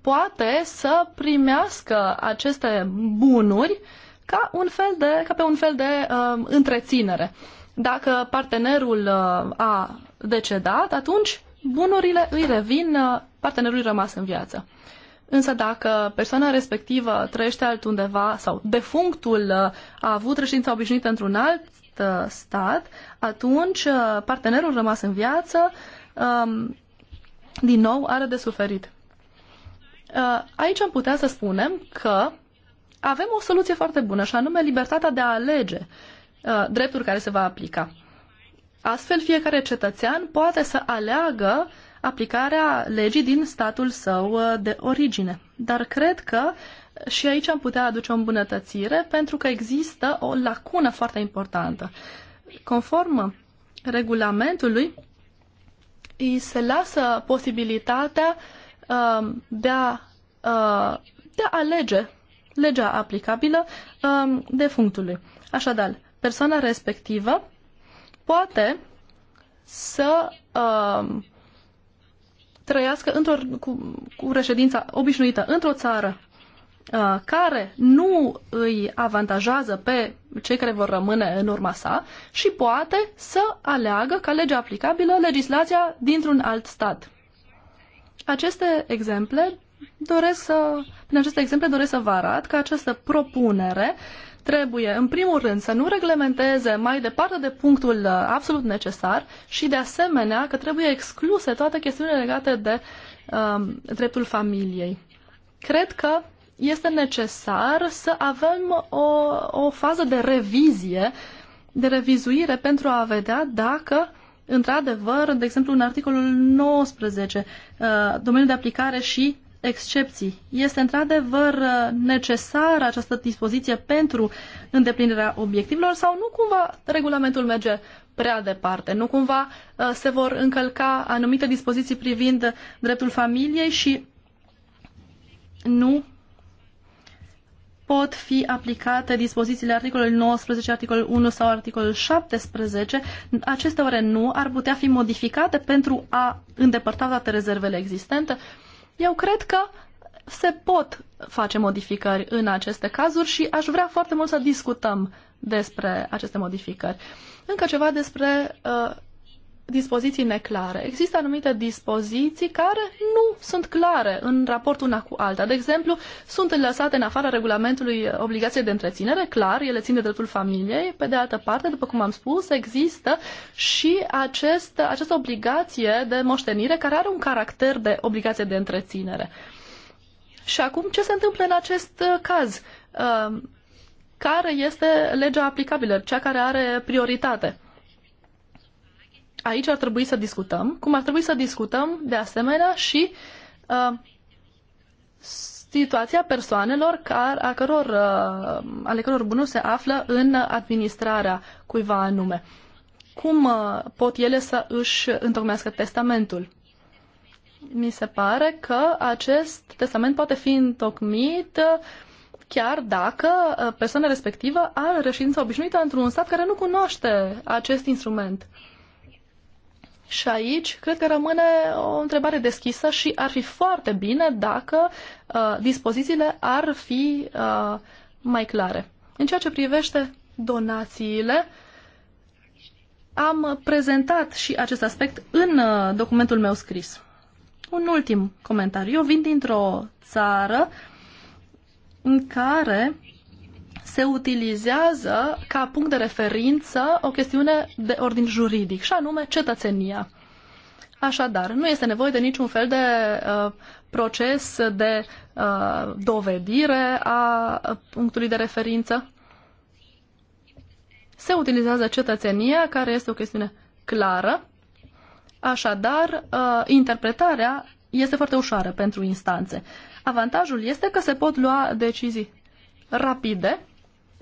poate să primească aceste bunuri ca, un fel de, ca pe un fel de um, întreținere. Uh, dacă partenerul uh, a decedat, atunci bunurile îi revin uh, partenerului rămas în viață. Însă dacă persoana respectivă trăiește altundeva sau defunctul uh, a avut reședința obișnuită într-un alt stat, atunci partenerul rămas în viață um, din nou are de suferit. Aici am putea să spunem că avem o soluție foarte bună și anume libertatea de a alege Uh, drepturi care se va aplica. Astfel, fiecare cetățean poate să aleagă aplicarea legii din statul său uh, de origine. Dar cred că și aici am putea aduce o îmbunătățire pentru că există o lacună foarte importantă. Conform regulamentului, îi se lasă posibilitatea uh, de, a, de a alege legea aplicabilă uh, defunctului. Așadar, persoana respectivă poate să uh, trăiască într-o, cu, cu reședința obișnuită într-o țară uh, care nu îi avantajează pe cei care vor rămâne în urma sa și poate să aleagă ca lege aplicabilă legislația dintr-un alt stat. Aceste exemple doresc să, prin aceste exemple doresc să vă arăt că această propunere uh, trebuie, în primul rând, să nu reglementeze mai departe de punctul uh, absolut necesar și, de asemenea, că trebuie excluse toate chestiunile legate de um, dreptul familiei. Cred că este necesar să avem o, o fază de revizie, de revizuire pentru a vedea dacă într-adevăr, de exemplu, în articolul 19, uh, domeniul de aplicare și excepții. Este într-adevăr uh, necesară această dispoziție pentru îndeplinirea obiectivelor sau nu cumva regulamentul merge prea departe? Nu cumva uh, se vor încălca anumite dispoziții privind dreptul familiei și nu pot fi aplicate dispozițiile articolului 19, articolul 1 sau articolul 17, aceste ore nu ar putea fi modificate pentru a îndepărta toate rezervele existente. Uh, eu cred că se pot face modificări în aceste cazuri și aș vrea foarte mult să discutăm despre aceste modificări. Încă ceva despre uh, dispoziții neclare. Există anumite dispoziții care nu sunt clare în raport una cu alta. De exemplu, sunt lăsate în afara regulamentului obligației de întreținere, clar, ele țin de dreptul familiei. Pe de altă parte, după cum am spus, există și acest, această obligație de moștenire care are un caracter de obligație de întreținere. Și acum, ce se întâmplă în acest uh, caz? Uh, care este legea aplicabilă, cea care are prioritate? aici ar trebui să discutăm, cum ar trebui să discutăm de asemenea și uh, situația persoanelor care, a căror, uh, ale căror bunuri se află în administrarea cuiva anume. Cum uh, pot ele să își întocmească testamentul? Mi se pare că acest testament poate fi întocmit uh, chiar dacă uh, persoana respectivă are reședința obișnuită într-un stat care nu cunoaște acest instrument. Uh, și aici cred că rămâne o întrebare deschisă și ar fi foarte bine dacă uh, dispozițiile ar fi uh, mai clare. În ceea ce privește donațiile, am prezentat și acest aspect în uh, documentul meu scris. Un ultim comentariu. Eu vin dintr-o țară în care se utilizează ca punct de referință o chestiune de ordin juridic, și anume cetățenia. Așadar, nu este nevoie de niciun fel de uh, proces de uh, dovedire a punctului de referință. Se utilizează cetățenia, care este o chestiune clară. Așadar, uh, interpretarea este foarte ușoară pentru instanțe. Avantajul este că se pot lua decizii rapide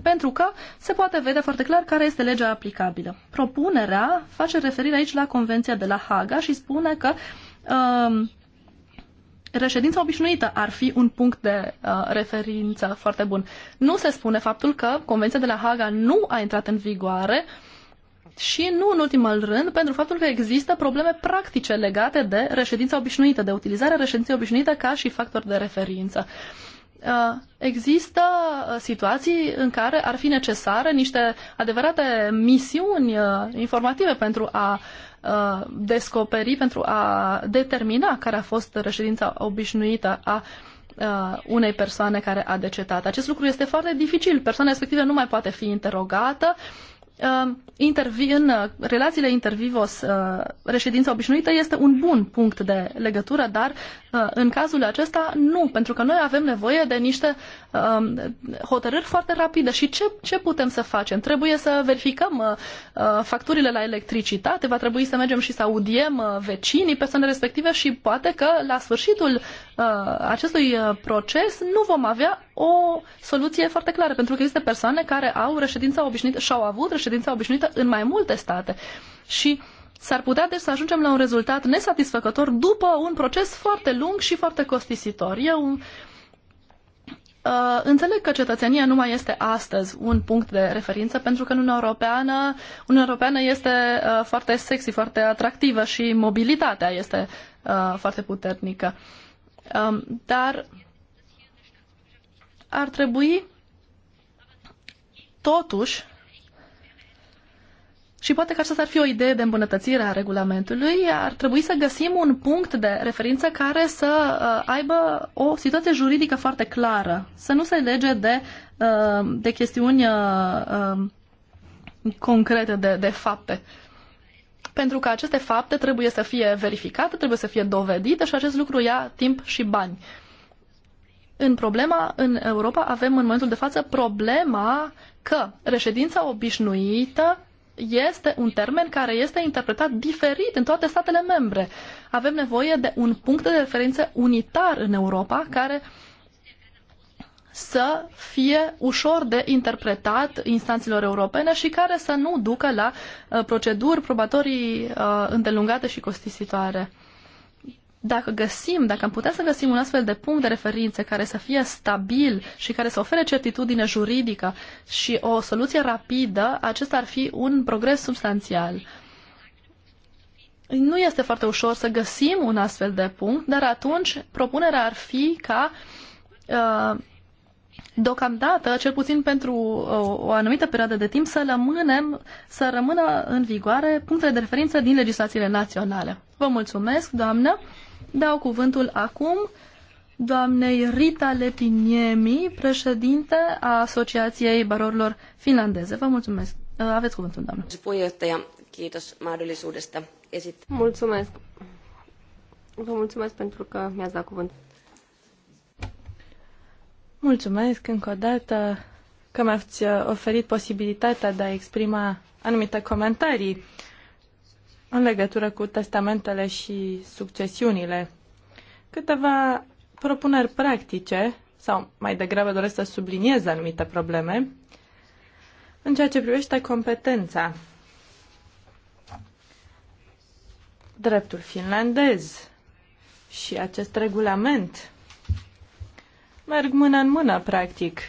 pentru că se poate vedea foarte clar care este legea aplicabilă. Propunerea face referire aici la Convenția de la Haga și spune că um, reședința obișnuită ar fi un punct de uh, referință foarte bun. Nu se spune faptul că Convenția de la Haga nu a intrat în vigoare și nu în ultimul rând pentru faptul că există probleme practice legate de reședința obișnuită, de utilizarea reședinței obișnuită ca și factor de referință. Uh, Uh, există uh, situații în care ar fi necesare niște adevărate misiuni uh, informative pentru a descoperi, pentru a determina care a fost reședința obișnuită a unei persoane care a decetat. Acest lucru este foarte dificil. Persoana respectivă nu mai poate fi interogată, Um, intervin, uh, relațiile intervivos, uh, reședința obișnuită, este un bun punct de legătură, dar uh, în cazul acesta nu, pentru că noi avem nevoie de niște um, hotărâri foarte rapide. Și ce, ce putem să facem? Trebuie să verificăm facturile la electricitate, va trebui să mergem și să audiem vecinii, persoanele respective și poate că la sfârșitul acestui proces nu vom avea o soluție foarte clară, pentru că există persoane care au reședința obișnuită și au avut reședința obișnuită în mai multe state. Și s-ar putea deci să ajungem la un rezultat nesatisfăcător după un proces foarte lung și foarte costisitor. Eu Uh, înțeleg că cetățenia nu mai este astăzi un punct de referință pentru că în Uniunea Europeană, Uniunea Europeană este uh, foarte sexy, foarte atractivă și mobilitatea este uh, foarte puternică. Um, dar ar trebui totuși și poate că aceasta ar fi o idee de îmbunătățire a regulamentului, ar trebui să găsim un punct de referință care să uh, aibă o situație juridică foarte clară, să nu se lege de, uh, de chestiuni uh, um, concrete, de, de fapte. Pentru că aceste fapte trebuie să fie verificate, trebuie să fie dovedite și acest lucru ia timp și bani. Uh, în problema, în Europa avem în momentul de față problema că reședința obișnuită este un termen care este interpretat diferit în toate statele membre. Avem nevoie de un punct de referință unitar în Europa care să fie ușor de interpretat instanțelor europene și care să nu ducă la uh, proceduri probatorii uh, îndelungate și costisitoare dacă găsim, dacă am putea să găsim un astfel de punct de referință care să fie stabil și care să ofere certitudine juridică și o soluție rapidă, acesta ar fi un progres substanțial. Nu este foarte ușor să găsim un astfel de punct, dar atunci propunerea ar fi ca uh, deocamdată, cel puțin pentru o, uh, o anumită perioadă de timp, să rămânem, să rămână în vigoare punctele de referință din legislațiile naționale. Vă mulțumesc, doamnă! Dau cuvântul acum doamnei Rita Lepiniemi, președinte a Asociației Barorilor Finlandeze. Vă mulțumesc. Uh, aveți cuvântul, doamnă. Mulțumesc. Vă mulțumesc pentru că mi-ați dat cuvânt. Mulțumesc încă o dată că mi-ați oferit posibilitatea de a exprima anumite comentarii în legătură cu testamentele și succesiunile. Câteva propuneri practice, sau mai degrabă doresc să subliniez anumite probleme, în ceea ce privește competența. Dreptul finlandez și acest regulament merg mână în mână, practic.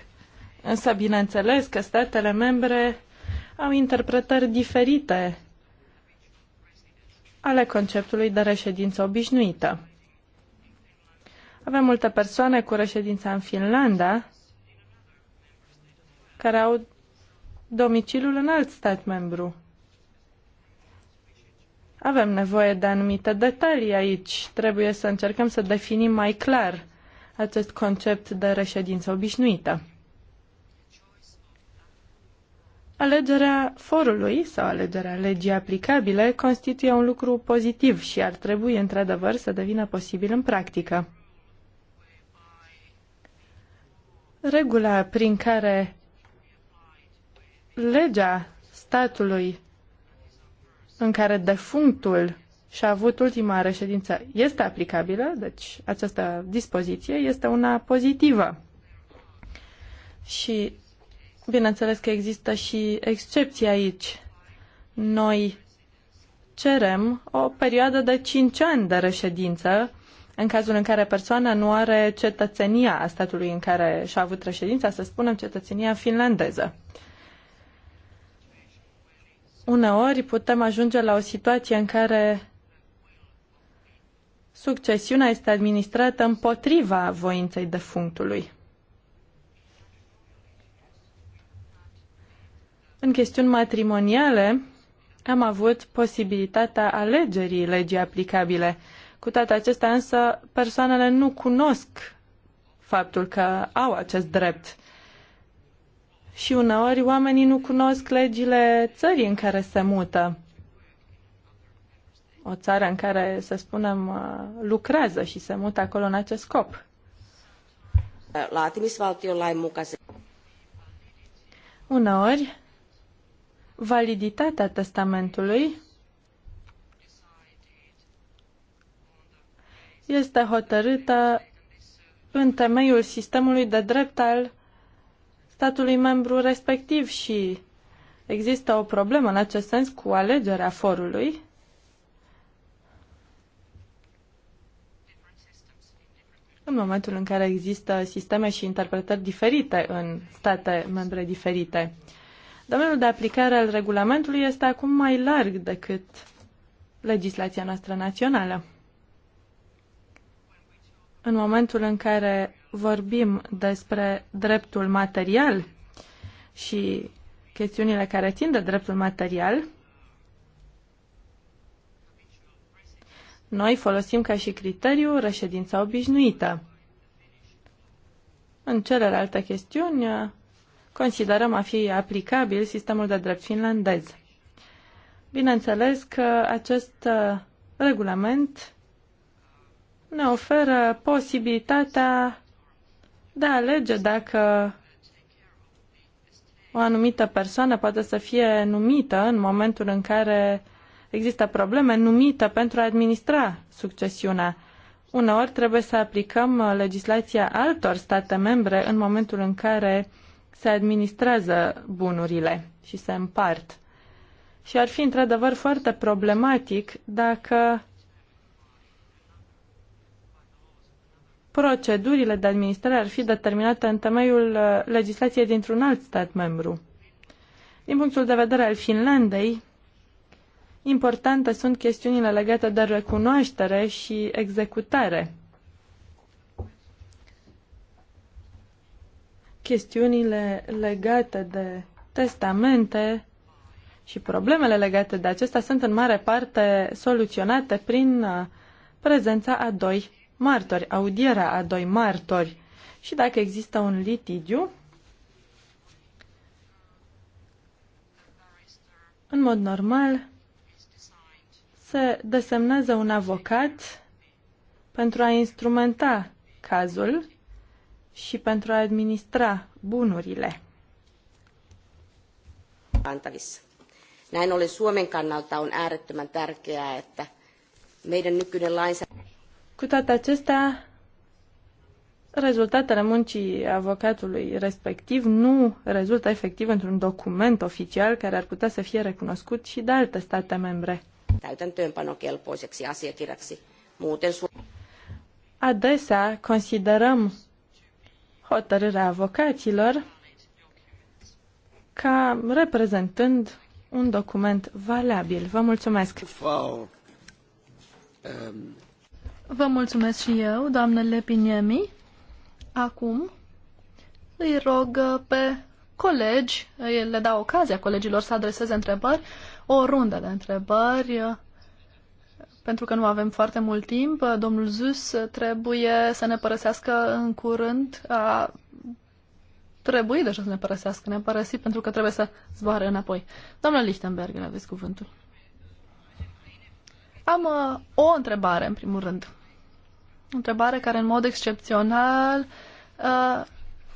Însă, bineînțeles că statele membre au interpretări diferite ale conceptului de reședință obișnuită. Avem multe persoane cu reședința în Finlanda care au domiciliul în alt stat membru. Avem nevoie de anumite detalii aici. Trebuie să încercăm să definim mai clar acest concept de reședință obișnuită. Alegerea forului sau alegerea legii aplicabile constituie un lucru pozitiv și ar trebui într-adevăr să devină posibil în practică. Regula prin care legea statului în care defunctul și-a avut ultima reședință este aplicabilă, deci această dispoziție este una pozitivă. Și Bineînțeles că există și excepții aici. Noi cerem o perioadă de 5 ani de reședință în cazul în care persoana nu are cetățenia a statului în care și-a avut reședința, să spunem cetățenia finlandeză. Uneori putem ajunge la o situație în care succesiunea este administrată împotriva voinței defunctului. În chestiuni matrimoniale am avut posibilitatea alegerii legii aplicabile. Cu toate acestea însă persoanele nu cunosc faptul că au acest drept. Și uneori oamenii nu cunosc legile țării în care se mută. O țară în care, să spunem, uh, lucrează și se mută acolo în acest scop. Uneori, validitatea testamentului este hotărâtă în temeiul sistemului de drept al statului membru respectiv și există o problemă în acest sens cu alegerea forului. În momentul în care există sisteme și interpretări diferite în state membre diferite. Domeniul de aplicare al regulamentului este acum mai larg decât legislația noastră națională. În momentul în care vorbim despre dreptul material și chestiunile care țin de dreptul material, noi folosim ca și criteriu reședința obișnuită. În celelalte chestiuni, considerăm a fi aplicabil sistemul de drept finlandez. Bineînțeles că acest uh, regulament ne oferă posibilitatea de a alege dacă o anumită persoană poate să fie numită în momentul în care există probleme, numită pentru a administra succesiunea. Uneori trebuie să aplicăm uh, legislația altor state membre în momentul în care se administrează bunurile și se împart. Și ar fi într-adevăr foarte problematic dacă procedurile de administrare ar fi determinate în temeiul uh, legislației dintr-un alt stat membru. Din punctul de vedere al Finlandei, importante sunt chestiunile legate de recunoaștere și executare. chestiunile legate de testamente și problemele legate de acestea sunt în mare parte soluționate prin uh, prezența a doi martori, audierea a doi martori. Și dacă există un litigiu, în mod normal se desemnează un avocat pentru a instrumenta cazul și pentru a administra bunurile. Antavissa. Näin ollen Suomen kannalta on äärettömän tärkeää, että meidän nykyinen lainsäädäntö... rezultatele muncii avocatului respectiv nu rezultă efectiv într-un document oficial care ar putea să fie recunoscut și de alte state membre. Adesea considerăm hotărârea avocaților ca reprezentând un document valabil. Vă mulțumesc! Um, Vă mulțumesc și eu, doamnele Piniemi. Acum îi rog uh, pe colegi, le dau ocazia colegilor să adreseze întrebări, o rundă de întrebări uh, pentru că nu avem foarte mult timp. Domnul Zus trebuie să ne părăsească în curând. A Trebuie deja să ne părăsească, ne părăsi pentru că trebuie să zboare înapoi. Doamna Lichtenberg, ne aveți cuvântul. Am uh, o întrebare, în primul rând. O întrebare care, în mod excepțional, uh,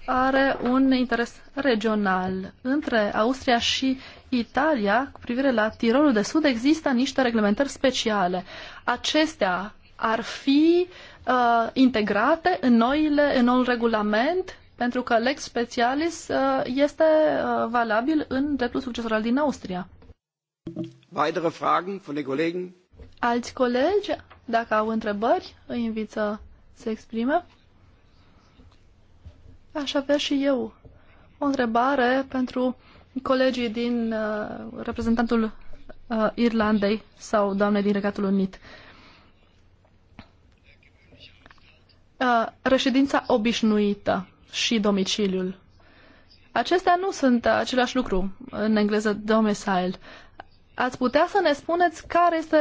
are un interes regional. Între Austria și Italia, cu privire la Tirolul de Sud, există niște reglementări speciale. Acestea ar fi uh, integrate în, noile, în noul regulament, pentru că lex specialis uh, este uh, valabil în dreptul succesoral din Austria. Weitere Fragen von den Kollegen? Alți colegi, dacă au întrebări, îi invit să se exprime. Aș avea și eu o întrebare pentru colegii din uh, reprezentantul uh, Irlandei sau doamne din Regatul Unit. Uh, reședința obișnuită și domiciliul. Acestea nu sunt același lucru în engleză domicile. Ați putea să ne spuneți care este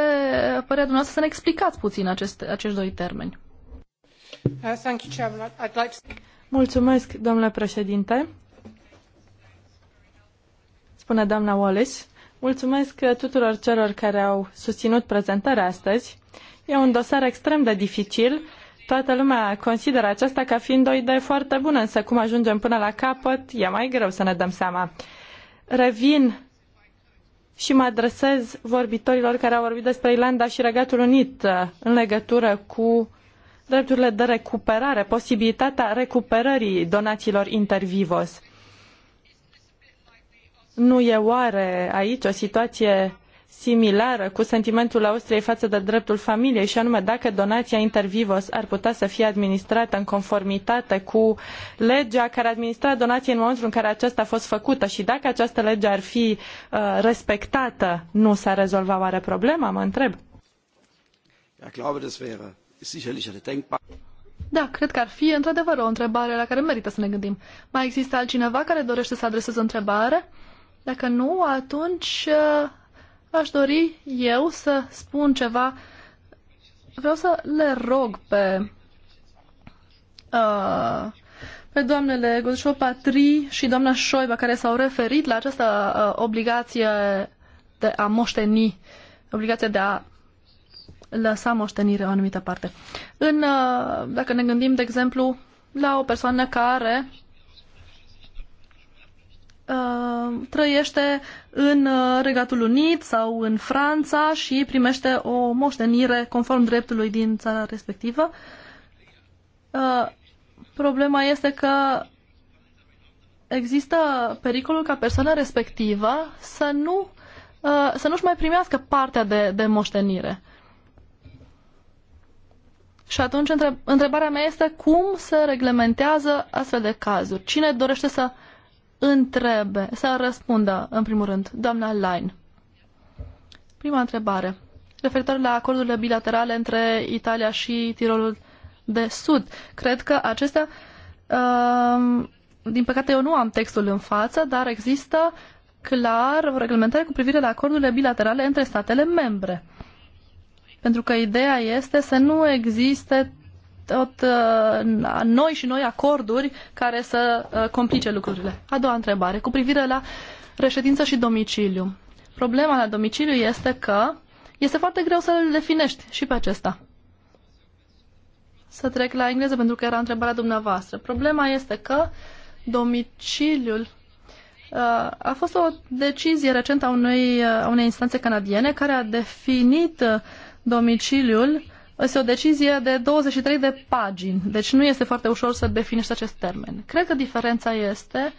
părerea dumneavoastră, să ne explicați puțin acest, acești doi termeni. Uh, Mulțumesc, domnule președinte spune doamna Wallace. Mulțumesc tuturor celor care au susținut prezentarea astăzi. E un dosar extrem de dificil. Toată lumea consideră aceasta ca fiind o idee foarte bună, însă cum ajungem până la capăt e mai greu să ne dăm seama. Revin și mă adresez vorbitorilor care au vorbit despre Irlanda și Regatul Unit uh, în legătură cu drepturile de recuperare, posibilitatea recuperării donațiilor intervivos. Nu e oare aici o situație similară cu sentimentul Austriei față de dreptul familiei și anume dacă donația inter vivos ar putea să fie administrată în conformitate cu legea care administra donația în momentul în care aceasta a fost făcută și dacă această lege ar fi uh, respectată, nu s-ar rezolva oare problema, mă întreb. Da, cred că ar fi într-adevăr o întrebare la care merită să ne gândim. Mai există altcineva care dorește să adreseze o întrebare? Dacă nu, atunci uh, aș dori eu să spun ceva. Vreau să le rog pe, uh, pe doamnele Gozișo Patri și doamna Șoiba care s-au referit la această uh, obligație de a moșteni, obligația de a lăsa moștenire o anumită parte. În, uh, dacă ne gândim, de exemplu, la o persoană care Uh, trăiește în uh, Regatul Unit sau în Franța și primește o moștenire conform dreptului din țara respectivă. Uh, problema este că există pericolul ca persoana respectivă să nu să nu-și mai primească partea de, de moștenire. Și atunci întrebarea mea este cum se reglementează astfel de cazuri? Cine dorește să uh, întrebe, să răspundă, în primul rând, doamna Line. Prima întrebare, referitor la acordurile bilaterale între Italia și Tirolul de Sud. Cred că acestea, um, din păcate eu nu am textul în față, dar există clar o reglementare cu privire la acordurile bilaterale între statele membre. Pentru că ideea este să nu existe tot uh, noi și noi acorduri care să uh, complice lucrurile. A doua întrebare, cu privire la reședință și domiciliu. Problema la domiciliu este că este foarte greu să-l definești și pe acesta. Să trec la engleză pentru că era întrebarea dumneavoastră. Problema este că domiciliul uh, a fost o decizie recentă a unei, uh, a unei instanțe canadiene care a definit uh, domiciliul este o decizie de 23 de pagini, deci nu este foarte ușor să definești acest termen. Cred că diferența este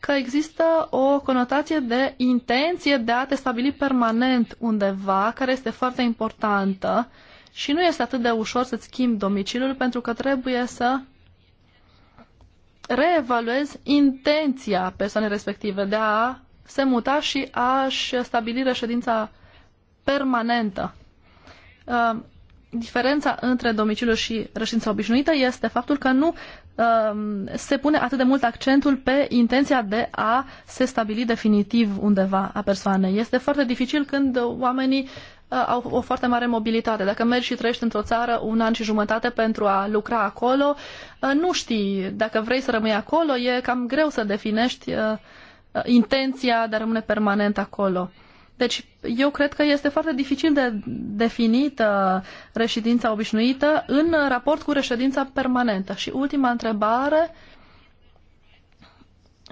că există o conotație de intenție de a te stabili permanent undeva, care este foarte importantă și nu este atât de ușor să-ți schimbi domiciliul pentru că trebuie să reevaluezi intenția persoanei respective de a se muta și a-și stabili reședința permanentă. Uh, diferența între domiciliu și reședința obișnuită este faptul că nu um, se pune atât de mult accentul pe intenția de a se stabili definitiv undeva a persoanei. Este foarte dificil când oamenii uh, au o foarte mare mobilitate. Dacă mergi și trăiești într-o țară un an și jumătate pentru a lucra acolo, uh, nu știi dacă vrei să rămâi acolo, e cam greu să definești uh, uh intenția de a rămâne permanent acolo. Deci eu cred că este foarte dificil de definită uh, reședința obișnuită în raport cu reședința permanentă. Și ultima întrebare,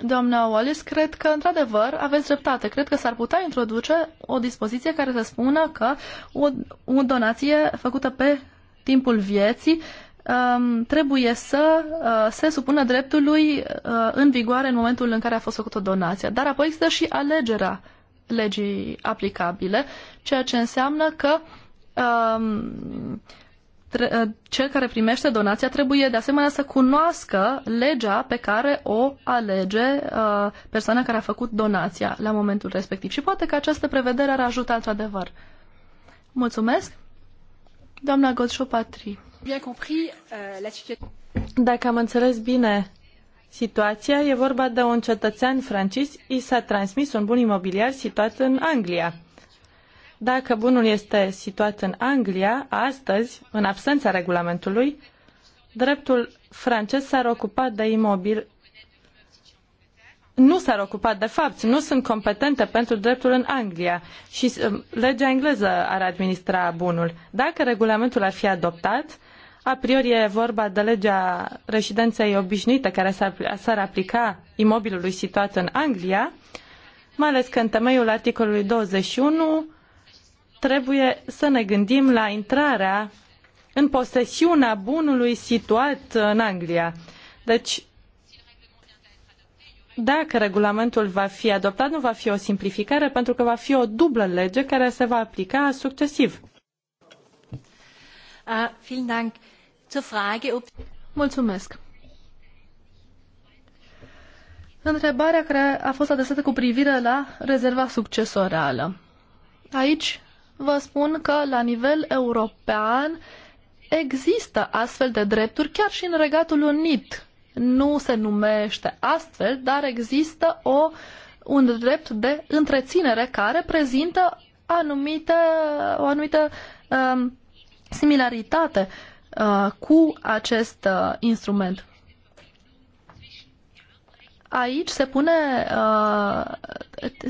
doamna Wallis, cred că într-adevăr aveți dreptate. Cred că s-ar putea introduce o dispoziție care să spună că o, o donație făcută pe timpul vieții um, trebuie să uh, se supună dreptului uh, în vigoare în momentul în care a fost făcută donația. Dar apoi există și alegerea legii aplicabile, ceea ce înseamnă că um, uh, cel care primește donația trebuie de asemenea să cunoască legea pe care o alege uh, persoana care a făcut donația la momentul respectiv. Și poate că această prevedere ar ajuta într-adevăr. Mulțumesc. Doamna Godșopatri. Uh, Dacă am înțeles bine situația. E vorba de un cetățean francez, i s-a transmis un bun imobiliar situat în Anglia. Dacă bunul este situat în Anglia, astăzi, în absența regulamentului, dreptul francez s-ar ocupa de imobil nu s-ar ocupa de fapt, nu sunt competente pentru dreptul în Anglia și um, legea engleză ar administra bunul. Dacă regulamentul ar fi adoptat, a priori e vorba de legea rezidenței obișnuite care s-ar aplica imobilului situat în Anglia, mai ales că în temeiul articolului 21 trebuie să ne gândim la intrarea în posesiunea bunului situat în Anglia. Deci, dacă regulamentul va fi adoptat, nu va fi o simplificare, pentru că va fi o dublă lege care se va aplica succesiv. Uh, zur Frage, ob... Mulțumesc. Întrebarea care a fost adresată cu privire la rezerva succesorală. Aici vă spun că la nivel european există astfel de drepturi chiar și în Regatul Unit. Nu se numește astfel, dar există o, un drept de întreținere care prezintă anumite, o anumită um, similaritate Uh, cu acest uh, instrument. Aici se pune, uh,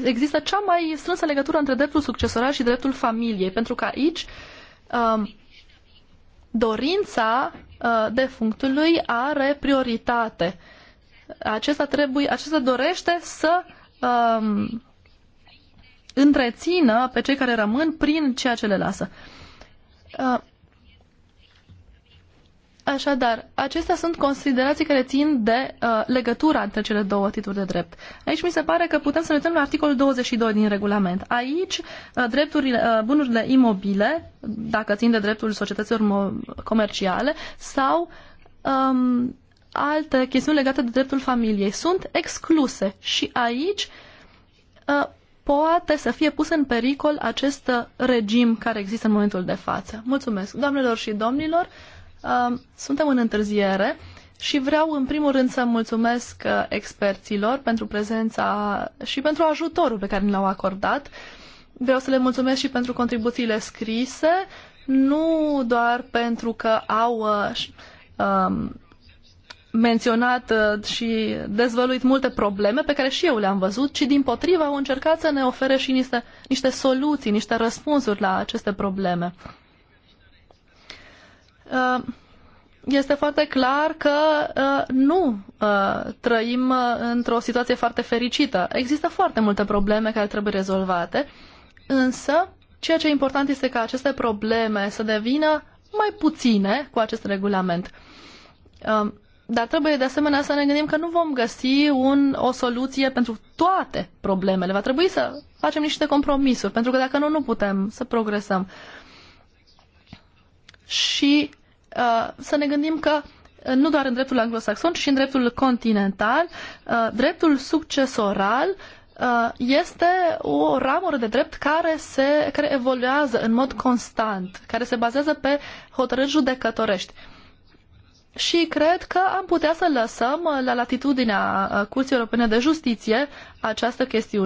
există cea mai strânsă legătură între dreptul succesorat și dreptul familiei, pentru că aici um, dorința defunctului are prioritate. Acesta, trebuie, acesta dorește să um, întrețină pe cei care rămân prin ceea ce le lasă. Uh, Așadar, acestea sunt considerații care țin de uh, legătura între cele două titluri de drept. Aici mi se pare că putem să ne uităm la articolul 22 din regulament. Aici, uh, drepturile, uh, bunurile imobile, dacă țin de dreptul societăților comerciale, sau um, alte chestiuni legate de dreptul familiei, sunt excluse și aici uh, poate să fie pus în pericol acest uh, regim care există în momentul de față. Mulțumesc, doamnelor și domnilor! Um, suntem în întârziere și vreau în primul rând să mulțumesc uh, experților pentru prezența și pentru ajutorul pe care ni l-au acordat. Vreau să le mulțumesc și pentru contribuțiile scrise, nu doar pentru că au uh, um, menționat uh, și dezvăluit multe probleme pe care și eu le-am văzut, ci din potrivă au încercat să ne ofere și niște, niște soluții, niște răspunsuri la aceste probleme. Uh, este foarte clar că uh, nu uh, trăim într-o situație foarte fericită. Există foarte multe probleme care trebuie rezolvate, însă ceea ce e important este ca aceste probleme să devină mai puține cu acest regulament. Dar trebuie de asemenea să ne gândim că nu vom găsi un, o soluție pentru toate problemele. Va trebui să facem niște compromisuri, pentru că dacă nu, nu putem să progresăm. Și Uh, să ne gândim că uh, nu doar în dreptul anglosaxon, ci și în dreptul continental, uh, dreptul succesoral este o ramură de drept care, se, care evoluează în mod constant, care se bazează pe hotărâri judecătorești. Și cred că am putea să lăsăm la latitudinea Curții Europene de Justiție această chestiune.